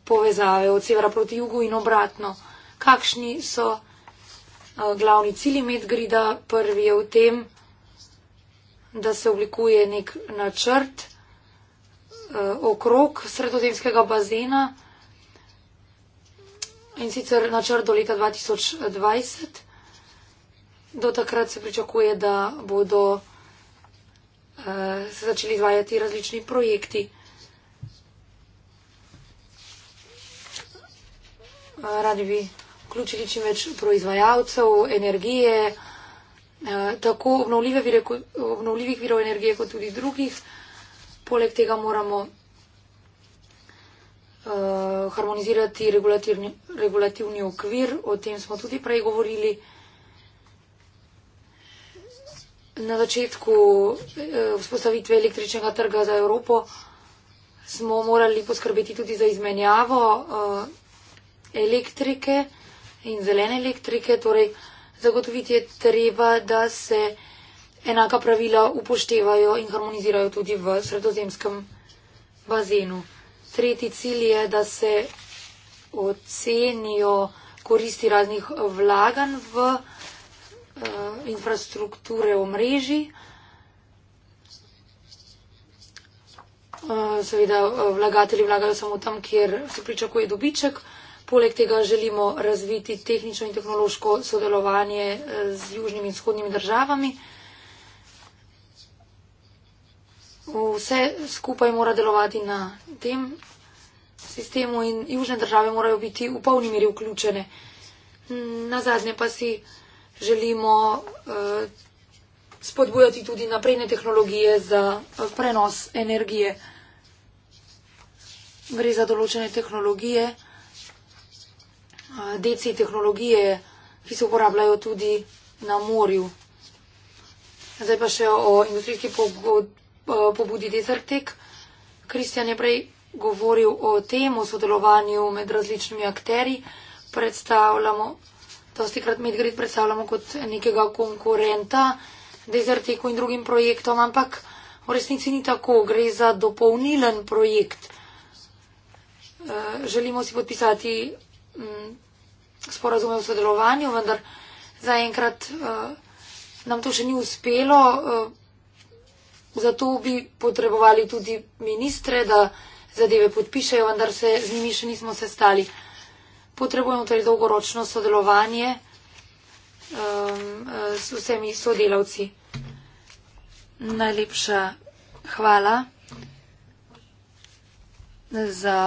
povezave od severa proti jugu in obratno. Kakšni so eh, glavni cilji Medgrida? Prvi je v tem, da se oblikuje nek načrt eh, okrog sredozemskega bazena in sicer načrt do leta 2020. Do takrat se pričakuje, da bodo eh, se začeli izvajati različni projekti. radi bi vključili čim več proizvajalcev energije, e, tako obnovljive vire, obnovljivih virov energije, kot tudi drugih. Poleg tega moramo e, harmonizirati regulativni, regulativni okvir, o tem smo tudi prej govorili. Na začetku e, vzpostavitve električnega trga za Evropo smo morali poskrbeti tudi za izmenjavo elektrike in zelene elektrike, torej zagotoviti je treba, da se enaka pravila upoštevajo in harmonizirajo tudi v sredozemskem bazenu. Tretji cilj je, da se ocenijo koristi raznih vlaganj v uh, infrastrukture v mreži. Eh, seveda eh, vlagatelji vlagajo samo tam, kjer se pričakuje dobiček, Poleg tega želimo razviti tehnično in tehnološko sodelovanje eh, z južnimi in vzhodnimi državami. Vse skupaj mora delovati na tem sistemu in južne države morajo biti v polni meri vključene. Na zadnje pa si želimo uh, spodbujati tudi napredne tehnologije za uh, prenos energije. Gre za določene tehnologije. DC tehnologije, ki se uporabljajo tudi na morju. Zdaj pa še o industrijski pobudi Desertek. Kristjan je prej govoril o tem, o sodelovanju med različnimi akteri. Predstavljamo, dosti krat Medgrid predstavljamo kot nekega konkurenta Deserteku in drugim projektom, ampak v resnici ni tako. Gre za dopolnilen projekt. E, želimo si podpisati Mm, sporazume o sodelovanju, vendar zaenkrat eh, nam to še ni uspelo. Eh, zato bi potrebovali tudi ministre, da zadeve podpišejo, vendar se z njimi še nismo sestali. Potrebujemo torej dolgoročno sodelovanje s ehm, eh, vsemi sodelavci. Najlepša hvala za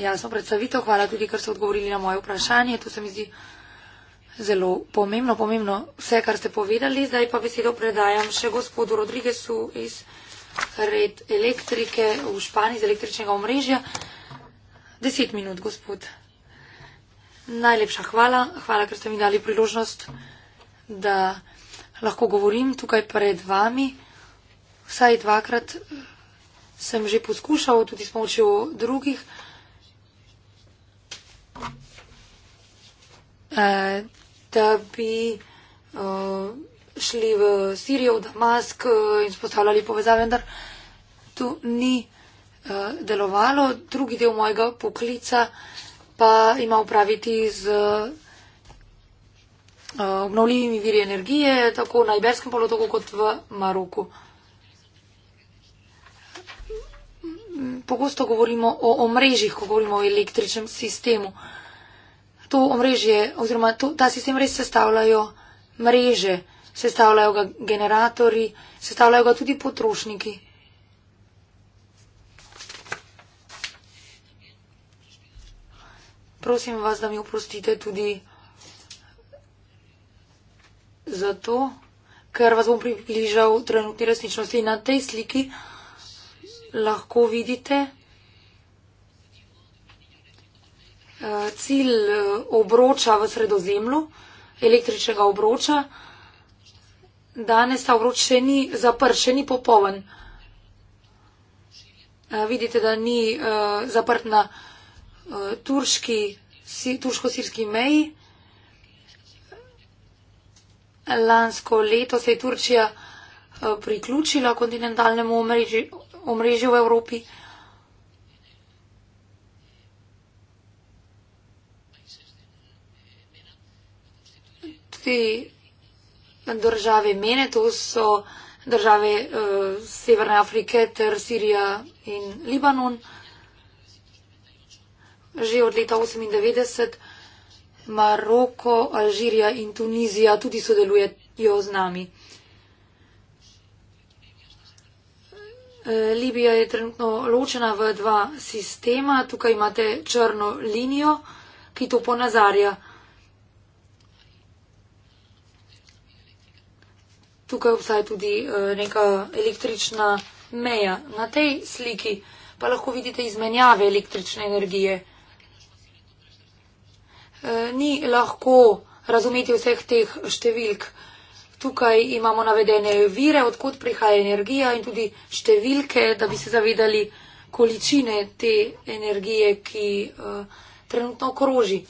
jasno predstavitev. Hvala tudi, ker ste odgovorili na moje vprašanje. To se mi zdi zelo pomembno, pomembno vse, kar ste povedali. Zdaj pa besedo predajam še gospodu Rodrigesu iz red elektrike v Španiji, iz električnega omrežja. Deset minut, gospod. Najlepša hvala. Hvala, ker ste mi dali priložnost, da lahko govorim tukaj pred vami. Vsaj dvakrat sem že poskušal tudi s pomočjo drugih. Eh, da bi eh, šli v Sirijo, v Damask eh, in spostavljali povezave, vendar to ni delovalo. Drugi del mojega poklica pa ima upraviti z obnovljivimi viri energije, tako na Iberskem polotoku kot v Maroku. pogosto govorimo o omrežjih, ko govorimo o električnem sistemu. To omrežje oziroma to, ta sistem res sestavljajo mreže, sestavljajo ga generatori, sestavljajo ga tudi potrošniki. Prosim vas, da mi oprostite tudi zato, ker vas bom približal trenutni resničnosti na tej sliki lahko vidite. Eh, cilj eh, obroča v sredozemlju, električnega obroča. Danes ta obroč še ni zaprt, še ni popoln. Eh, vidite, da ni zaprt na turški, turško-sirski meji. Lansko leto se je Turčija priključila kontinentalnemu omrežju v Evropi. Tudi države mene, to so države uh, Severne Afrike ter Sirija in Libanon. Že od leta 1998 Maroko, Alžirija in Tunizija tudi sodelujejo z nami. Libija je trenutno ločena v dva sistema. Tukaj imate črno linijo, ki to ponazarja. Tukaj obstaja tudi eh, neka električna meja. Na tej sliki pa lahko vidite izmenjave električne energije. Eh, ni lahko razumeti vseh teh številk. Tukaj imamo navedene vire, odkot prihaja energija in tudi številke, da bi se zavedali količine te energije, ki uh, trenutno okroži.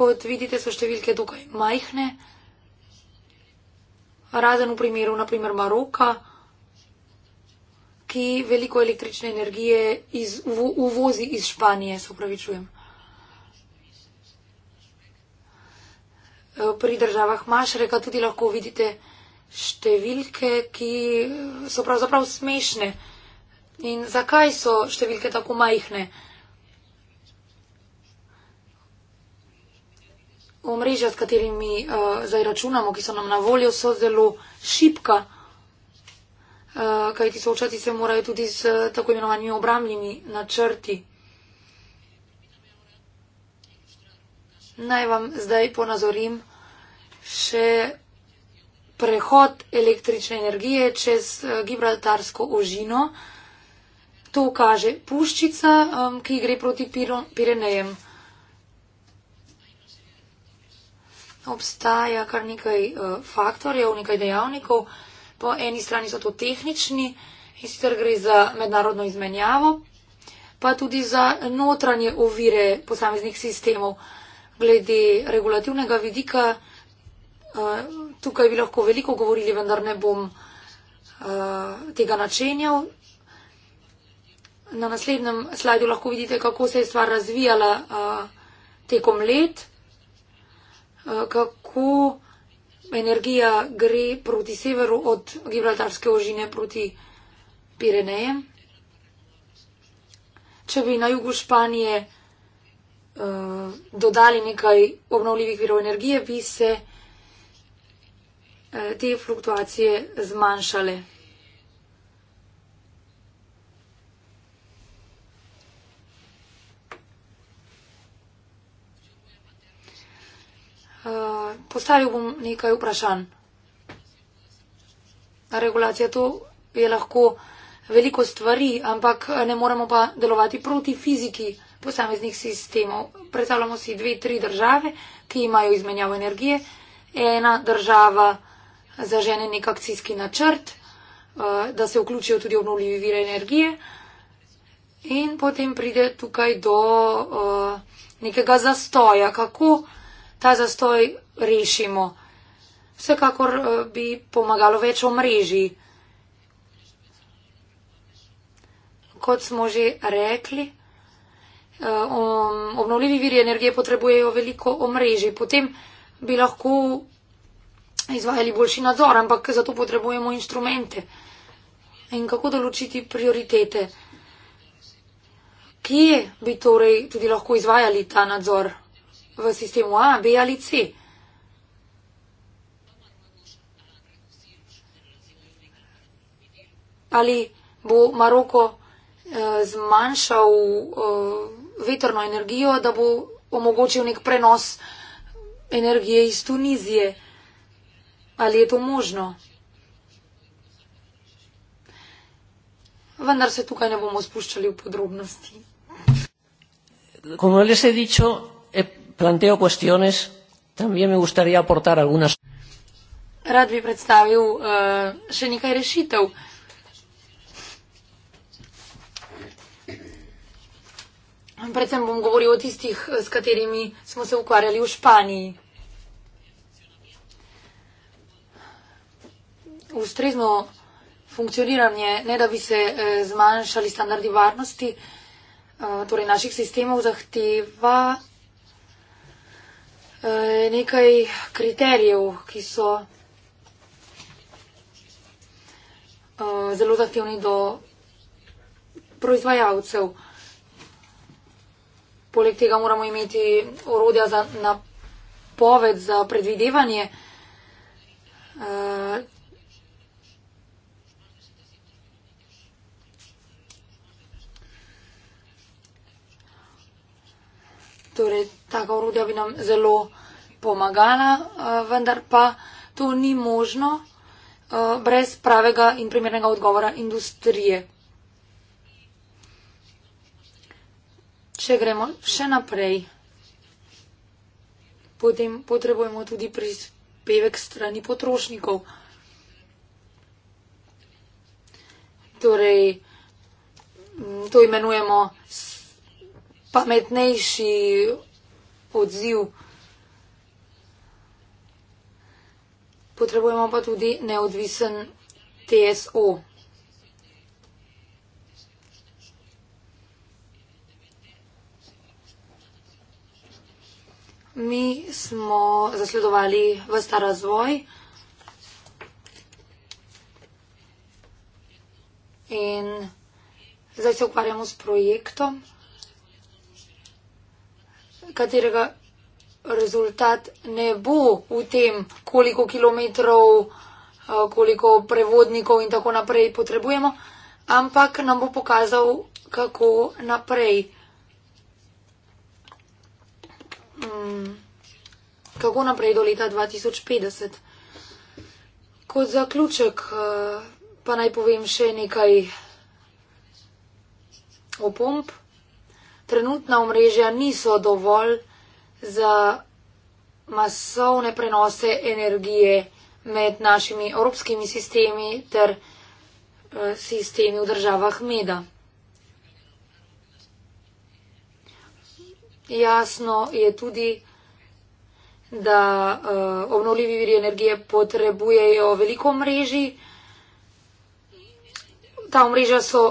Kot vidite, so številke dokaj majhne. Razen v primeru naprimer Maroka, ki veliko električne energije iz, uvozi iz Španije, se upravičujem. Eh, pri državah Mašreka tudi lahko vidite številke, ki eh, so pravzaprav smešne. In zakaj so številke tako majhne? Omrežja, s katerimi uh, zdaj računamo, ki so nam na voljo, so zelo šipka, uh, kajti soočati se morajo tudi z uh, tako imenovanimi obramnimi načrti. naj vam zdaj ponazorim še prehod električne energije čez eh, Gibraltarsko ožino. To kaže puščica, ki gre proti Pirenejem. Obstaja kar nekaj eh, faktorjev, nekaj dejavnikov. Po eni strani so to tehnični, in sicer gre za mednarodno izmenjavo, pa tudi za notranje ovire posameznih sistemov glede regulativnega vidika. Eh, tukaj bi lahko veliko govorili, vendar ne bom eh, tega načenjal. Na naslednjem slajdu lahko vidite, kako se je stvar razvijala eh, tekom let, kako energija gre proti severu od Gibraltarske ožine proti Pirenejem. Če bi na jugu Španije Eh, dodali nekaj obnovljivih virov energije, bi se eh, te fluktuacije zmanjšale. Eh, postavil bom nekaj vprašanj. Regulacija to je lahko veliko stvari, ampak ne moremo pa delovati proti fiziki posameznih sistemov. Predstavljamo si dve, tri države, ki imajo izmenjavo energije. Ena država zažene nek akcijski načrt, eh, da se vključijo tudi obnovljivi vire energije in potem pride tukaj do eh, nekega zastoja, kako ta zastoj rešimo. Vsekakor eh, bi pomagalo več omrežji. Kot smo že rekli, um, obnovljivi viri energije potrebujejo veliko omrežij, potem bi lahko izvajali boljši nadzor, ampak za to potrebujemo instrumente. In kako določiti prioritete? Kje bi torej tudi lahko izvajali ta nadzor? V sistemu A, B ali C? Ali bo Maroko eh, zmanjšal eh, vetrno energijo, da bo omogočil nek prenos energije iz Tunizije. Ali je to možno? Vendar se tukaj ne bomo spuščali v podrobnosti. Como les he dicho, he planteo cuestiones, también me gustaría aportar algunas. Rad bi predstavil uh, še nekaj rešitev. Uh, Predvsem bom govoril o tistih, s katerimi smo se ukvarjali v Španiji. Ustrezno funkcioniranje, ne da bi se eh, zmanjšali standardi varnosti, eh, torej naših sistemov, zahteva eh, nekaj kriterijev, ki so zelo zahtevni do proizvajalcev. Poleg tega moramo imeti orodja za napoved, za predvidevanje. Eh, torej, taka orodja bi nam zelo pomagala, eh, vendar pa to ni možno eh, brez pravega in primernega odgovora industrije. Če gremo še naprej, potem potrebujemo tudi prispevek strani potrošnikov. Torej, mm, to imenujemo pametnejši odziv. Potrebujemo pa tudi neodvisen TSO. mi smo zasledovali v star razvoj in zdaj se ukvarjamo s projektom, katerega rezultat ne bo v tem, koliko kilometrov, eh, koliko prevodnikov in tako naprej potrebujemo, ampak nam bo pokazal, kako naprej potrebujemo mm, kako naprej do leta 2050. Kot zaključek eh, pa naj povem še nekaj opomb. Trenutna omrežja niso dovolj za masovne prenose energije med našimi evropskimi sistemi ter eh, sistemi v državah meda. jasno je tudi, da uh, obnovljivi viri energije potrebujejo veliko mreži. Ta mreža so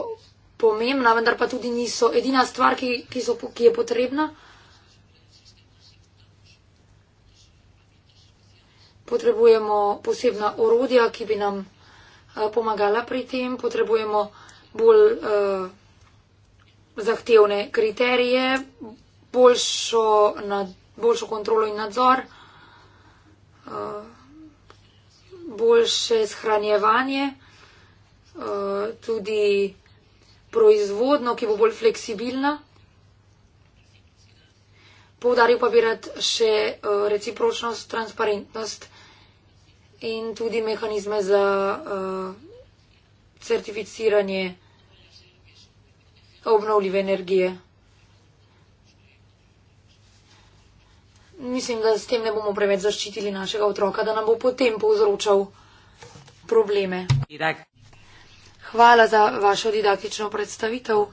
pomembna, vendar pa tudi niso edina stvar, ki, ki, so, ki je potrebna. Potrebujemo posebna orodja, ki bi nam uh, pomagala pri tem. Potrebujemo bolj uh, zahtevne kriterije, boljšo, nad, boljšo kontrolo in nadzor, eh, boljše shranjevanje, eh, tudi proizvodno, ki bo bolj fleksibilna. Poudaril pa bi rad še eh, recipročnost, transparentnost in tudi mehanizme za certificiranje obnovljive energije. mislim, da s tem ne bomo preveč zaščitili našega otroka, da nam bo potem povzročal probleme. Hvala za vašo didaktično predstavitev.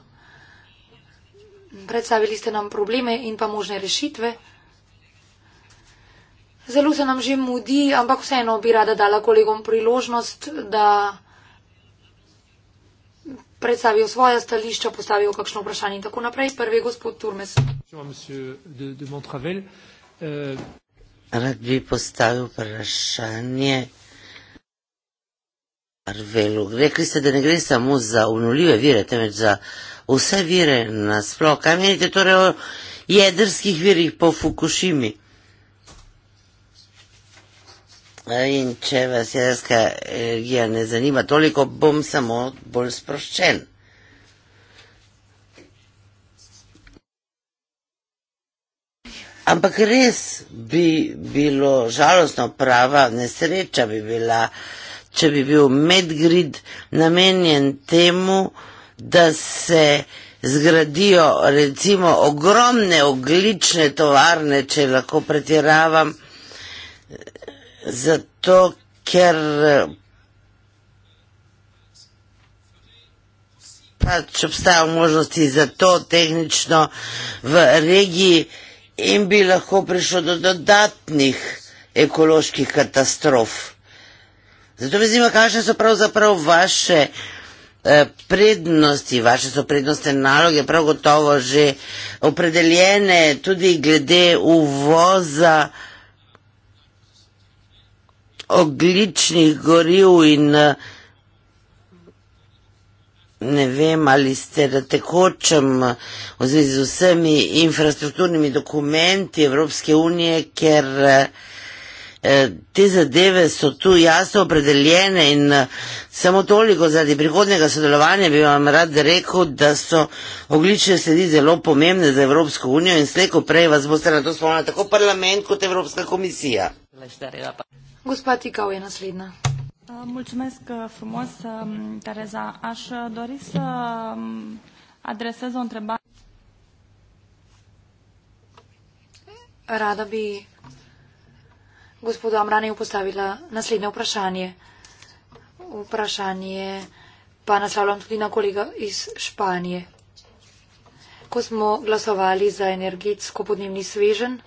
Predstavili ste nam probleme in pa možne rešitve. Zelo se nam že mudi, ampak vseeno bi rada dala kolegom priložnost, da predstavijo svoja stališča, postavijo kakšno vprašanje in tako naprej. Prvi je gospod Turmes. Monsieur de, de Rad bi postavil vprašanje Arvelu. Rekli ste, da ne gre samo za obnuljive vire, temveč za vse vire nasploh. Kaj menite torej o jedrskih virih po Fukushimi? In če vas jedrska energija ne zanima toliko, bom samo bolj sproščen. Ampak res bi bilo žalostno, prava nesreča bi bila, če bi bil medgrid namenjen temu, da se zgradijo recimo ogromne oglične tovarne, če lahko pretiravam, zato ker pač obstajajo možnosti za to tehnično v regiji in bi lahko prišlo do dodatnih ekoloških katastrof. Zato me zima, kakšne so pravzaprav vaše eh, prednosti, vaše so prednostne naloge, prav gotovo že opredeljene tudi glede uvoza ogličnih goriv in uh, ne vem, ali ste na tekočem v zvezi z vsemi infrastrukturnimi dokumenti Evropske unije, ker eh, te zadeve so tu jasno opredeljene in eh, samo toliko zaradi prihodnega sodelovanja bi vam rad rekel, da so oglične sledi zelo pomembne za Evropsko unijo in sleko prej vas boste na to spomnili tako parlament kot Evropska komisija. Gospa Tikal je naslednja. Uh, mulțumesc uh, frumos, um, Tereza. Aș uh, dori să um, adresez o întrebare. Rada bi gospodom ranije postavila naslednje vprašanje. Vprašanje pa naslavljam tudi na kolega iz Španije. Ko smo glasovali za energetsko podnebni svežen,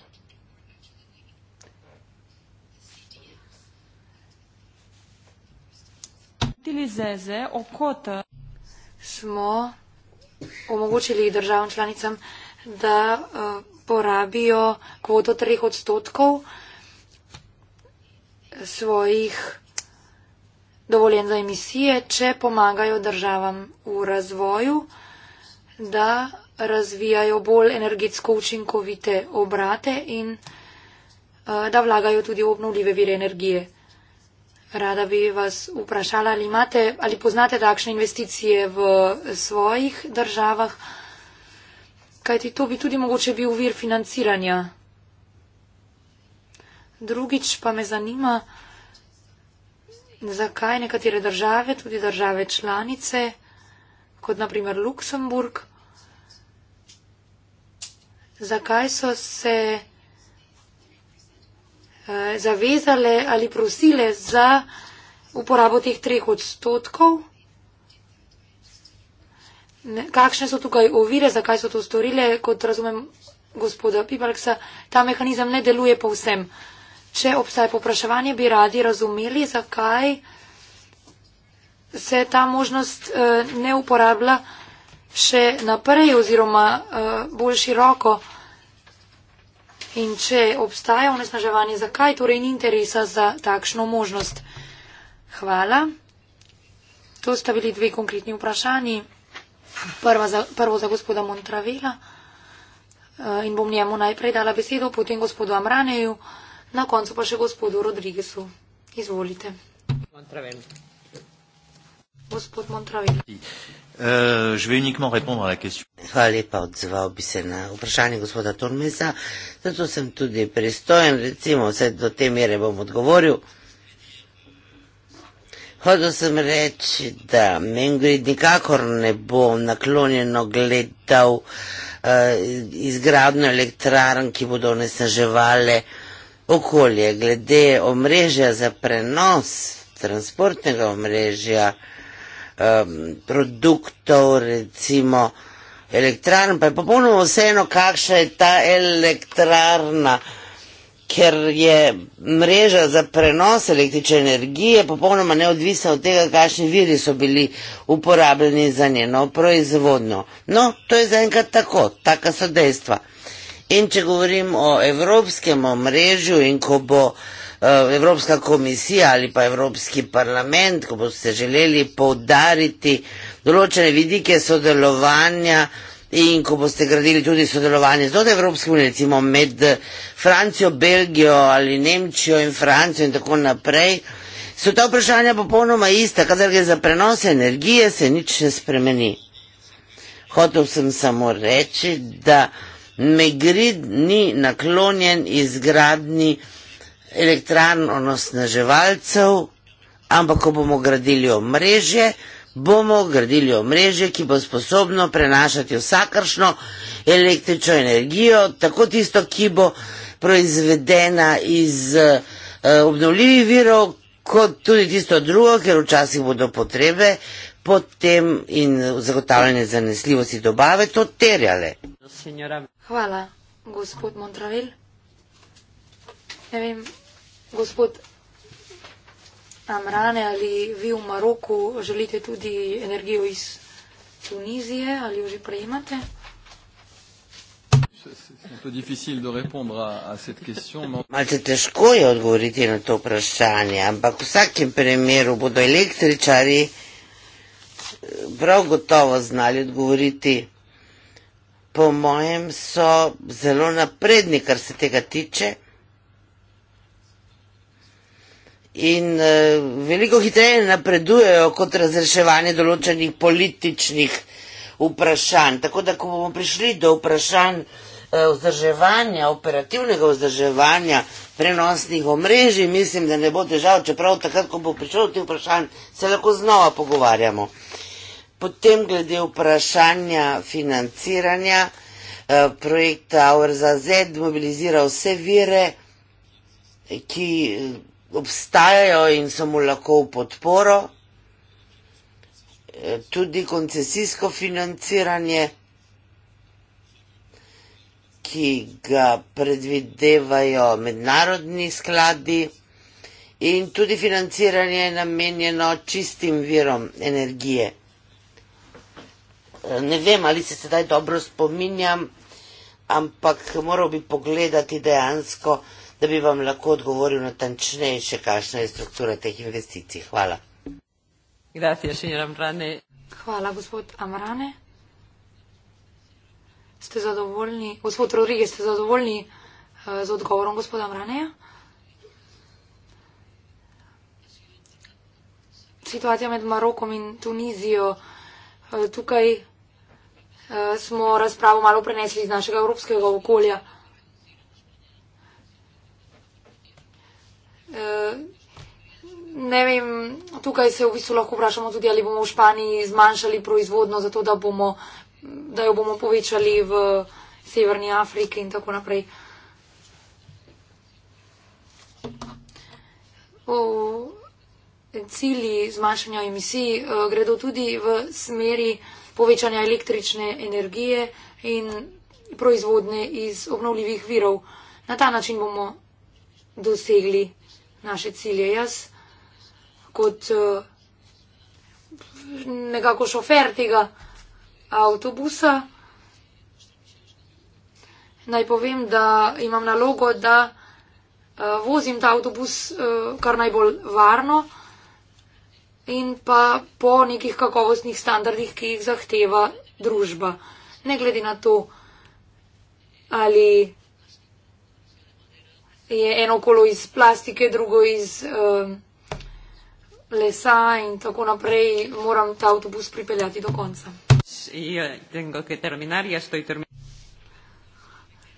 utilizeze okot. Smo omogočili državam članicam, da uh, porabijo kvoto 3 odstotkov svojih dovoljen za emisije, če pomagajo državam v razvoju, da razvijajo bolj energetsko učinkovite obrate in uh, da vlagajo tudi v obnovljive vire energije. Rada bi vas vprašala, ali, imate, ali poznate takšne investicije v svojih državah, kajti to bi tudi mogoče bil vir financiranja. Drugič pa me zanima, zakaj nekatere države, tudi države članice, kot naprimer Luksemburg, zakaj so se. Eh, zavezale ali prosile za uporabo teh treh odstotkov. Kakšne so tukaj ovire, zakaj so to storile, kot razumem gospoda Pibalksa, ta mehanizem ne deluje povsem. Če obstaja popraševanje, bi radi razumeli, zakaj se ta možnost eh, ne uporablja še naprej oziroma eh, bolj široko in če obstaja onesnaževanje, zakaj torej ni interesa za takšno možnost. Hvala. To sta bili dve konkretni vprašanji. Prva za, prvo za gospoda Montravela eh, in bom njemu najprej dala besedo, potem gospodu Amraneju, na koncu pa še gospodu Rodrigesu. Izvolite. Montravel. Gospod Montravel. Euh, je uniquement répondre à la question. Hvala lepa, odzval bi se na vprašanje gospoda Tormesa. Zato sem tudi pristojen, recimo, vse do te mere bom odgovoril. Hodil sem reči, da Mengrid nikakor ne bo naklonjeno gledal uh, eh, izgradno elektrarn, ki bodo onesnaževale okolje. Glede omrežja za prenos transportnega omrežja, um, produktov, recimo elektrarn, pa je popolnoma vseeno, kakšna je ta elektrarna, ker je mreža za prenos električne energije popolnoma neodvisna od tega, kakšni viri so bili uporabljeni za njeno proizvodno. No, to je zaenkrat tako, taka so dejstva. In če govorim o evropskem omrežju in ko bo uh, Eh, Evropska komisija ali pa Evropski parlament, ko boste želeli povdariti določene vidike sodelovanja in ko boste gradili tudi sodelovanje z dodaj Evropske unije, recimo med Francijo, Belgijo ali Nemčijo in Francijo in tako naprej, so ta vprašanja popolnoma ista, kadar gre za prenose energije, se nič ne spremeni. Hotel sem samo reči, da Megrid ni naklonjen izgradni energije, elektrarn onosnaževalcev, ampak ko bomo gradili omrežje, bomo gradili omrežje, ki bo sposobno prenašati vsakršno električno energijo, tako tisto, ki bo proizvedena iz uh, obnovljivih virov, kot tudi tisto drugo, ker včasih bodo potrebe potem in zagotavljanje zanesljivosti dobave to terjale. Hvala, gospod Montravil. Ne vem, Gospod Amrane, ali vi v Maroku želite tudi energijo iz Tunizije ali jo že prejemate? Malce težko je odgovoriti na to vprašanje, ampak v vsakem primeru bodo električari eh, prav gotovo znali odgovoriti. Po mojem so zelo napredni, kar se tega tiče in uh, veliko hitreje napredujejo kot razreševanje določenih političnih vprašanj. Tako da, ko bomo prišli do vprašanj uh, vzdrževanja, operativnega vzdrževanja prenosnih omrežij, mislim, da ne bo težav, čeprav takrat, ko bo prišel do teh vprašanj, se lahko znova pogovarjamo. Potem glede vprašanja financiranja, uh, projekt Aurza Z mobilizira vse vire, ki. Uh, obstajajo in so mu lahko v podporo, e, tudi koncesijsko financiranje, ki ga predvidevajo mednarodni skladi in tudi financiranje namenjeno čistim virom energije. E, ne vem, ali se sedaj dobro spominjam, ampak moral bi pogledati dejansko, da bi vam lahko odgovoril na tančnejše, kakšna je struktura teh investicij. Hvala. Gracias, Hvala, gospod Amrane. Ste zadovoljni, gospod Rodrige, ste zadovoljni uh, z odgovorom gospoda Amraneja? Situacija med Marokom in Tunizijo. Uh, tukaj uh, smo razpravo malo prenesli iz našega evropskega okolja. Eh, ne vem, tukaj se v bistvu lahko vprašamo tudi, ali bomo v Španiji zmanjšali proizvodno, zato da, bomo, da jo bomo povečali v Severni Afriki in tako naprej. O, cilji zmanjšanja emisij eh, gredo tudi v smeri povečanja električne energije in proizvodne iz obnovljivih virov. Na ta način bomo dosegli naše cilje. Jaz kot eh, nekako šofer tega avtobusa naj povem, da imam nalogo, da eh, vozim ta avtobus eh, kar najbolj varno in pa po nekih kakovostnih standardih, ki jih zahteva družba. Ne glede na to, ali je eno kolo iz plastike, drugo iz uh, lesa in tako naprej. Moram ta avtobus pripeljati do konca.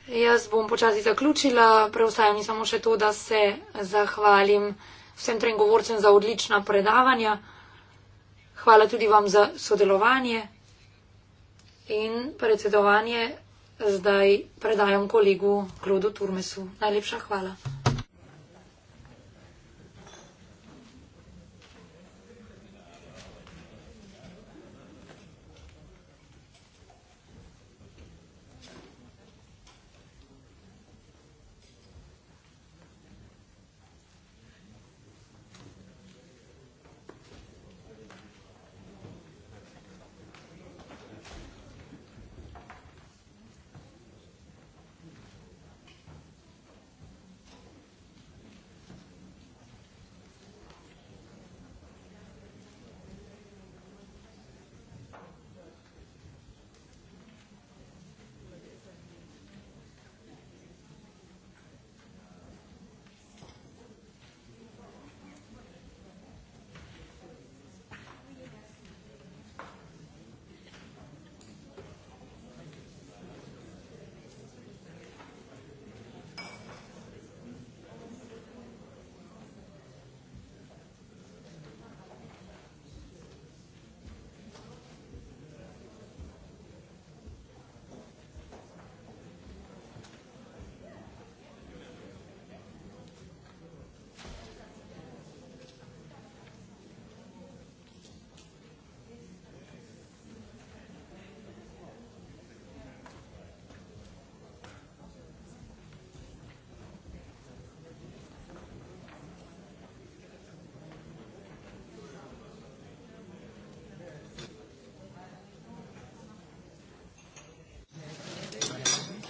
Jaz bom počasi zaključila. Preostaje mi samo še to, da se zahvalim vsem trem govorcem za odlična predavanja. Hvala tudi vam za sodelovanje in predsedovanje zdaj predajam kolegu Klodu Turmesu. Najlepša hvala.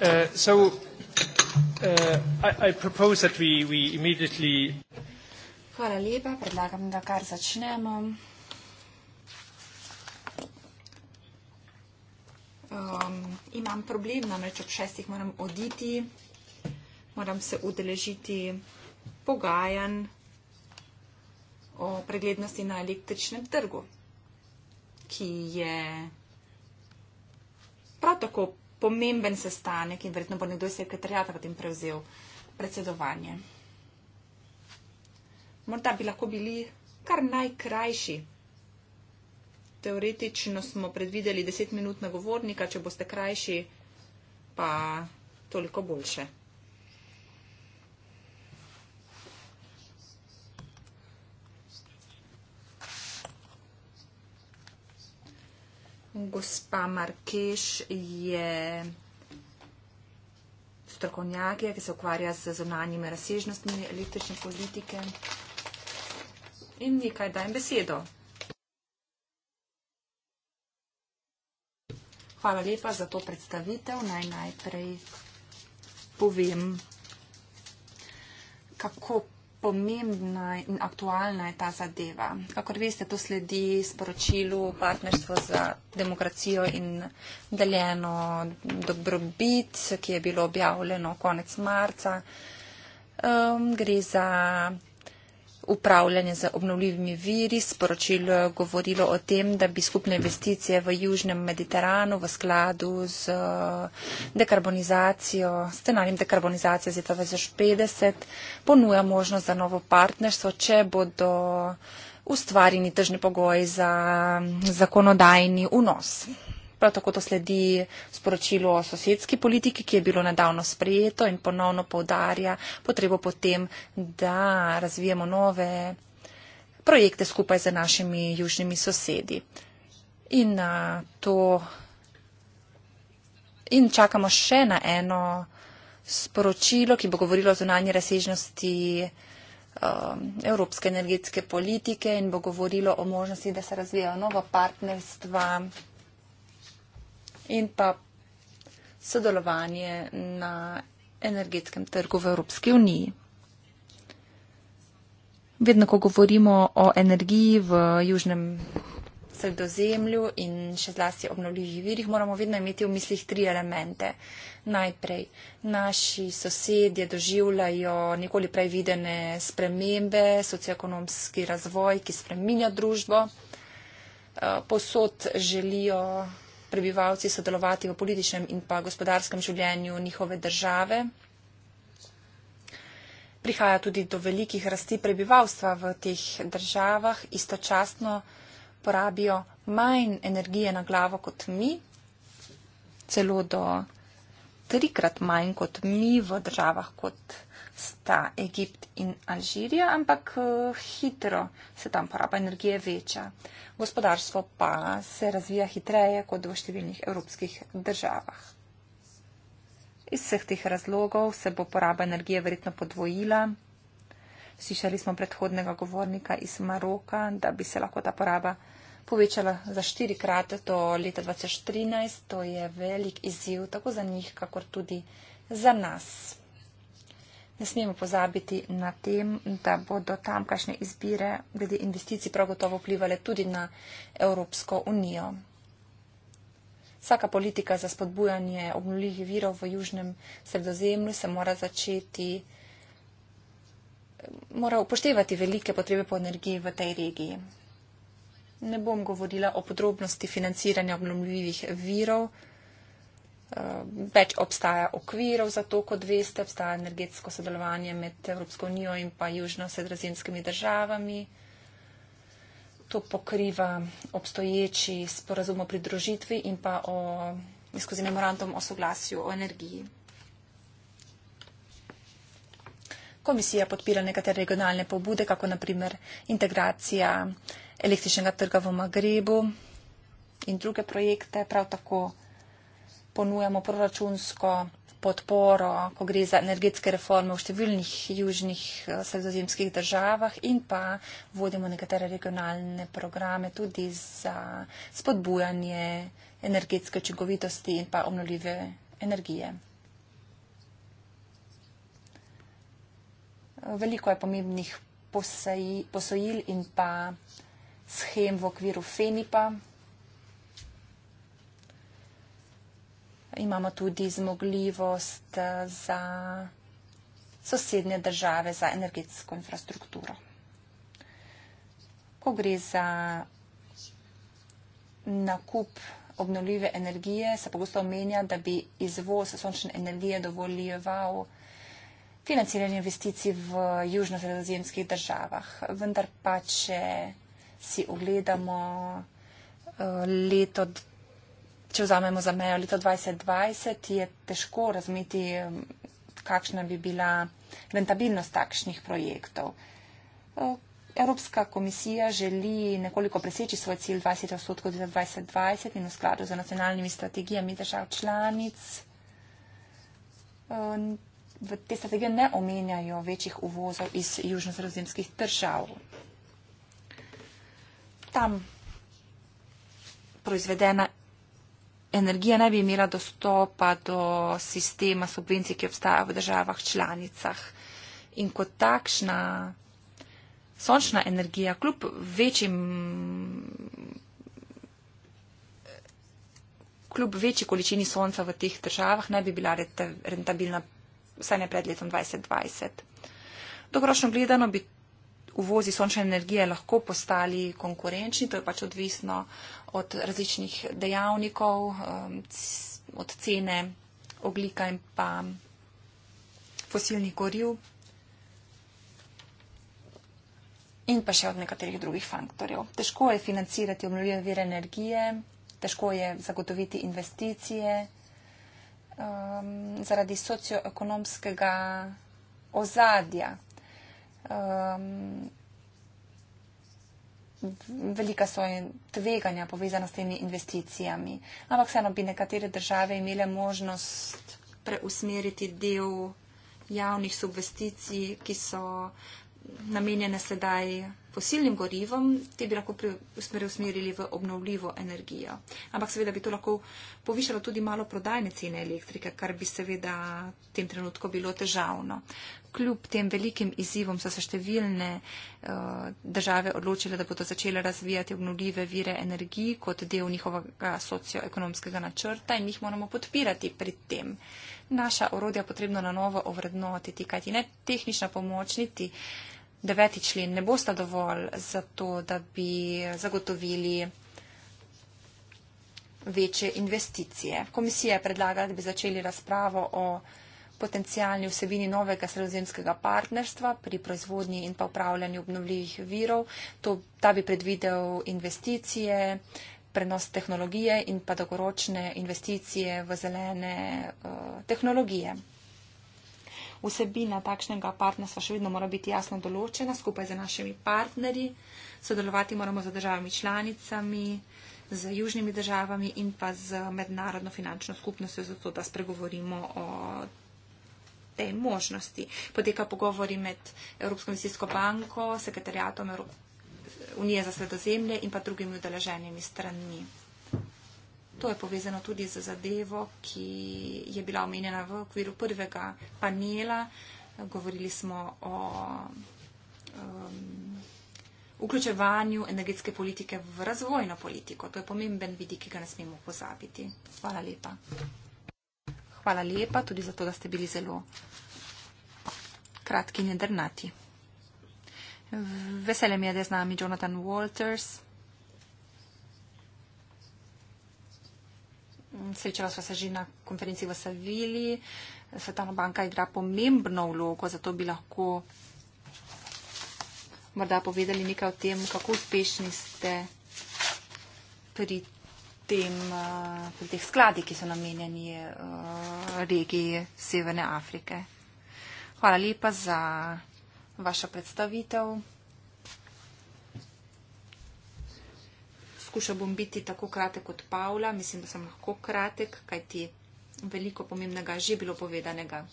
Uh, so uh, I, I propose that we, we immediately. Hvala lepa, predlagam, da kar začnemo. Um, imam problem, namreč ob šestih moram oditi, moram se udeležiti pogajanj o preglednosti na električnem trgu, ki je prav tako pomemben sestanek in verjetno bo nekdo iz sekretarijata potem prevzel predsedovanje. Morda bi lahko bili kar najkrajši. Teoretično smo predvideli 10 minut na govornika, če boste krajši, pa toliko boljše. Gospa Markeš je strokovnjakinja, ki se ukvarja z zunanjimi razsežnostmi električne politike. In nekaj dajem besedo. Hvala lepa za to predstavitev. Naj najprej povem, kako pomembna in aktualna je ta zadeva. Kakor veste, to sledi sporočilu partnerstvo za demokracijo in deljeno dobrobit, ki je bilo objavljeno konec marca. Um, gre za upravljanje z obnovljivimi viri. Sporočilo je govorilo o tem, da bi skupne investicije v Južnem Mediteranu v skladu z eh, dekarbonizacijo, s scenarijem dekarbonizacije z leta 2050 ponuja možnost za novo partnerstvo, če bodo ustvarjeni tržni pogoji za zakonodajni unos. Prav tako to sledi sporočilo o sosedski politiki, ki je bilo nedavno sprejeto in ponovno povdarja potrebo potem, da razvijemo nove projekte skupaj z našimi južnimi sosedi. In, a, to... in čakamo še na eno sporočilo, ki bo govorilo o zunanji razsežnosti evropske energetske politike in bo govorilo o možnosti, da se razvijajo novo partnerstva in pa sodelovanje na energetskem trgu v Evropski uniji. Vedno, ko govorimo o energiji v južnem sredozemlju in še zlasti obnovljivih virih, moramo vedno imeti v mislih tri elemente. Najprej, naši sosedje doživljajo nikoli prej videne spremembe, socioekonomski razvoj, ki spreminja družbo. Eh, posod želijo prebivalci sodelovati v političnem in pa gospodarskem življenju njihove države. Prihaja tudi do velikih rasti prebivalstva v teh državah, istočasno porabijo manj energije na glavo kot mi, celo do trikrat manj kot mi v državah kot Slovenija sta Egipt in Alžirija, ampak eh, hitro se tam poraba energije veča. Gospodarstvo pa se razvija hitreje kot v številnih evropskih državah. Iz vseh teh razlogov se bo poraba energije verjetno podvojila. Slišali smo predhodnega govornika iz Maroka, da bi se lahko ta poraba povečala za štirikrat do leta 2013. To je velik izziv tako za njih, kakor tudi za nas ne smemo pozabiti na tem, da bodo tamkajšnje izbire glede investicij prav gotovo vplivali tudi na Evropsko unijo. Vsaka politika za spodbujanje obnovljivih virov v južnem sredozemlju se mora začeti, mora upoštevati velike potrebe po energiji v tej regiji. Ne bom govorila o podrobnosti financiranja obnovljivih virov, Eh, več obstaja okvirov za to, kot veste, obstaja energetsko sodelovanje med Evropsko unijo in pa južno-sredrazinskimi državami. To pokriva obstoječi sporazum o pridružitvi in pa o, skozi memorandum o soglasju o energiji. Komisija podpira nekatere regionalne pobude, kako naprimer integracija električnega trga v Magrebu in druge projekte, prav tako ponujamo proračunsko podporo, ko gre za energetske reforme v številnih južnih eh, sredozemskih državah in pa vodimo nekatere regionalne programe tudi za spodbujanje energetske učinkovitosti in pa obnoljive energije. Veliko je pomembnih posojil in pa shem v okviru FENIPA, imamo tudi zmogljivost eh, za sosednje države za energetsko infrastrukturo. Ko gre za nakup obnovljive energije, se pogosto omenja, da bi izvoz sončne energije dovoljeval financiranje investicij v južno-sredozemskih državah. Vendar pa, če si ogledamo eh, leto 2020, če vzamemo za mejo leto 2020, je težko razmeti, um, kakšna bi bila rentabilnost takšnih projektov. Uh, Evropska komisija želi nekoliko preseči svoj cilj 20 odstotkov za 2020 in v skladu z nacionalnimi strategijami držav članic. Uh, v te strategije ne omenjajo večjih uvozov iz južno-sredozemskih držav. Tam proizvedena energija naj bi imela dostopa do sistema subvencij, ki obstaja v državah članicah. In kot takšna sončna energija, kljub večjim. Kljub večji količini sonca v teh državah, naj bi bila rentabilna vsaj ne pred letom 2020. Dolgoročno gledano bi uvozi sončne energije lahko postali konkurenčni, to je pač odvisno od različnih dejavnikov, um, od cene oglika in pa fosilnih goriv in pa še od nekaterih drugih faktorjev. Težko je financirati obnovljive vire energije, težko je zagotoviti investicije um, zaradi socioekonomskega ozadja um, velika so in tveganja povezana s temi investicijami. Ampak vseeno bi nekatere države imele možnost preusmeriti del javnih subvesticij, ki so namenjene sedaj fosilnim gorivom, te bi lahko usmerili v obnovljivo energijo. Ampak seveda bi to lahko povišalo tudi malo prodajne cene elektrike, kar bi seveda v tem trenutku bilo težavno. Kljub tem velikim izzivom so se številne uh, države odločile, da bodo začele razvijati obnovljive vire energiji kot del njihovega socioekonomskega načrta in jih moramo podpirati pri tem. Naša orodja potrebno na novo ovrednotiti, kajti ne tehnična pomoč, niti uh, deveti člen ne bosta dovolj za to, da bi zagotovili večje investicije. Komisija je predlagala, da bi začeli razpravo o potencijalni vsebini novega sredozemskega partnerstva pri proizvodnji in pa upravljanju obnovljivih virov. To, ta bi predvidel investicije, prenos tehnologije in pa dolgoročne investicije v zelene uh, tehnologije vsebina takšnega partnerstva še vedno mora biti jasno določena skupaj z našimi partnerji, sodelovati moramo z državami članicami, z južnimi državami in pa z mednarodno finančno skupnostjo, zato da spregovorimo o tej možnosti. Poteka pogovori med Evropsko investicijsko banko, sekretarjatom Evropske unije za sredozemlje in pa drugimi udeleženimi stranmi to je povezano tudi z zadevo, ki je bila omenjena v okviru prvega panela. Govorili smo o um, vključevanju energetske politike v razvojno politiko. To je pomemben vidik, ki ga ne smemo pozabiti. Hvala lepa. Hvala lepa tudi zato, da ste bili zelo kratki in drnati. Veselje mi je, da je z nami Jonathan Walters. Srečala sva se že na konferenci v Savili. Svetovna banka igra pomembno vlogo, zato bi lahko morda povedali nekaj o tem, kako uspešni ste pri, tem, eh, pri teh skladih, ki so namenjeni eh, regiji Severne Afrike. Hvala lepa za vašo predstavitev. skušal bom biti tako kratek kot Pavla, mislim, da sem lahko kratek, kajti veliko pomembnega že bilo povedanega.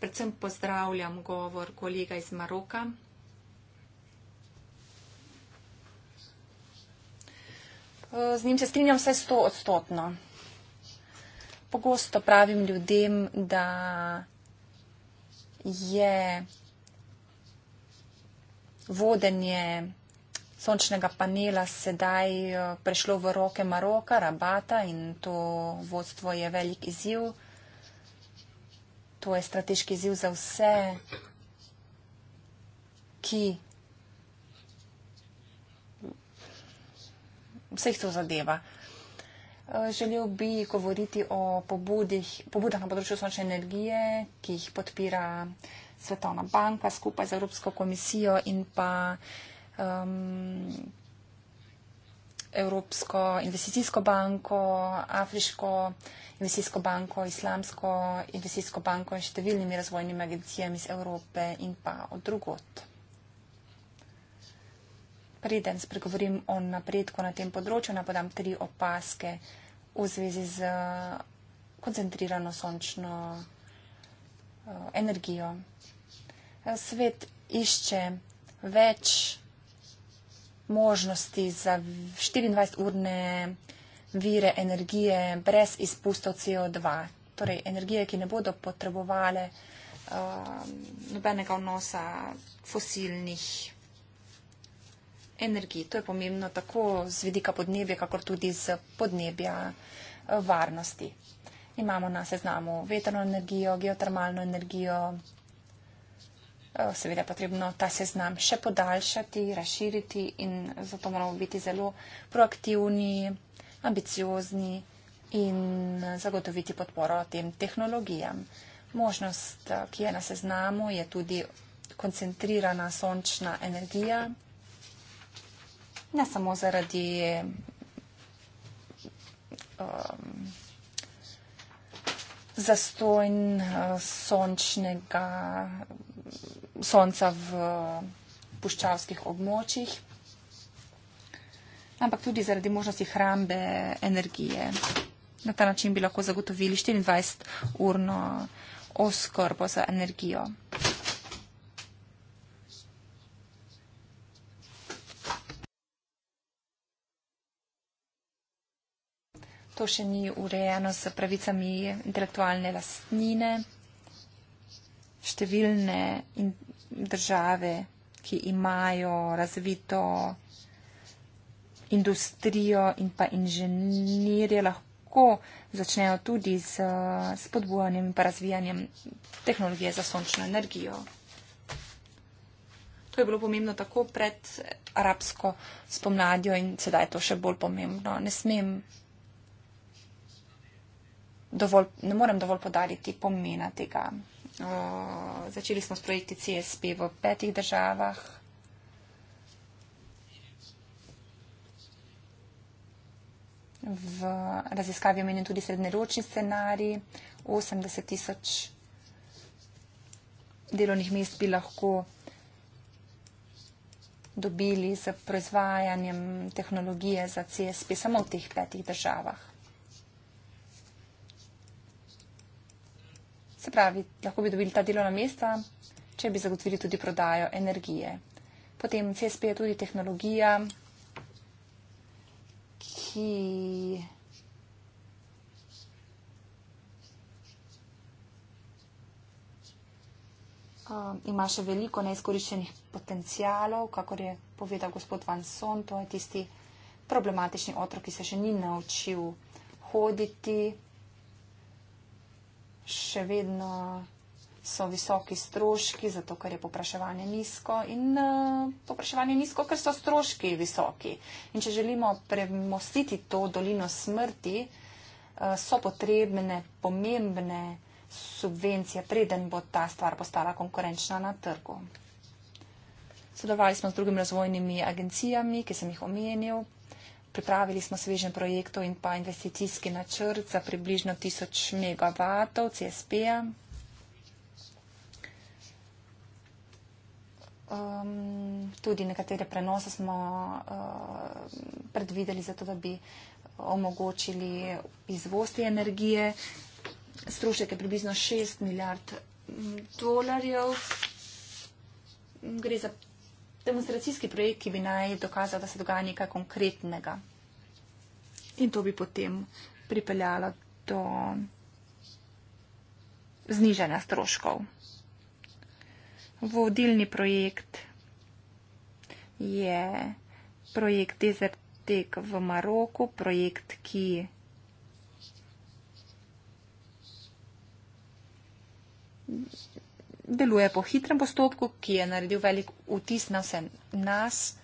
Predvsem pozdravljam govor kolega iz Maroka. Z njim se strinjam vse sto odstotno. Pogosto pravim ljudem, da je vodenje sončnega panela sedaj eh, prešlo v roke Maroka, Rabata in to vodstvo je velik izziv. To je strateški izziv za vse, ki vseh to zadeva. Eh, želel bi govoriti o pobudih, pobudah na področju sončne energije, ki jih podpira Svetovna banka skupaj z Evropsko komisijo in pa uh, um, Evropsko investicijsko banko, Afriško investicijsko banko, Islamsko investicijsko banko in številnimi razvojnimi agencijami iz Evrope in pa od drugot. Preden spregovorim o napredku na tem področju, naj podam tri opaske v zvezi z uh, koncentrirano sončno uh, energijo. Svet išče več možnosti za 24-urne vire energije brez izpustov CO2. Torej, energije, ki ne bodo potrebovale uh, nobenega vnosa fosilnih energij. To je pomembno tako z vidika podnebja, kakor tudi z podnebja uh, varnosti. Imamo na seznamu veterno energijo, geotermalno energijo, Eh, seveda potrebno ta seznam še podaljšati, razširiti in zato moramo biti zelo proaktivni, ambiciozni in zagotoviti podporo tem tehnologijam. Možnost, eh, ki je na seznamu, je tudi koncentrirana sončna energija, ne samo zaradi um, ehm, zastojn uh, eh, sončnega sonca v puščavskih območjih, ampak tudi zaradi možnosti hrambe energije. Na ta način bi lahko zagotovili 24-urno oskrbo za energijo. To še ni urejeno s pravicami intelektualne lastnine številne države, ki imajo razvito industrijo in pa inženirje, lahko začnejo tudi z spodbujanjem in razvijanjem tehnologije za sončno energijo. To je bilo pomembno tako pred arabsko spomladjo in sedaj je to še bolj pomembno. Ne smem. Dovolj, ne morem dovolj podariti pomena tega začeli smo s projekti CSP v petih državah. V raziskavi omenjen tudi srednjeročni scenarij. 80 tisoč delovnih mest bi lahko dobili z proizvajanjem tehnologije za CSP samo v teh petih državah. Se pravi, lahko bi dobili ta delovna mesta, če bi zagotovili tudi prodajo energije. Potem CSP je tudi tehnologija, ki. Um, ima še veliko neizkoriščenih potencijalov, kakor je povedal gospod Vanson, to je tisti problematični otrok, ki se še ni naučil hoditi, še vedno so visoki stroški, zato ker je popraševanje nizko in uh, popraševanje nizko, ker so stroški visoki. In če želimo premostiti to dolino smrti, uh, so potrebne pomembne subvencije, preden bo ta stvar postala konkurenčna na trgu. Sodelovali smo z drugimi razvojnimi agencijami, ki sem jih omenil, pripravili smo svežen projektov in pa investicijski načrt za približno 1000 MW CSP-ja. Um, tudi nekatere prenose smo uh, predvideli zato, da bi omogočili izvoz te energije. Strošek je približno 6 milijard mm, dolarjev. Gre za demonstracijski projekt, ki bi naj dokazal, da se dogaja nekaj konkretnega. In to bi potem pripeljalo do znižanja stroškov. Vodilni projekt je projekt Desertek v Maroku, projekt, ki je deluje po hitrem postopku, ki je naredil velik vtis na vse nas.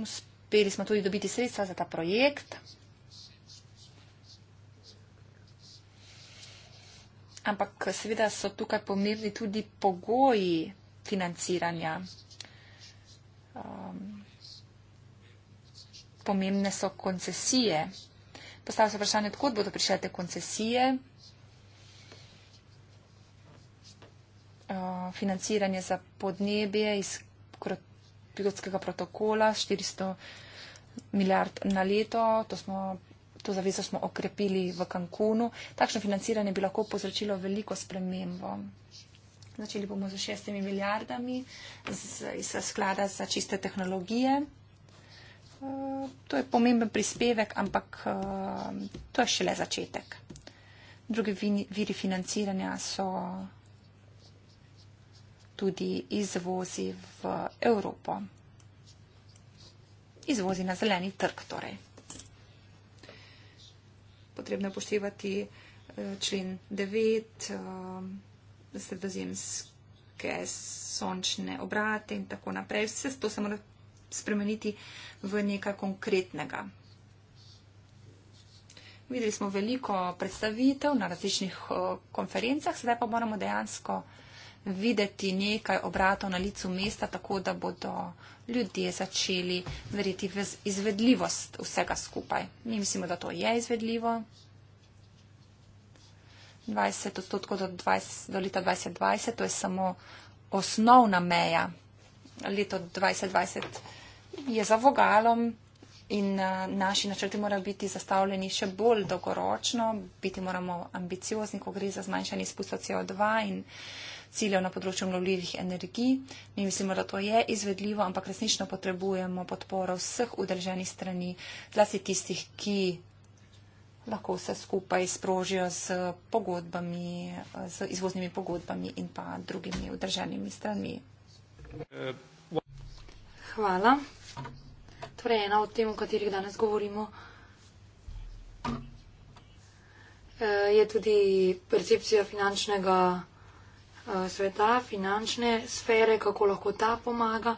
Uspeli smo tudi dobiti sredstva za ta projekt. Ampak seveda so tukaj pomembni tudi pogoji financiranja. Um, pomembne so koncesije. Postavlja se vprašanje, odkud bodo prišle te koncesije. Eh, financiranje za podnebje iz pilotskega protokola 400 milijard na leto. To, smo, to zavezo smo okrepili v Cancunu. Takšno financiranje bi lahko povzročilo veliko spremembo. Začeli bomo z šestimi milijardami z, iz sklada za čiste tehnologije. Eh, to je pomemben prispevek, ampak eh, to je šele začetek. Drugi viri financiranja so tudi izvozi v Evropo. Izvozi na zeleni trg torej. Potrebno je poštevati eh, člen 9, eh, sredozemske sončne obrate in tako naprej. Vse to se mora spremeniti v nekaj konkretnega. Videli smo veliko predstavitev na različnih eh, konferencah, sedaj pa moramo dejansko videti nekaj obratov na licu mesta, tako da bodo ljudje začeli verjeti v izvedljivost vsega skupaj. Mi mislimo, da to je izvedljivo. 20 odstotkov do, 20, do leta 2020, to je samo osnovna meja. Leto 2020 je za vogalom in eh, naši načrti morajo biti zastavljeni še bolj dolgoročno, biti moramo ambiciozni, ko gre za zmanjšanje izpustov CO2 in ciljev na področju obnovljivih energij. Mi mislimo, da to je izvedljivo, ampak resnično potrebujemo podporo vseh udeleženih strani, zlasti tistih, ki lahko vse skupaj sprožijo z pogodbami, z izvoznimi pogodbami in pa drugimi udeleženimi strani. Hvala. Torej, ena od tem, o katerih danes govorimo, eh, je tudi percepcija finančnega Eh, sveta, finančne sfere, kako lahko ta pomaga.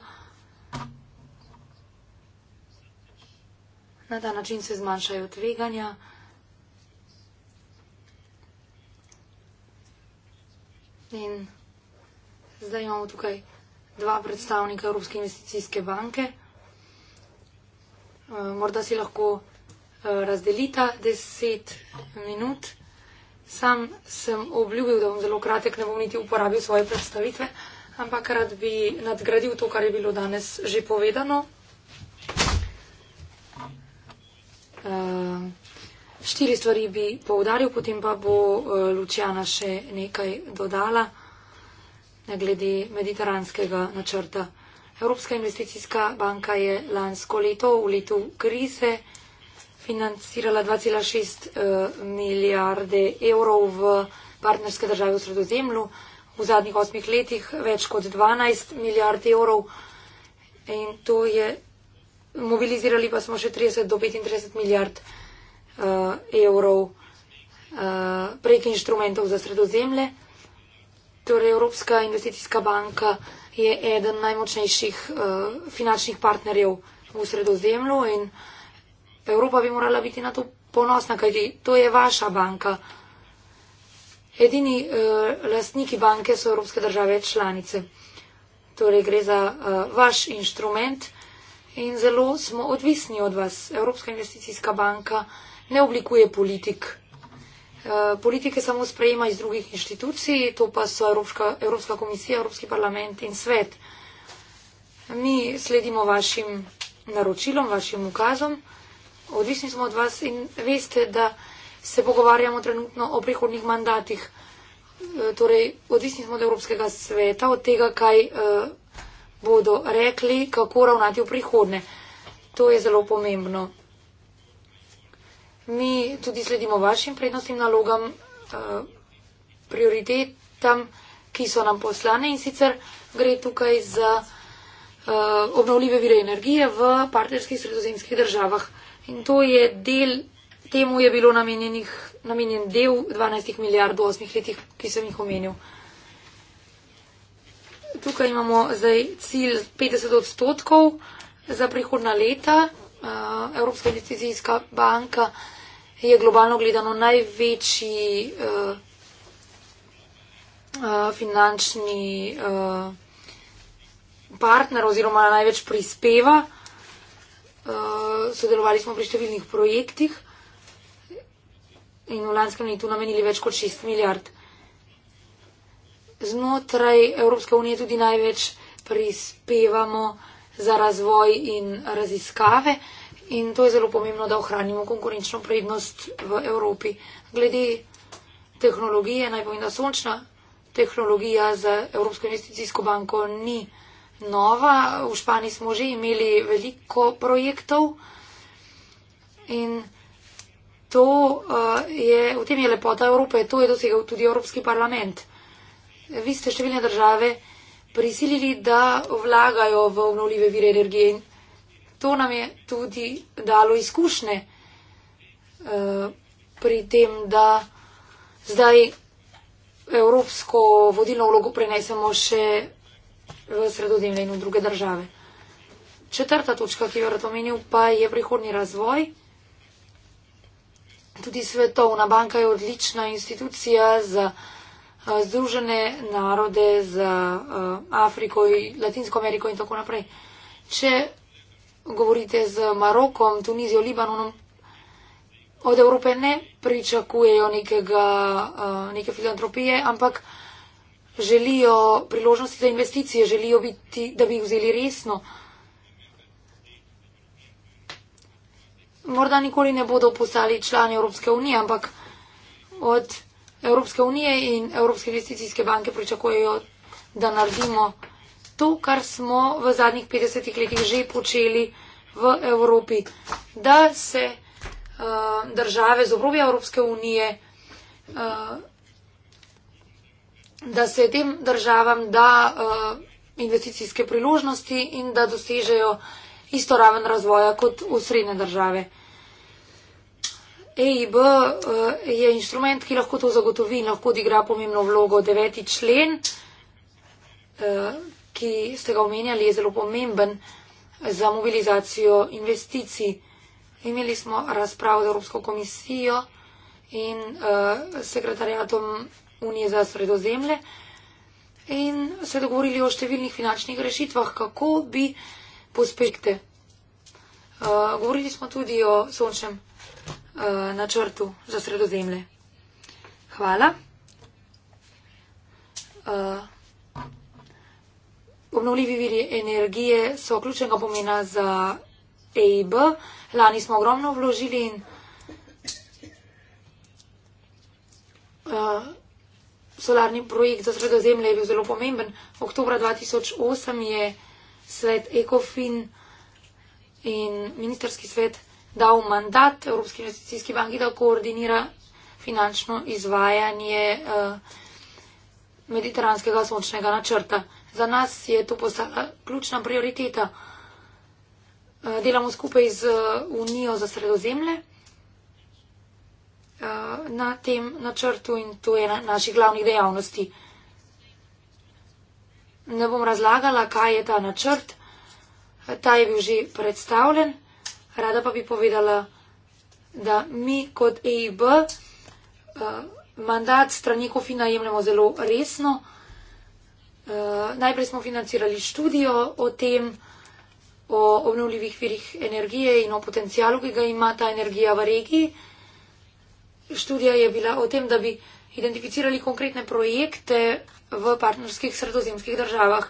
Na ta način se zmanjšajo tveganja. In zdaj imamo tukaj dva predstavnika Evropske investicijske banke. Eh, morda si lahko eh, razdelita deset minut. Sam sem obljubil, da bom zelo kratek, ne bom niti uporabil svoje predstavitve, ampak rad bi nadgradil to, kar je bilo danes že povedano. Uh, štiri stvari bi poudaril, potem pa bo uh, Lučjana še nekaj dodala ne glede mediteranskega načrta. Evropska investicijska banka je lansko leto v letu krize financirala 2,6 eh, milijarde evrov v partnerske države v sredozemlju, v zadnjih osmih letih več kot 12 milijard evrov in to je, mobilizirali pa smo še 30 do 35 milijard uh, evrov uh, prek inštrumentov za sredozemlje. Torej Evropska investicijska banka je eden najmočnejših uh, finančnih partnerjev v sredozemlju in uh, Evropa bi morala biti na to ponosna, kajti to je vaša banka. Edini uh, lastniki banke so evropske države članice. Torej gre za uh, vaš inštrument in zelo smo odvisni od vas. Evropska investicijska banka ne oblikuje politik. Uh, politike samo sprejema iz drugih inštitucij, to pa so Evropska, Evropska komisija, Evropski parlament in svet. Mi sledimo vašim naročilom, vašim ukazom odvisni smo od vas in veste, da se pogovarjamo trenutno o prihodnih mandatih. E, torej, odvisni smo od Evropskega sveta, od tega, kaj e, bodo rekli, kako ravnati v prihodne. To je zelo pomembno. Mi tudi sledimo vašim prednostnim nalogam, e, prioritetam, ki so nam poslane in sicer gre tukaj za obnovljive vire energije v partnerskih sredozemskih državah. In to je del, temu je bilo namenjen del 12 milijard v 8 letih, ki sem jih omenil. Tukaj imamo zdaj cilj 50 odstotkov za prihodna leta. Eh, Evropska investicijska banka je globalno gledano največji eh, eh, finančni partner oziroma največ prispeva. Eh, sodelovali smo pri številnih projektih in v lanskem letu namenili več kot 6 milijard. Znotraj Evropske unije tudi največ prispevamo za razvoj in raziskave in to je zelo pomembno, da ohranimo konkurenčno prednost v Evropi. Glede tehnologije, naj povem, da sončna tehnologija za Evropsko investicijsko banko ni nova. V Španiji smo že imeli veliko projektov in to eh, je, v tem je lepota Evrope, to je dosegal tudi Evropski parlament. Vi ste številne države prisilili, da vlagajo v obnovljive vire energije in to nam je tudi dalo izkušnje eh, pri tem, da zdaj evropsko vodilno vlogo prenesemo še v Sredozemlje in v druge države. Četrta točka, ki jo rad omenil, pa je prihodni razvoj. Tudi Svetovna banka je odlična institucija za eh, Združene narode, za eh, Afriko, Latinsko Ameriko in tako naprej. Če govorite z Marokom, Tunizijo, Libanonom, od Evrope ne pričakujejo nekega, eh, neke filantropije, ampak želijo priložnosti za investicije, želijo biti, da bi jih vzeli resno. Morda nikoli ne bodo postali člani Evropske unije, ampak od Evropske unije in Evropske investicijske banke pričakujejo, da naredimo to, kar smo v zadnjih 50 letih že počeli v Evropi, da se uh, države z obrobja Evropske unije uh, da se tem državam da uh, investicijske priložnosti in da dosežejo isto raven razvoja kot v srednje države. EIB uh, eh, je inštrument, ki lahko to zagotovi in lahko odigra pomembno vlogo. Deveti člen, uh, ki ste ga omenjali, je zelo pomemben za mobilizacijo investicij. Imeli smo razpravo z Evropsko komisijo in uh, sekretarjatom unije za sredozemlje in se dogovorili o številnih finančnih rešitvah, kako bi pospekte. Uh, govorili smo tudi o sončnem uh, načrtu za sredozemlje. Hvala. Uh, obnovljivi viri energije so ključnega pomena za EIB. Lani smo ogromno vložili in uh, solarni projekt za sredozemlje je bil zelo pomemben. Oktober 2008 je svet ECOFIN in ministerski svet dal mandat Evropski investicijski banki, da koordinira finančno izvajanje eh, mediteranskega sončnega načrta. Za nas je to postala ključna prioriteta. Eh, delamo skupaj z eh, Unijo za sredozemlje uh, na tem načrtu in to je ena naših glavnih dejavnosti. Ne bom razlagala, kaj je ta načrt. Ta je bil že predstavljen. Rada pa bi povedala, da mi kot EIB uh, eh, mandat strani Kofi najemljamo zelo resno. Uh, najprej smo financirali študijo o tem, o obnovljivih virih energije in o potencialu, ki ga ima ta energija v regiji. Uh, študija je bila o tem, da bi identificirali konkretne projekte v partnerskih sredozemskih državah.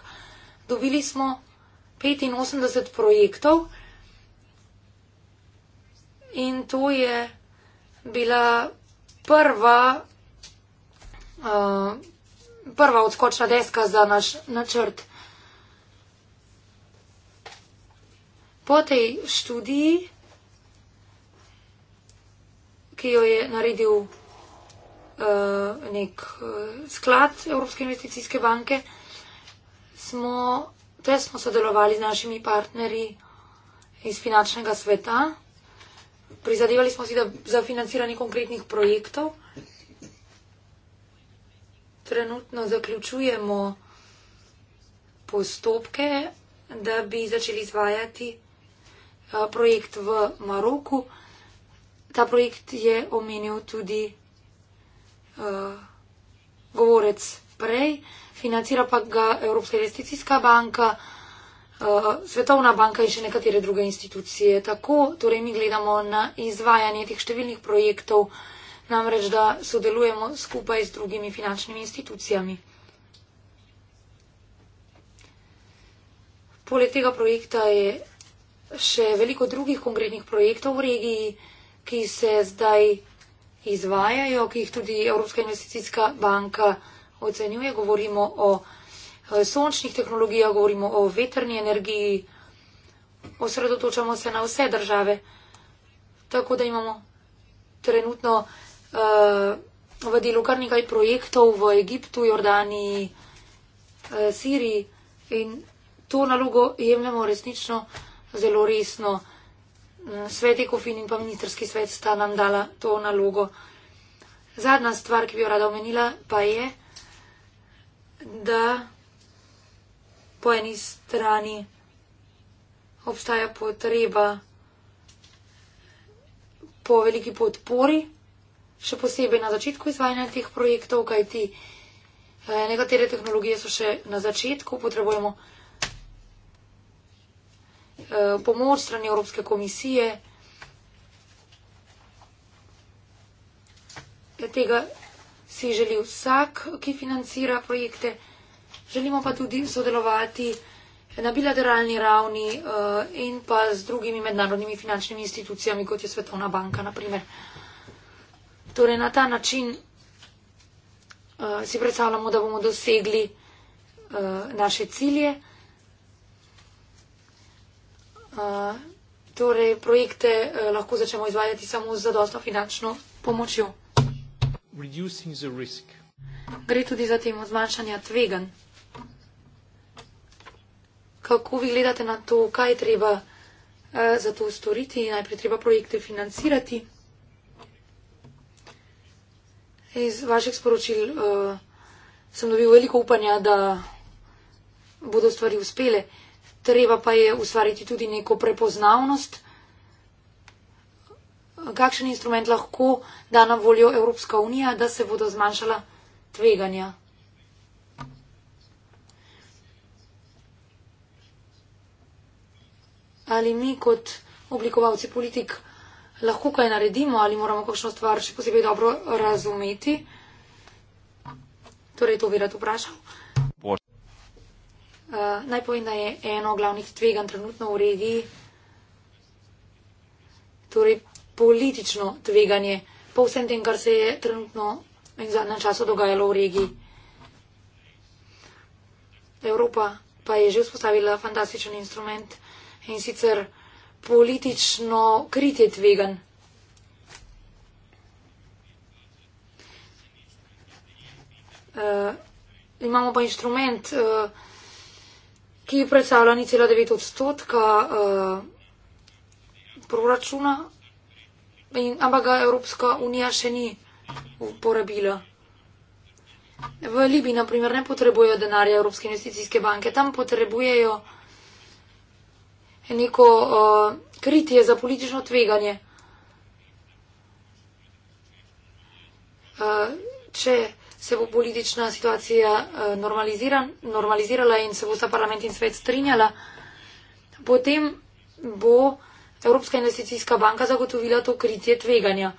Dobili smo 85 projektov in to je bila prva, uh, prva odskočna deska za naš načrt. Po tej študiji ki jo je naredil eh, nek eh, sklad Evropske investicijske banke, smo tesno sodelovali z našimi partnerji iz finančnega sveta. Prizadevali smo si za financiranje konkretnih projektov. Trenutno zaključujemo postopke, da bi začeli izvajati eh, projekt v Maroku ta projekt je omenil tudi uh, govorec prej, financira pa ga Evropska investicijska banka, uh, Svetovna banka in še nekatere druge institucije. Tako, torej mi gledamo na izvajanje teh številnih projektov, namreč da sodelujemo skupaj z drugimi finančnimi institucijami. Poleg tega projekta je še veliko drugih konkretnih projektov v regiji ki se zdaj izvajajo, ki jih tudi Evropska investicijska banka ocenjuje. Govorimo o eh, sončnih tehnologijah, govorimo o veterni energiji, osredotočamo se na vse države. Tako da imamo trenutno uh, v delu kar nekaj projektov v Egiptu, Jordaniji, uh, Siriji in to nalogo jemljemo resnično zelo resno svet Ekofin in pa ministerski svet sta nam dala to nalogo. Zadnja stvar, ki bi jo rada omenila, pa je, da po eni strani obstaja potreba po veliki podpori, še posebej na začetku izvajanja teh projektov, kajti eh, nekatere tehnologije so še na začetku, potrebujemo Eh, pomoč strani Evropske komisije. Eh, tega si želi vsak, ki financira projekte. Želimo pa tudi sodelovati na bilateralni ravni eh, in pa z drugimi mednarodnimi finančnimi institucijami, kot je Svetovna banka, naprimer. Torej, na ta način si predstavljamo, da bomo dosegli naše cilje torej projekte e, lahko začnemo izvajati samo z zadostno finančno pomočjo. Gre tudi za temo zmanjšanja tvegan. Kako vi gledate na to, kaj je treba e, za to storiti? Najprej treba projekte financirati. Iz vaših sporočil uh, sem dobil veliko upanja, da bodo stvari uspele. Uh, treba pa je ustvariti tudi neko prepoznavnost. Kakšen instrument lahko da na voljo Evropska unija, da se bodo zmanjšala tveganja? Ali mi kot oblikovalci politik lahko kaj naredimo ali moramo kakšno stvar še posebej dobro razumeti? Torej, to bi rad vprašal. Eh, naj povem, da je eno glavnih tveganj trenutno v regiji, torej politično tveganje, po vsem tem, kar se je trenutno in zadnjem času dogajalo v regiji. Evropa pa je že vzpostavila fantastičen instrument in sicer politično kritje tvegan. Uh, eh, imamo pa inštrument, uh, ki predstavlja ni cela 9 odstotka uh, proračuna, in, ampak ga Evropska unija še ni uporabila. V Libiji, na primer, ne potrebujejo denarja Evropske investicijske banke, tam potrebujejo neko uh, kritje za politično tveganje. Uh, če se bo politična situacija eh, normalizirala in se bo sta parlament in svet strinjala, potem bo Evropska investicijska banka zagotovila to kritje tveganja.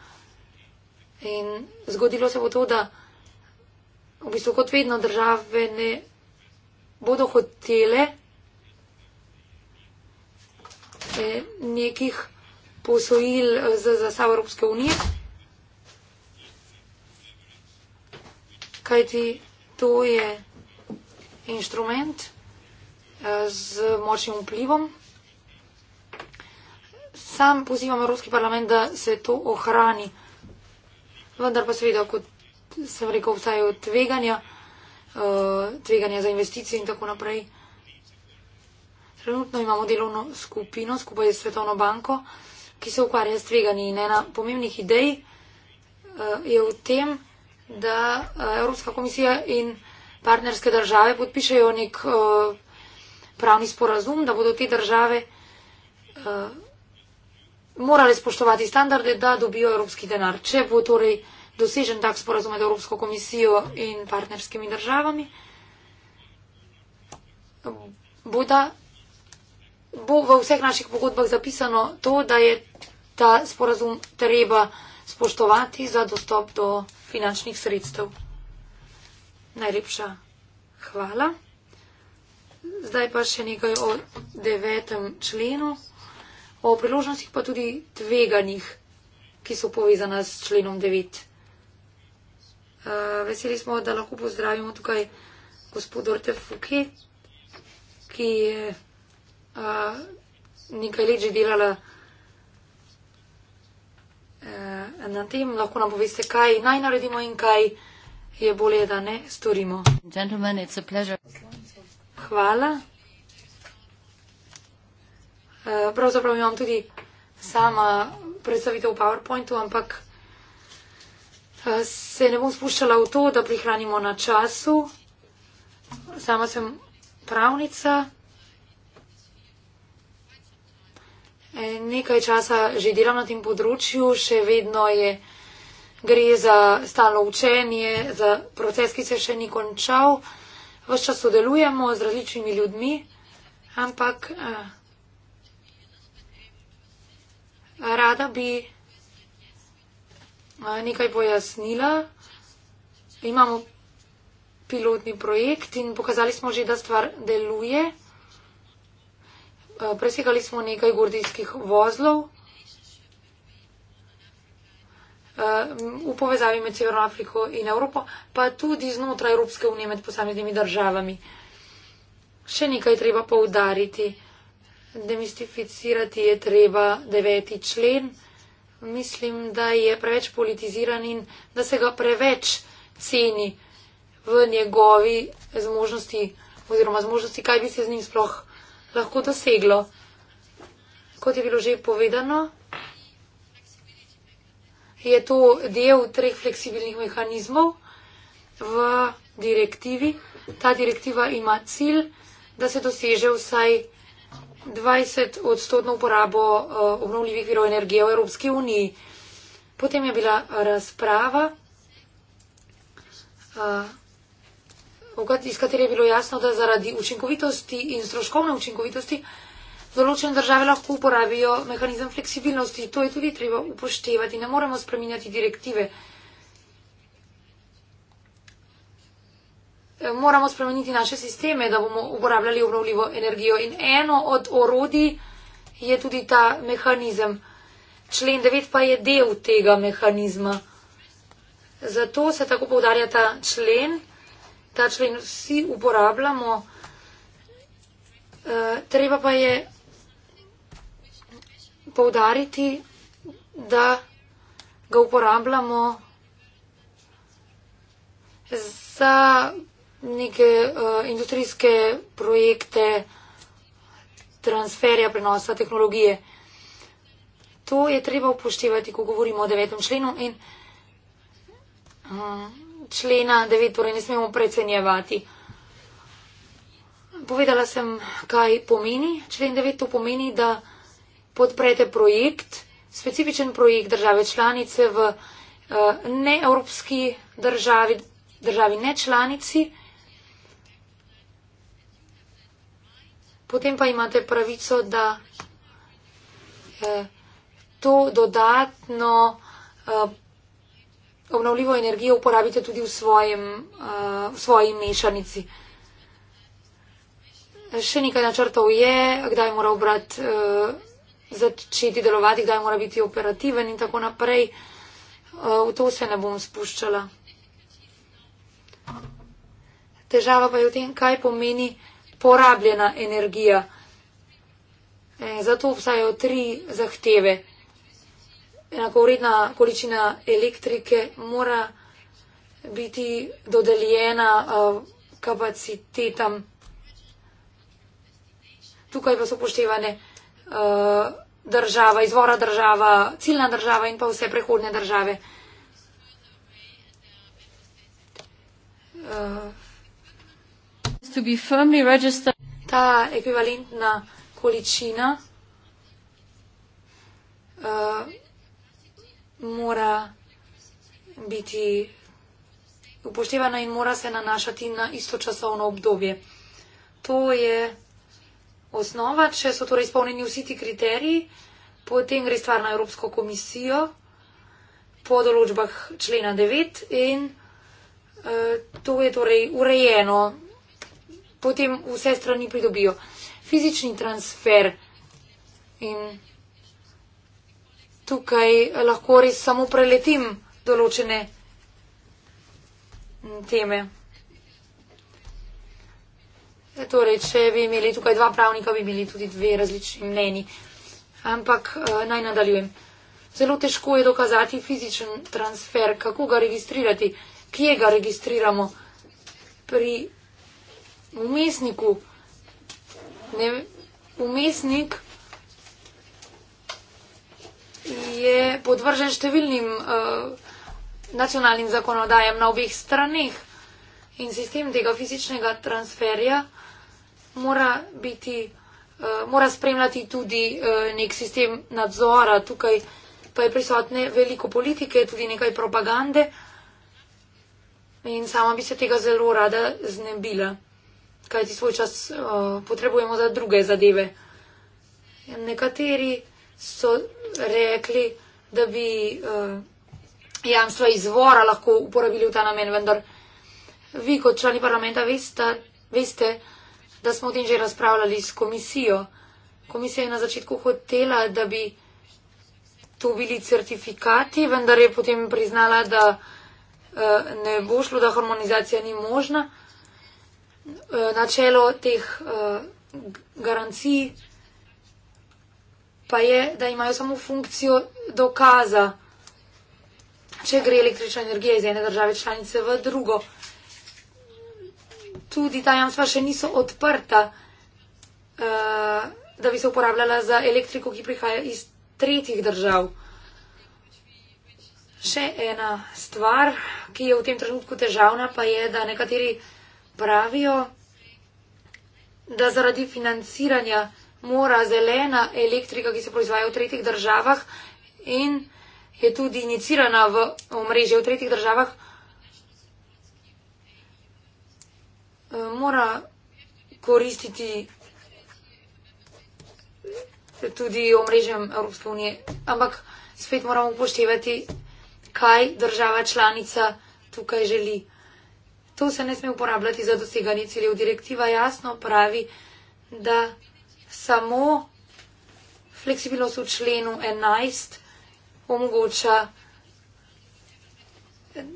In zgodilo se bo to, da v bistvu kot vedno države ne bodo hotele eh, nekih posojil eh, za, za sabo Evropske unije. kajti to je inštrument eh, z močnim vplivom. Sam pozivam Evropski parlament, da se to ohrani. Vendar pa seveda, kot sem rekel, obstajajo tveganja, eh, tveganja za investicije in tako naprej. Trenutno imamo delovno skupino skupaj s Svetovno banko, ki se ukvarja s tveganji in ena pomembnih idej eh, je v tem, da eh, Evropska komisija in partnerske države podpišejo nek eh, pravni sporazum, da bodo te države eh, morale spoštovati standarde, da dobijo evropski denar. Če bo torej dosežen tak sporazum med Evropsko komisijo in partnerskimi državami, bo, da, bo v vseh naših pogodbah zapisano to, da je ta sporazum treba spoštovati za dostop do finančnih sredstev. Najlepša hvala. Zdaj pa še nekaj o devetem členu, o priložnostih pa tudi tveganih, ki so povezana s členom devet. Veseli smo, da lahko pozdravimo tukaj gospod Orte Fuke, ki je nekaj let že delala. Eh, na tem lahko nam poveste, kaj naj naredimo in kaj je bolje, da ne storimo. Hvala. Eh, pravzaprav imam tudi sama predstavitev v PowerPointu, ampak eh, se ne bom spuščala v to, da prihranimo na času. Sama sem pravnica. nekaj časa že delam na tem področju, še vedno je, gre za stalo učenje, za proces, ki se še ni končal. Ves čas sodelujemo z različnimi ljudmi, ampak eh, rada bi eh, nekaj pojasnila. Imamo pilotni projekt in pokazali smo že, da stvar deluje. Eh, Presekali smo nekaj gordijskih vozlov. Eh, v povezavi med Severno Afriko in Evropo, pa tudi znotraj Evropske unije med posameznimi državami. Še nekaj treba poudariti. Demistificirati je treba deveti člen. Mislim, da je preveč politiziran in da se ga preveč ceni v njegovi zmožnosti oziroma zmožnosti, kaj bi se z njim sploh lahko doseglo. Kot je bilo že povedano, je to del treh fleksibilnih mehanizmov v direktivi. Ta direktiva ima cilj, da se doseže vsaj 20 odstotno uporabo eh, obnovljivih virov energije v Evropski uniji. Potem je bila razprava. Eh, iz katere je bilo jasno, da zaradi učinkovitosti in stroškovne učinkovitosti določene države lahko uporabijo mehanizem fleksibilnosti. To je tudi treba upoštevati. Ne moremo spreminjati direktive. Eh, moramo spremeniti naše sisteme, da bomo uporabljali obnovljivo energijo. In eno od orodij je tudi ta mehanizem. Člen 9 pa je del tega mehanizma. Zato se tako povdarja ta člen ta člen vsi uporabljamo. Eh, treba pa je povdariti, da ga uporabljamo za neke eh, industrijske projekte transferja prenosa tehnologije. To je treba upoštevati, ko govorimo o devetem členu in um, člena 9, torej ne smemo precenjevati. Povedala sem, kaj pomeni člen 9. To pomeni, da podprete projekt, specifičen projekt države članice v uh, neevropski državi, državi nečlanici. Potem pa imate pravico, da eh, to dodatno eh, obnovljivo energijo uporabite tudi v, svojem, eh, v svoji mešanici. Še nekaj načrtov je, kdaj mora obrat eh, začeti delovati, kdaj mora biti operativen in tako naprej. Eh, v to se ne bom spuščala. Težava pa je v tem, kaj pomeni porabljena energija. Zato obstajajo tri zahteve enakovredna količina elektrike mora biti dodeljena kapacitetam. Tukaj pa so upoštevane država, izvora država, ciljna država in pa vse prehodne države. Ta ekvivalentna količina mora biti upoštevana in mora se nanašati na isto časovno obdobje. To je osnova, če so torej izpolnjeni vsi ti kriteriji, potem gre stvar na Evropsko komisijo po določbah člena 9 in uh, to je torej urejeno, potem vse strani pridobijo. Fizični transfer in tukaj lahko res samo preletim določene teme. Torej, če bi imeli tukaj dva pravnika, bi imeli tudi dve različni mneni. Ampak eh, naj nadaljujem. Zelo težko je dokazati fizičen transfer, kako ga registrirati, kje ga registriramo pri umestniku. Umestnik je podvržen številnim uh, nacionalnim zakonodajem na obeh straneh in sistem tega fizičnega transferja mora biti, uh, mora spremljati tudi uh, nek sistem nadzora. Tukaj pa je prisotne veliko politike, tudi nekaj propagande in sama bi se tega zelo rada znebila, kajti svoj čas uh, potrebujemo za druge zadeve. Nekateri so rekli, da bi uh, jamstva izvora lahko uporabili v ta namen, vendar vi kot člani parlamenta veste, veste da smo o tem že razpravljali s komisijo. Komisija je na začetku hotela, da bi to bili certifikati, vendar je potem priznala, da uh, ne bo šlo, da harmonizacija ni možna. Uh, načelo teh uh, garancij pa je, da imajo samo funkcijo dokaza, če gre električna energija iz ene države članice v drugo. Tudi ta jamstva še niso odprta, eh, da bi se uporabljala za elektriko, ki prihaja iz tretjih držav. Še ena stvar, ki je v tem trenutku težavna, pa je, da nekateri pravijo, da zaradi financiranja mora zelena elektrika, ki se proizvaja v tretjih državah in je tudi inicirana v omrežje v tretjih državah, eh, mora koristiti tudi omrežjem Evropske unije. Ampak spet moramo upoštevati, kaj država članica tukaj želi. To se ne sme uporabljati za doseganje ciljev. Direktiva jasno pravi, da samo fleksibilnost v členu 11 omogoča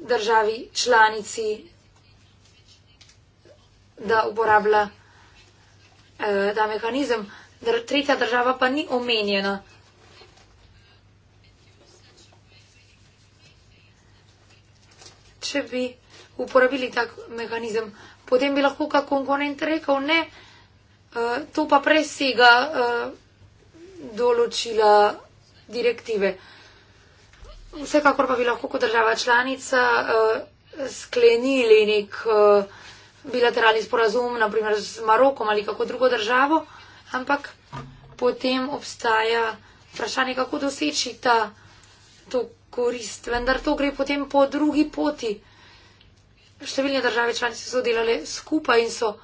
državi članici, da uporablja eh, ta mehanizem. Tretja država pa ni omenjena. Če bi uporabili tak mehanizem, potem bi lahko kak konkurent rekel ne. Eh, to pa presega uh, eh, določila direktive. Vsekakor pa bi lahko kot država članica uh, sklenili nek uh, bilateralni sporazum, naprimer z Marokom ali kako drugo državo, ampak potem obstaja vprašanje, kako doseči ta to korist. Vendar to gre potem po drugi poti. Številne države članice so delale skupaj in so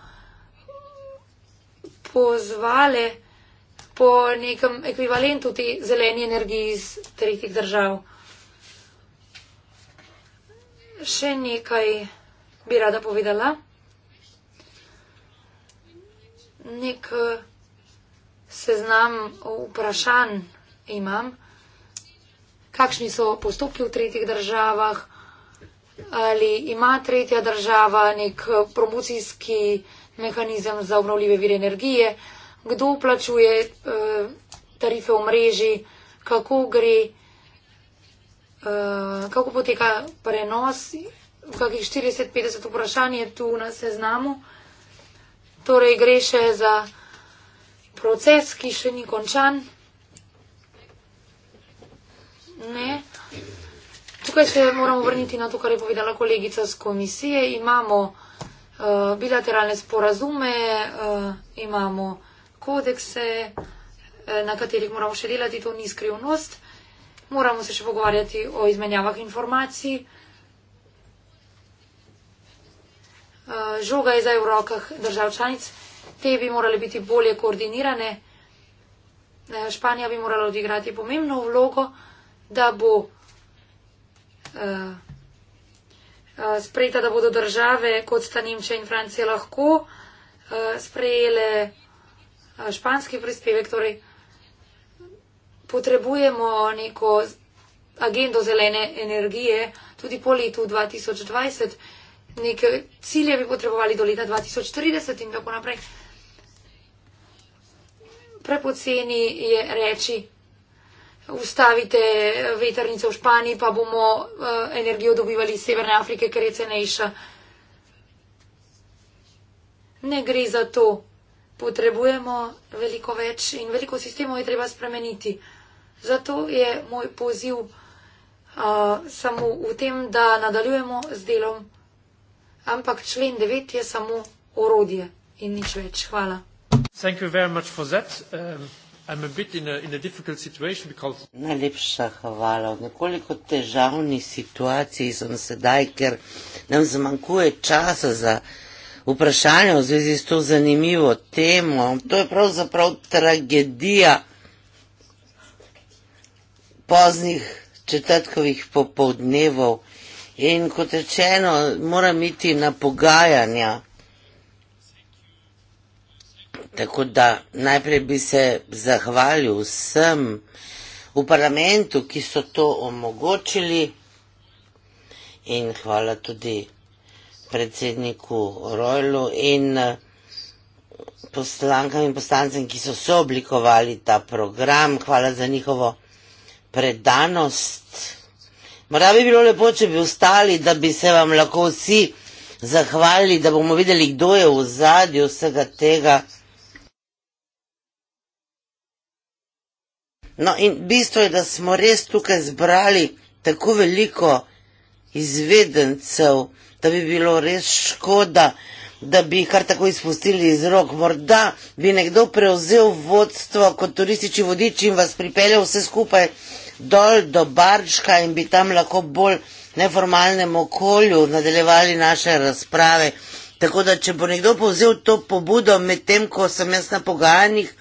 pozvali po nekem ekvivalentu te zeleni energiji iz tretjih držav. Še nekaj bi rada povedala. Nek eh, seznam vprašanj imam. Kakšni so postopki v tretjih državah? Ali ima tretja država nek eh, promocijski uh, mehanizem za obnovljive vire energije, kdo plačuje eh, tarife v mreži, kako gre, eh, kako poteka prenos, kakih 40-50 vprašanj je tu na seznamu. Torej gre še za proces, ki še ni končan. Ne. Tukaj se moramo vrniti na to, kar je povedala kolegica z komisije. Imamo Eh, bilateralne sporazume, eh, imamo kodekse, eh, na katerih moramo še delati, to ni skrivnost. Moramo se še pogovarjati o izmenjavah informacij. Žoga je zdaj v rokah držav članic, te bi morale biti bolje koordinirane. Španija bi morala odigrati pomembno vlogo, da bo. Eh, sprejeta, da bodo države, kot sta Nemčija in Francija, lahko eh, sprejele eh, španski prispevek. Torej, potrebujemo neko agendo zelene energije tudi po letu 2020. Neke cilje bi potrebovali do leta 2030 in tako naprej. Prepoceni je reči, ustavite eh, vetrnice v Španiji, pa bomo eh, energijo dobivali iz Severne Afrike, ker je cenejša. Ne gre za to. Potrebujemo veliko več in veliko sistemov je treba spremeniti. Zato je moj poziv uh, samo v tem, da nadaljujemo z delom. Ampak člen 9 je samo orodje in nič več. Hvala. Thank you very much for that. Um... Najlepša hvala. V nekoliko težavni situaciji sem sedaj, ker nam zmanjkuje časa za vprašanje v zvezi s to zanimivo temo. To je pravzaprav tragedija poznih četrtkovih popovdnevov. In kot rečeno, moram iti na pogajanja. Tako da najprej bi se zahvalil vsem v parlamentu, ki so to omogočili in hvala tudi predsedniku Rojlu in eh, poslankam in poslancem, ki so sooblikovali ta program. Hvala za njihovo predanost. Morda bi bilo lepo, če bi ostali, da bi se vam lahko vsi zahvalili, da bomo videli, kdo je v zadju vsega tega. No, in bistvo je, da smo res tukaj zbrali tako veliko izvedencev, da bi bilo res škoda, da bi jih kar tako izpustili iz rok. Morda bi nekdo prevzel vodstvo kot turistični vodič in vas pripeljal vse skupaj dol do Barčka in bi tam lahko bolj neformalnem okolju nadaljevali naše razprave. Tako da, če bo nekdo povzel to pobudo med tem, ko sem jaz na pogajanjih,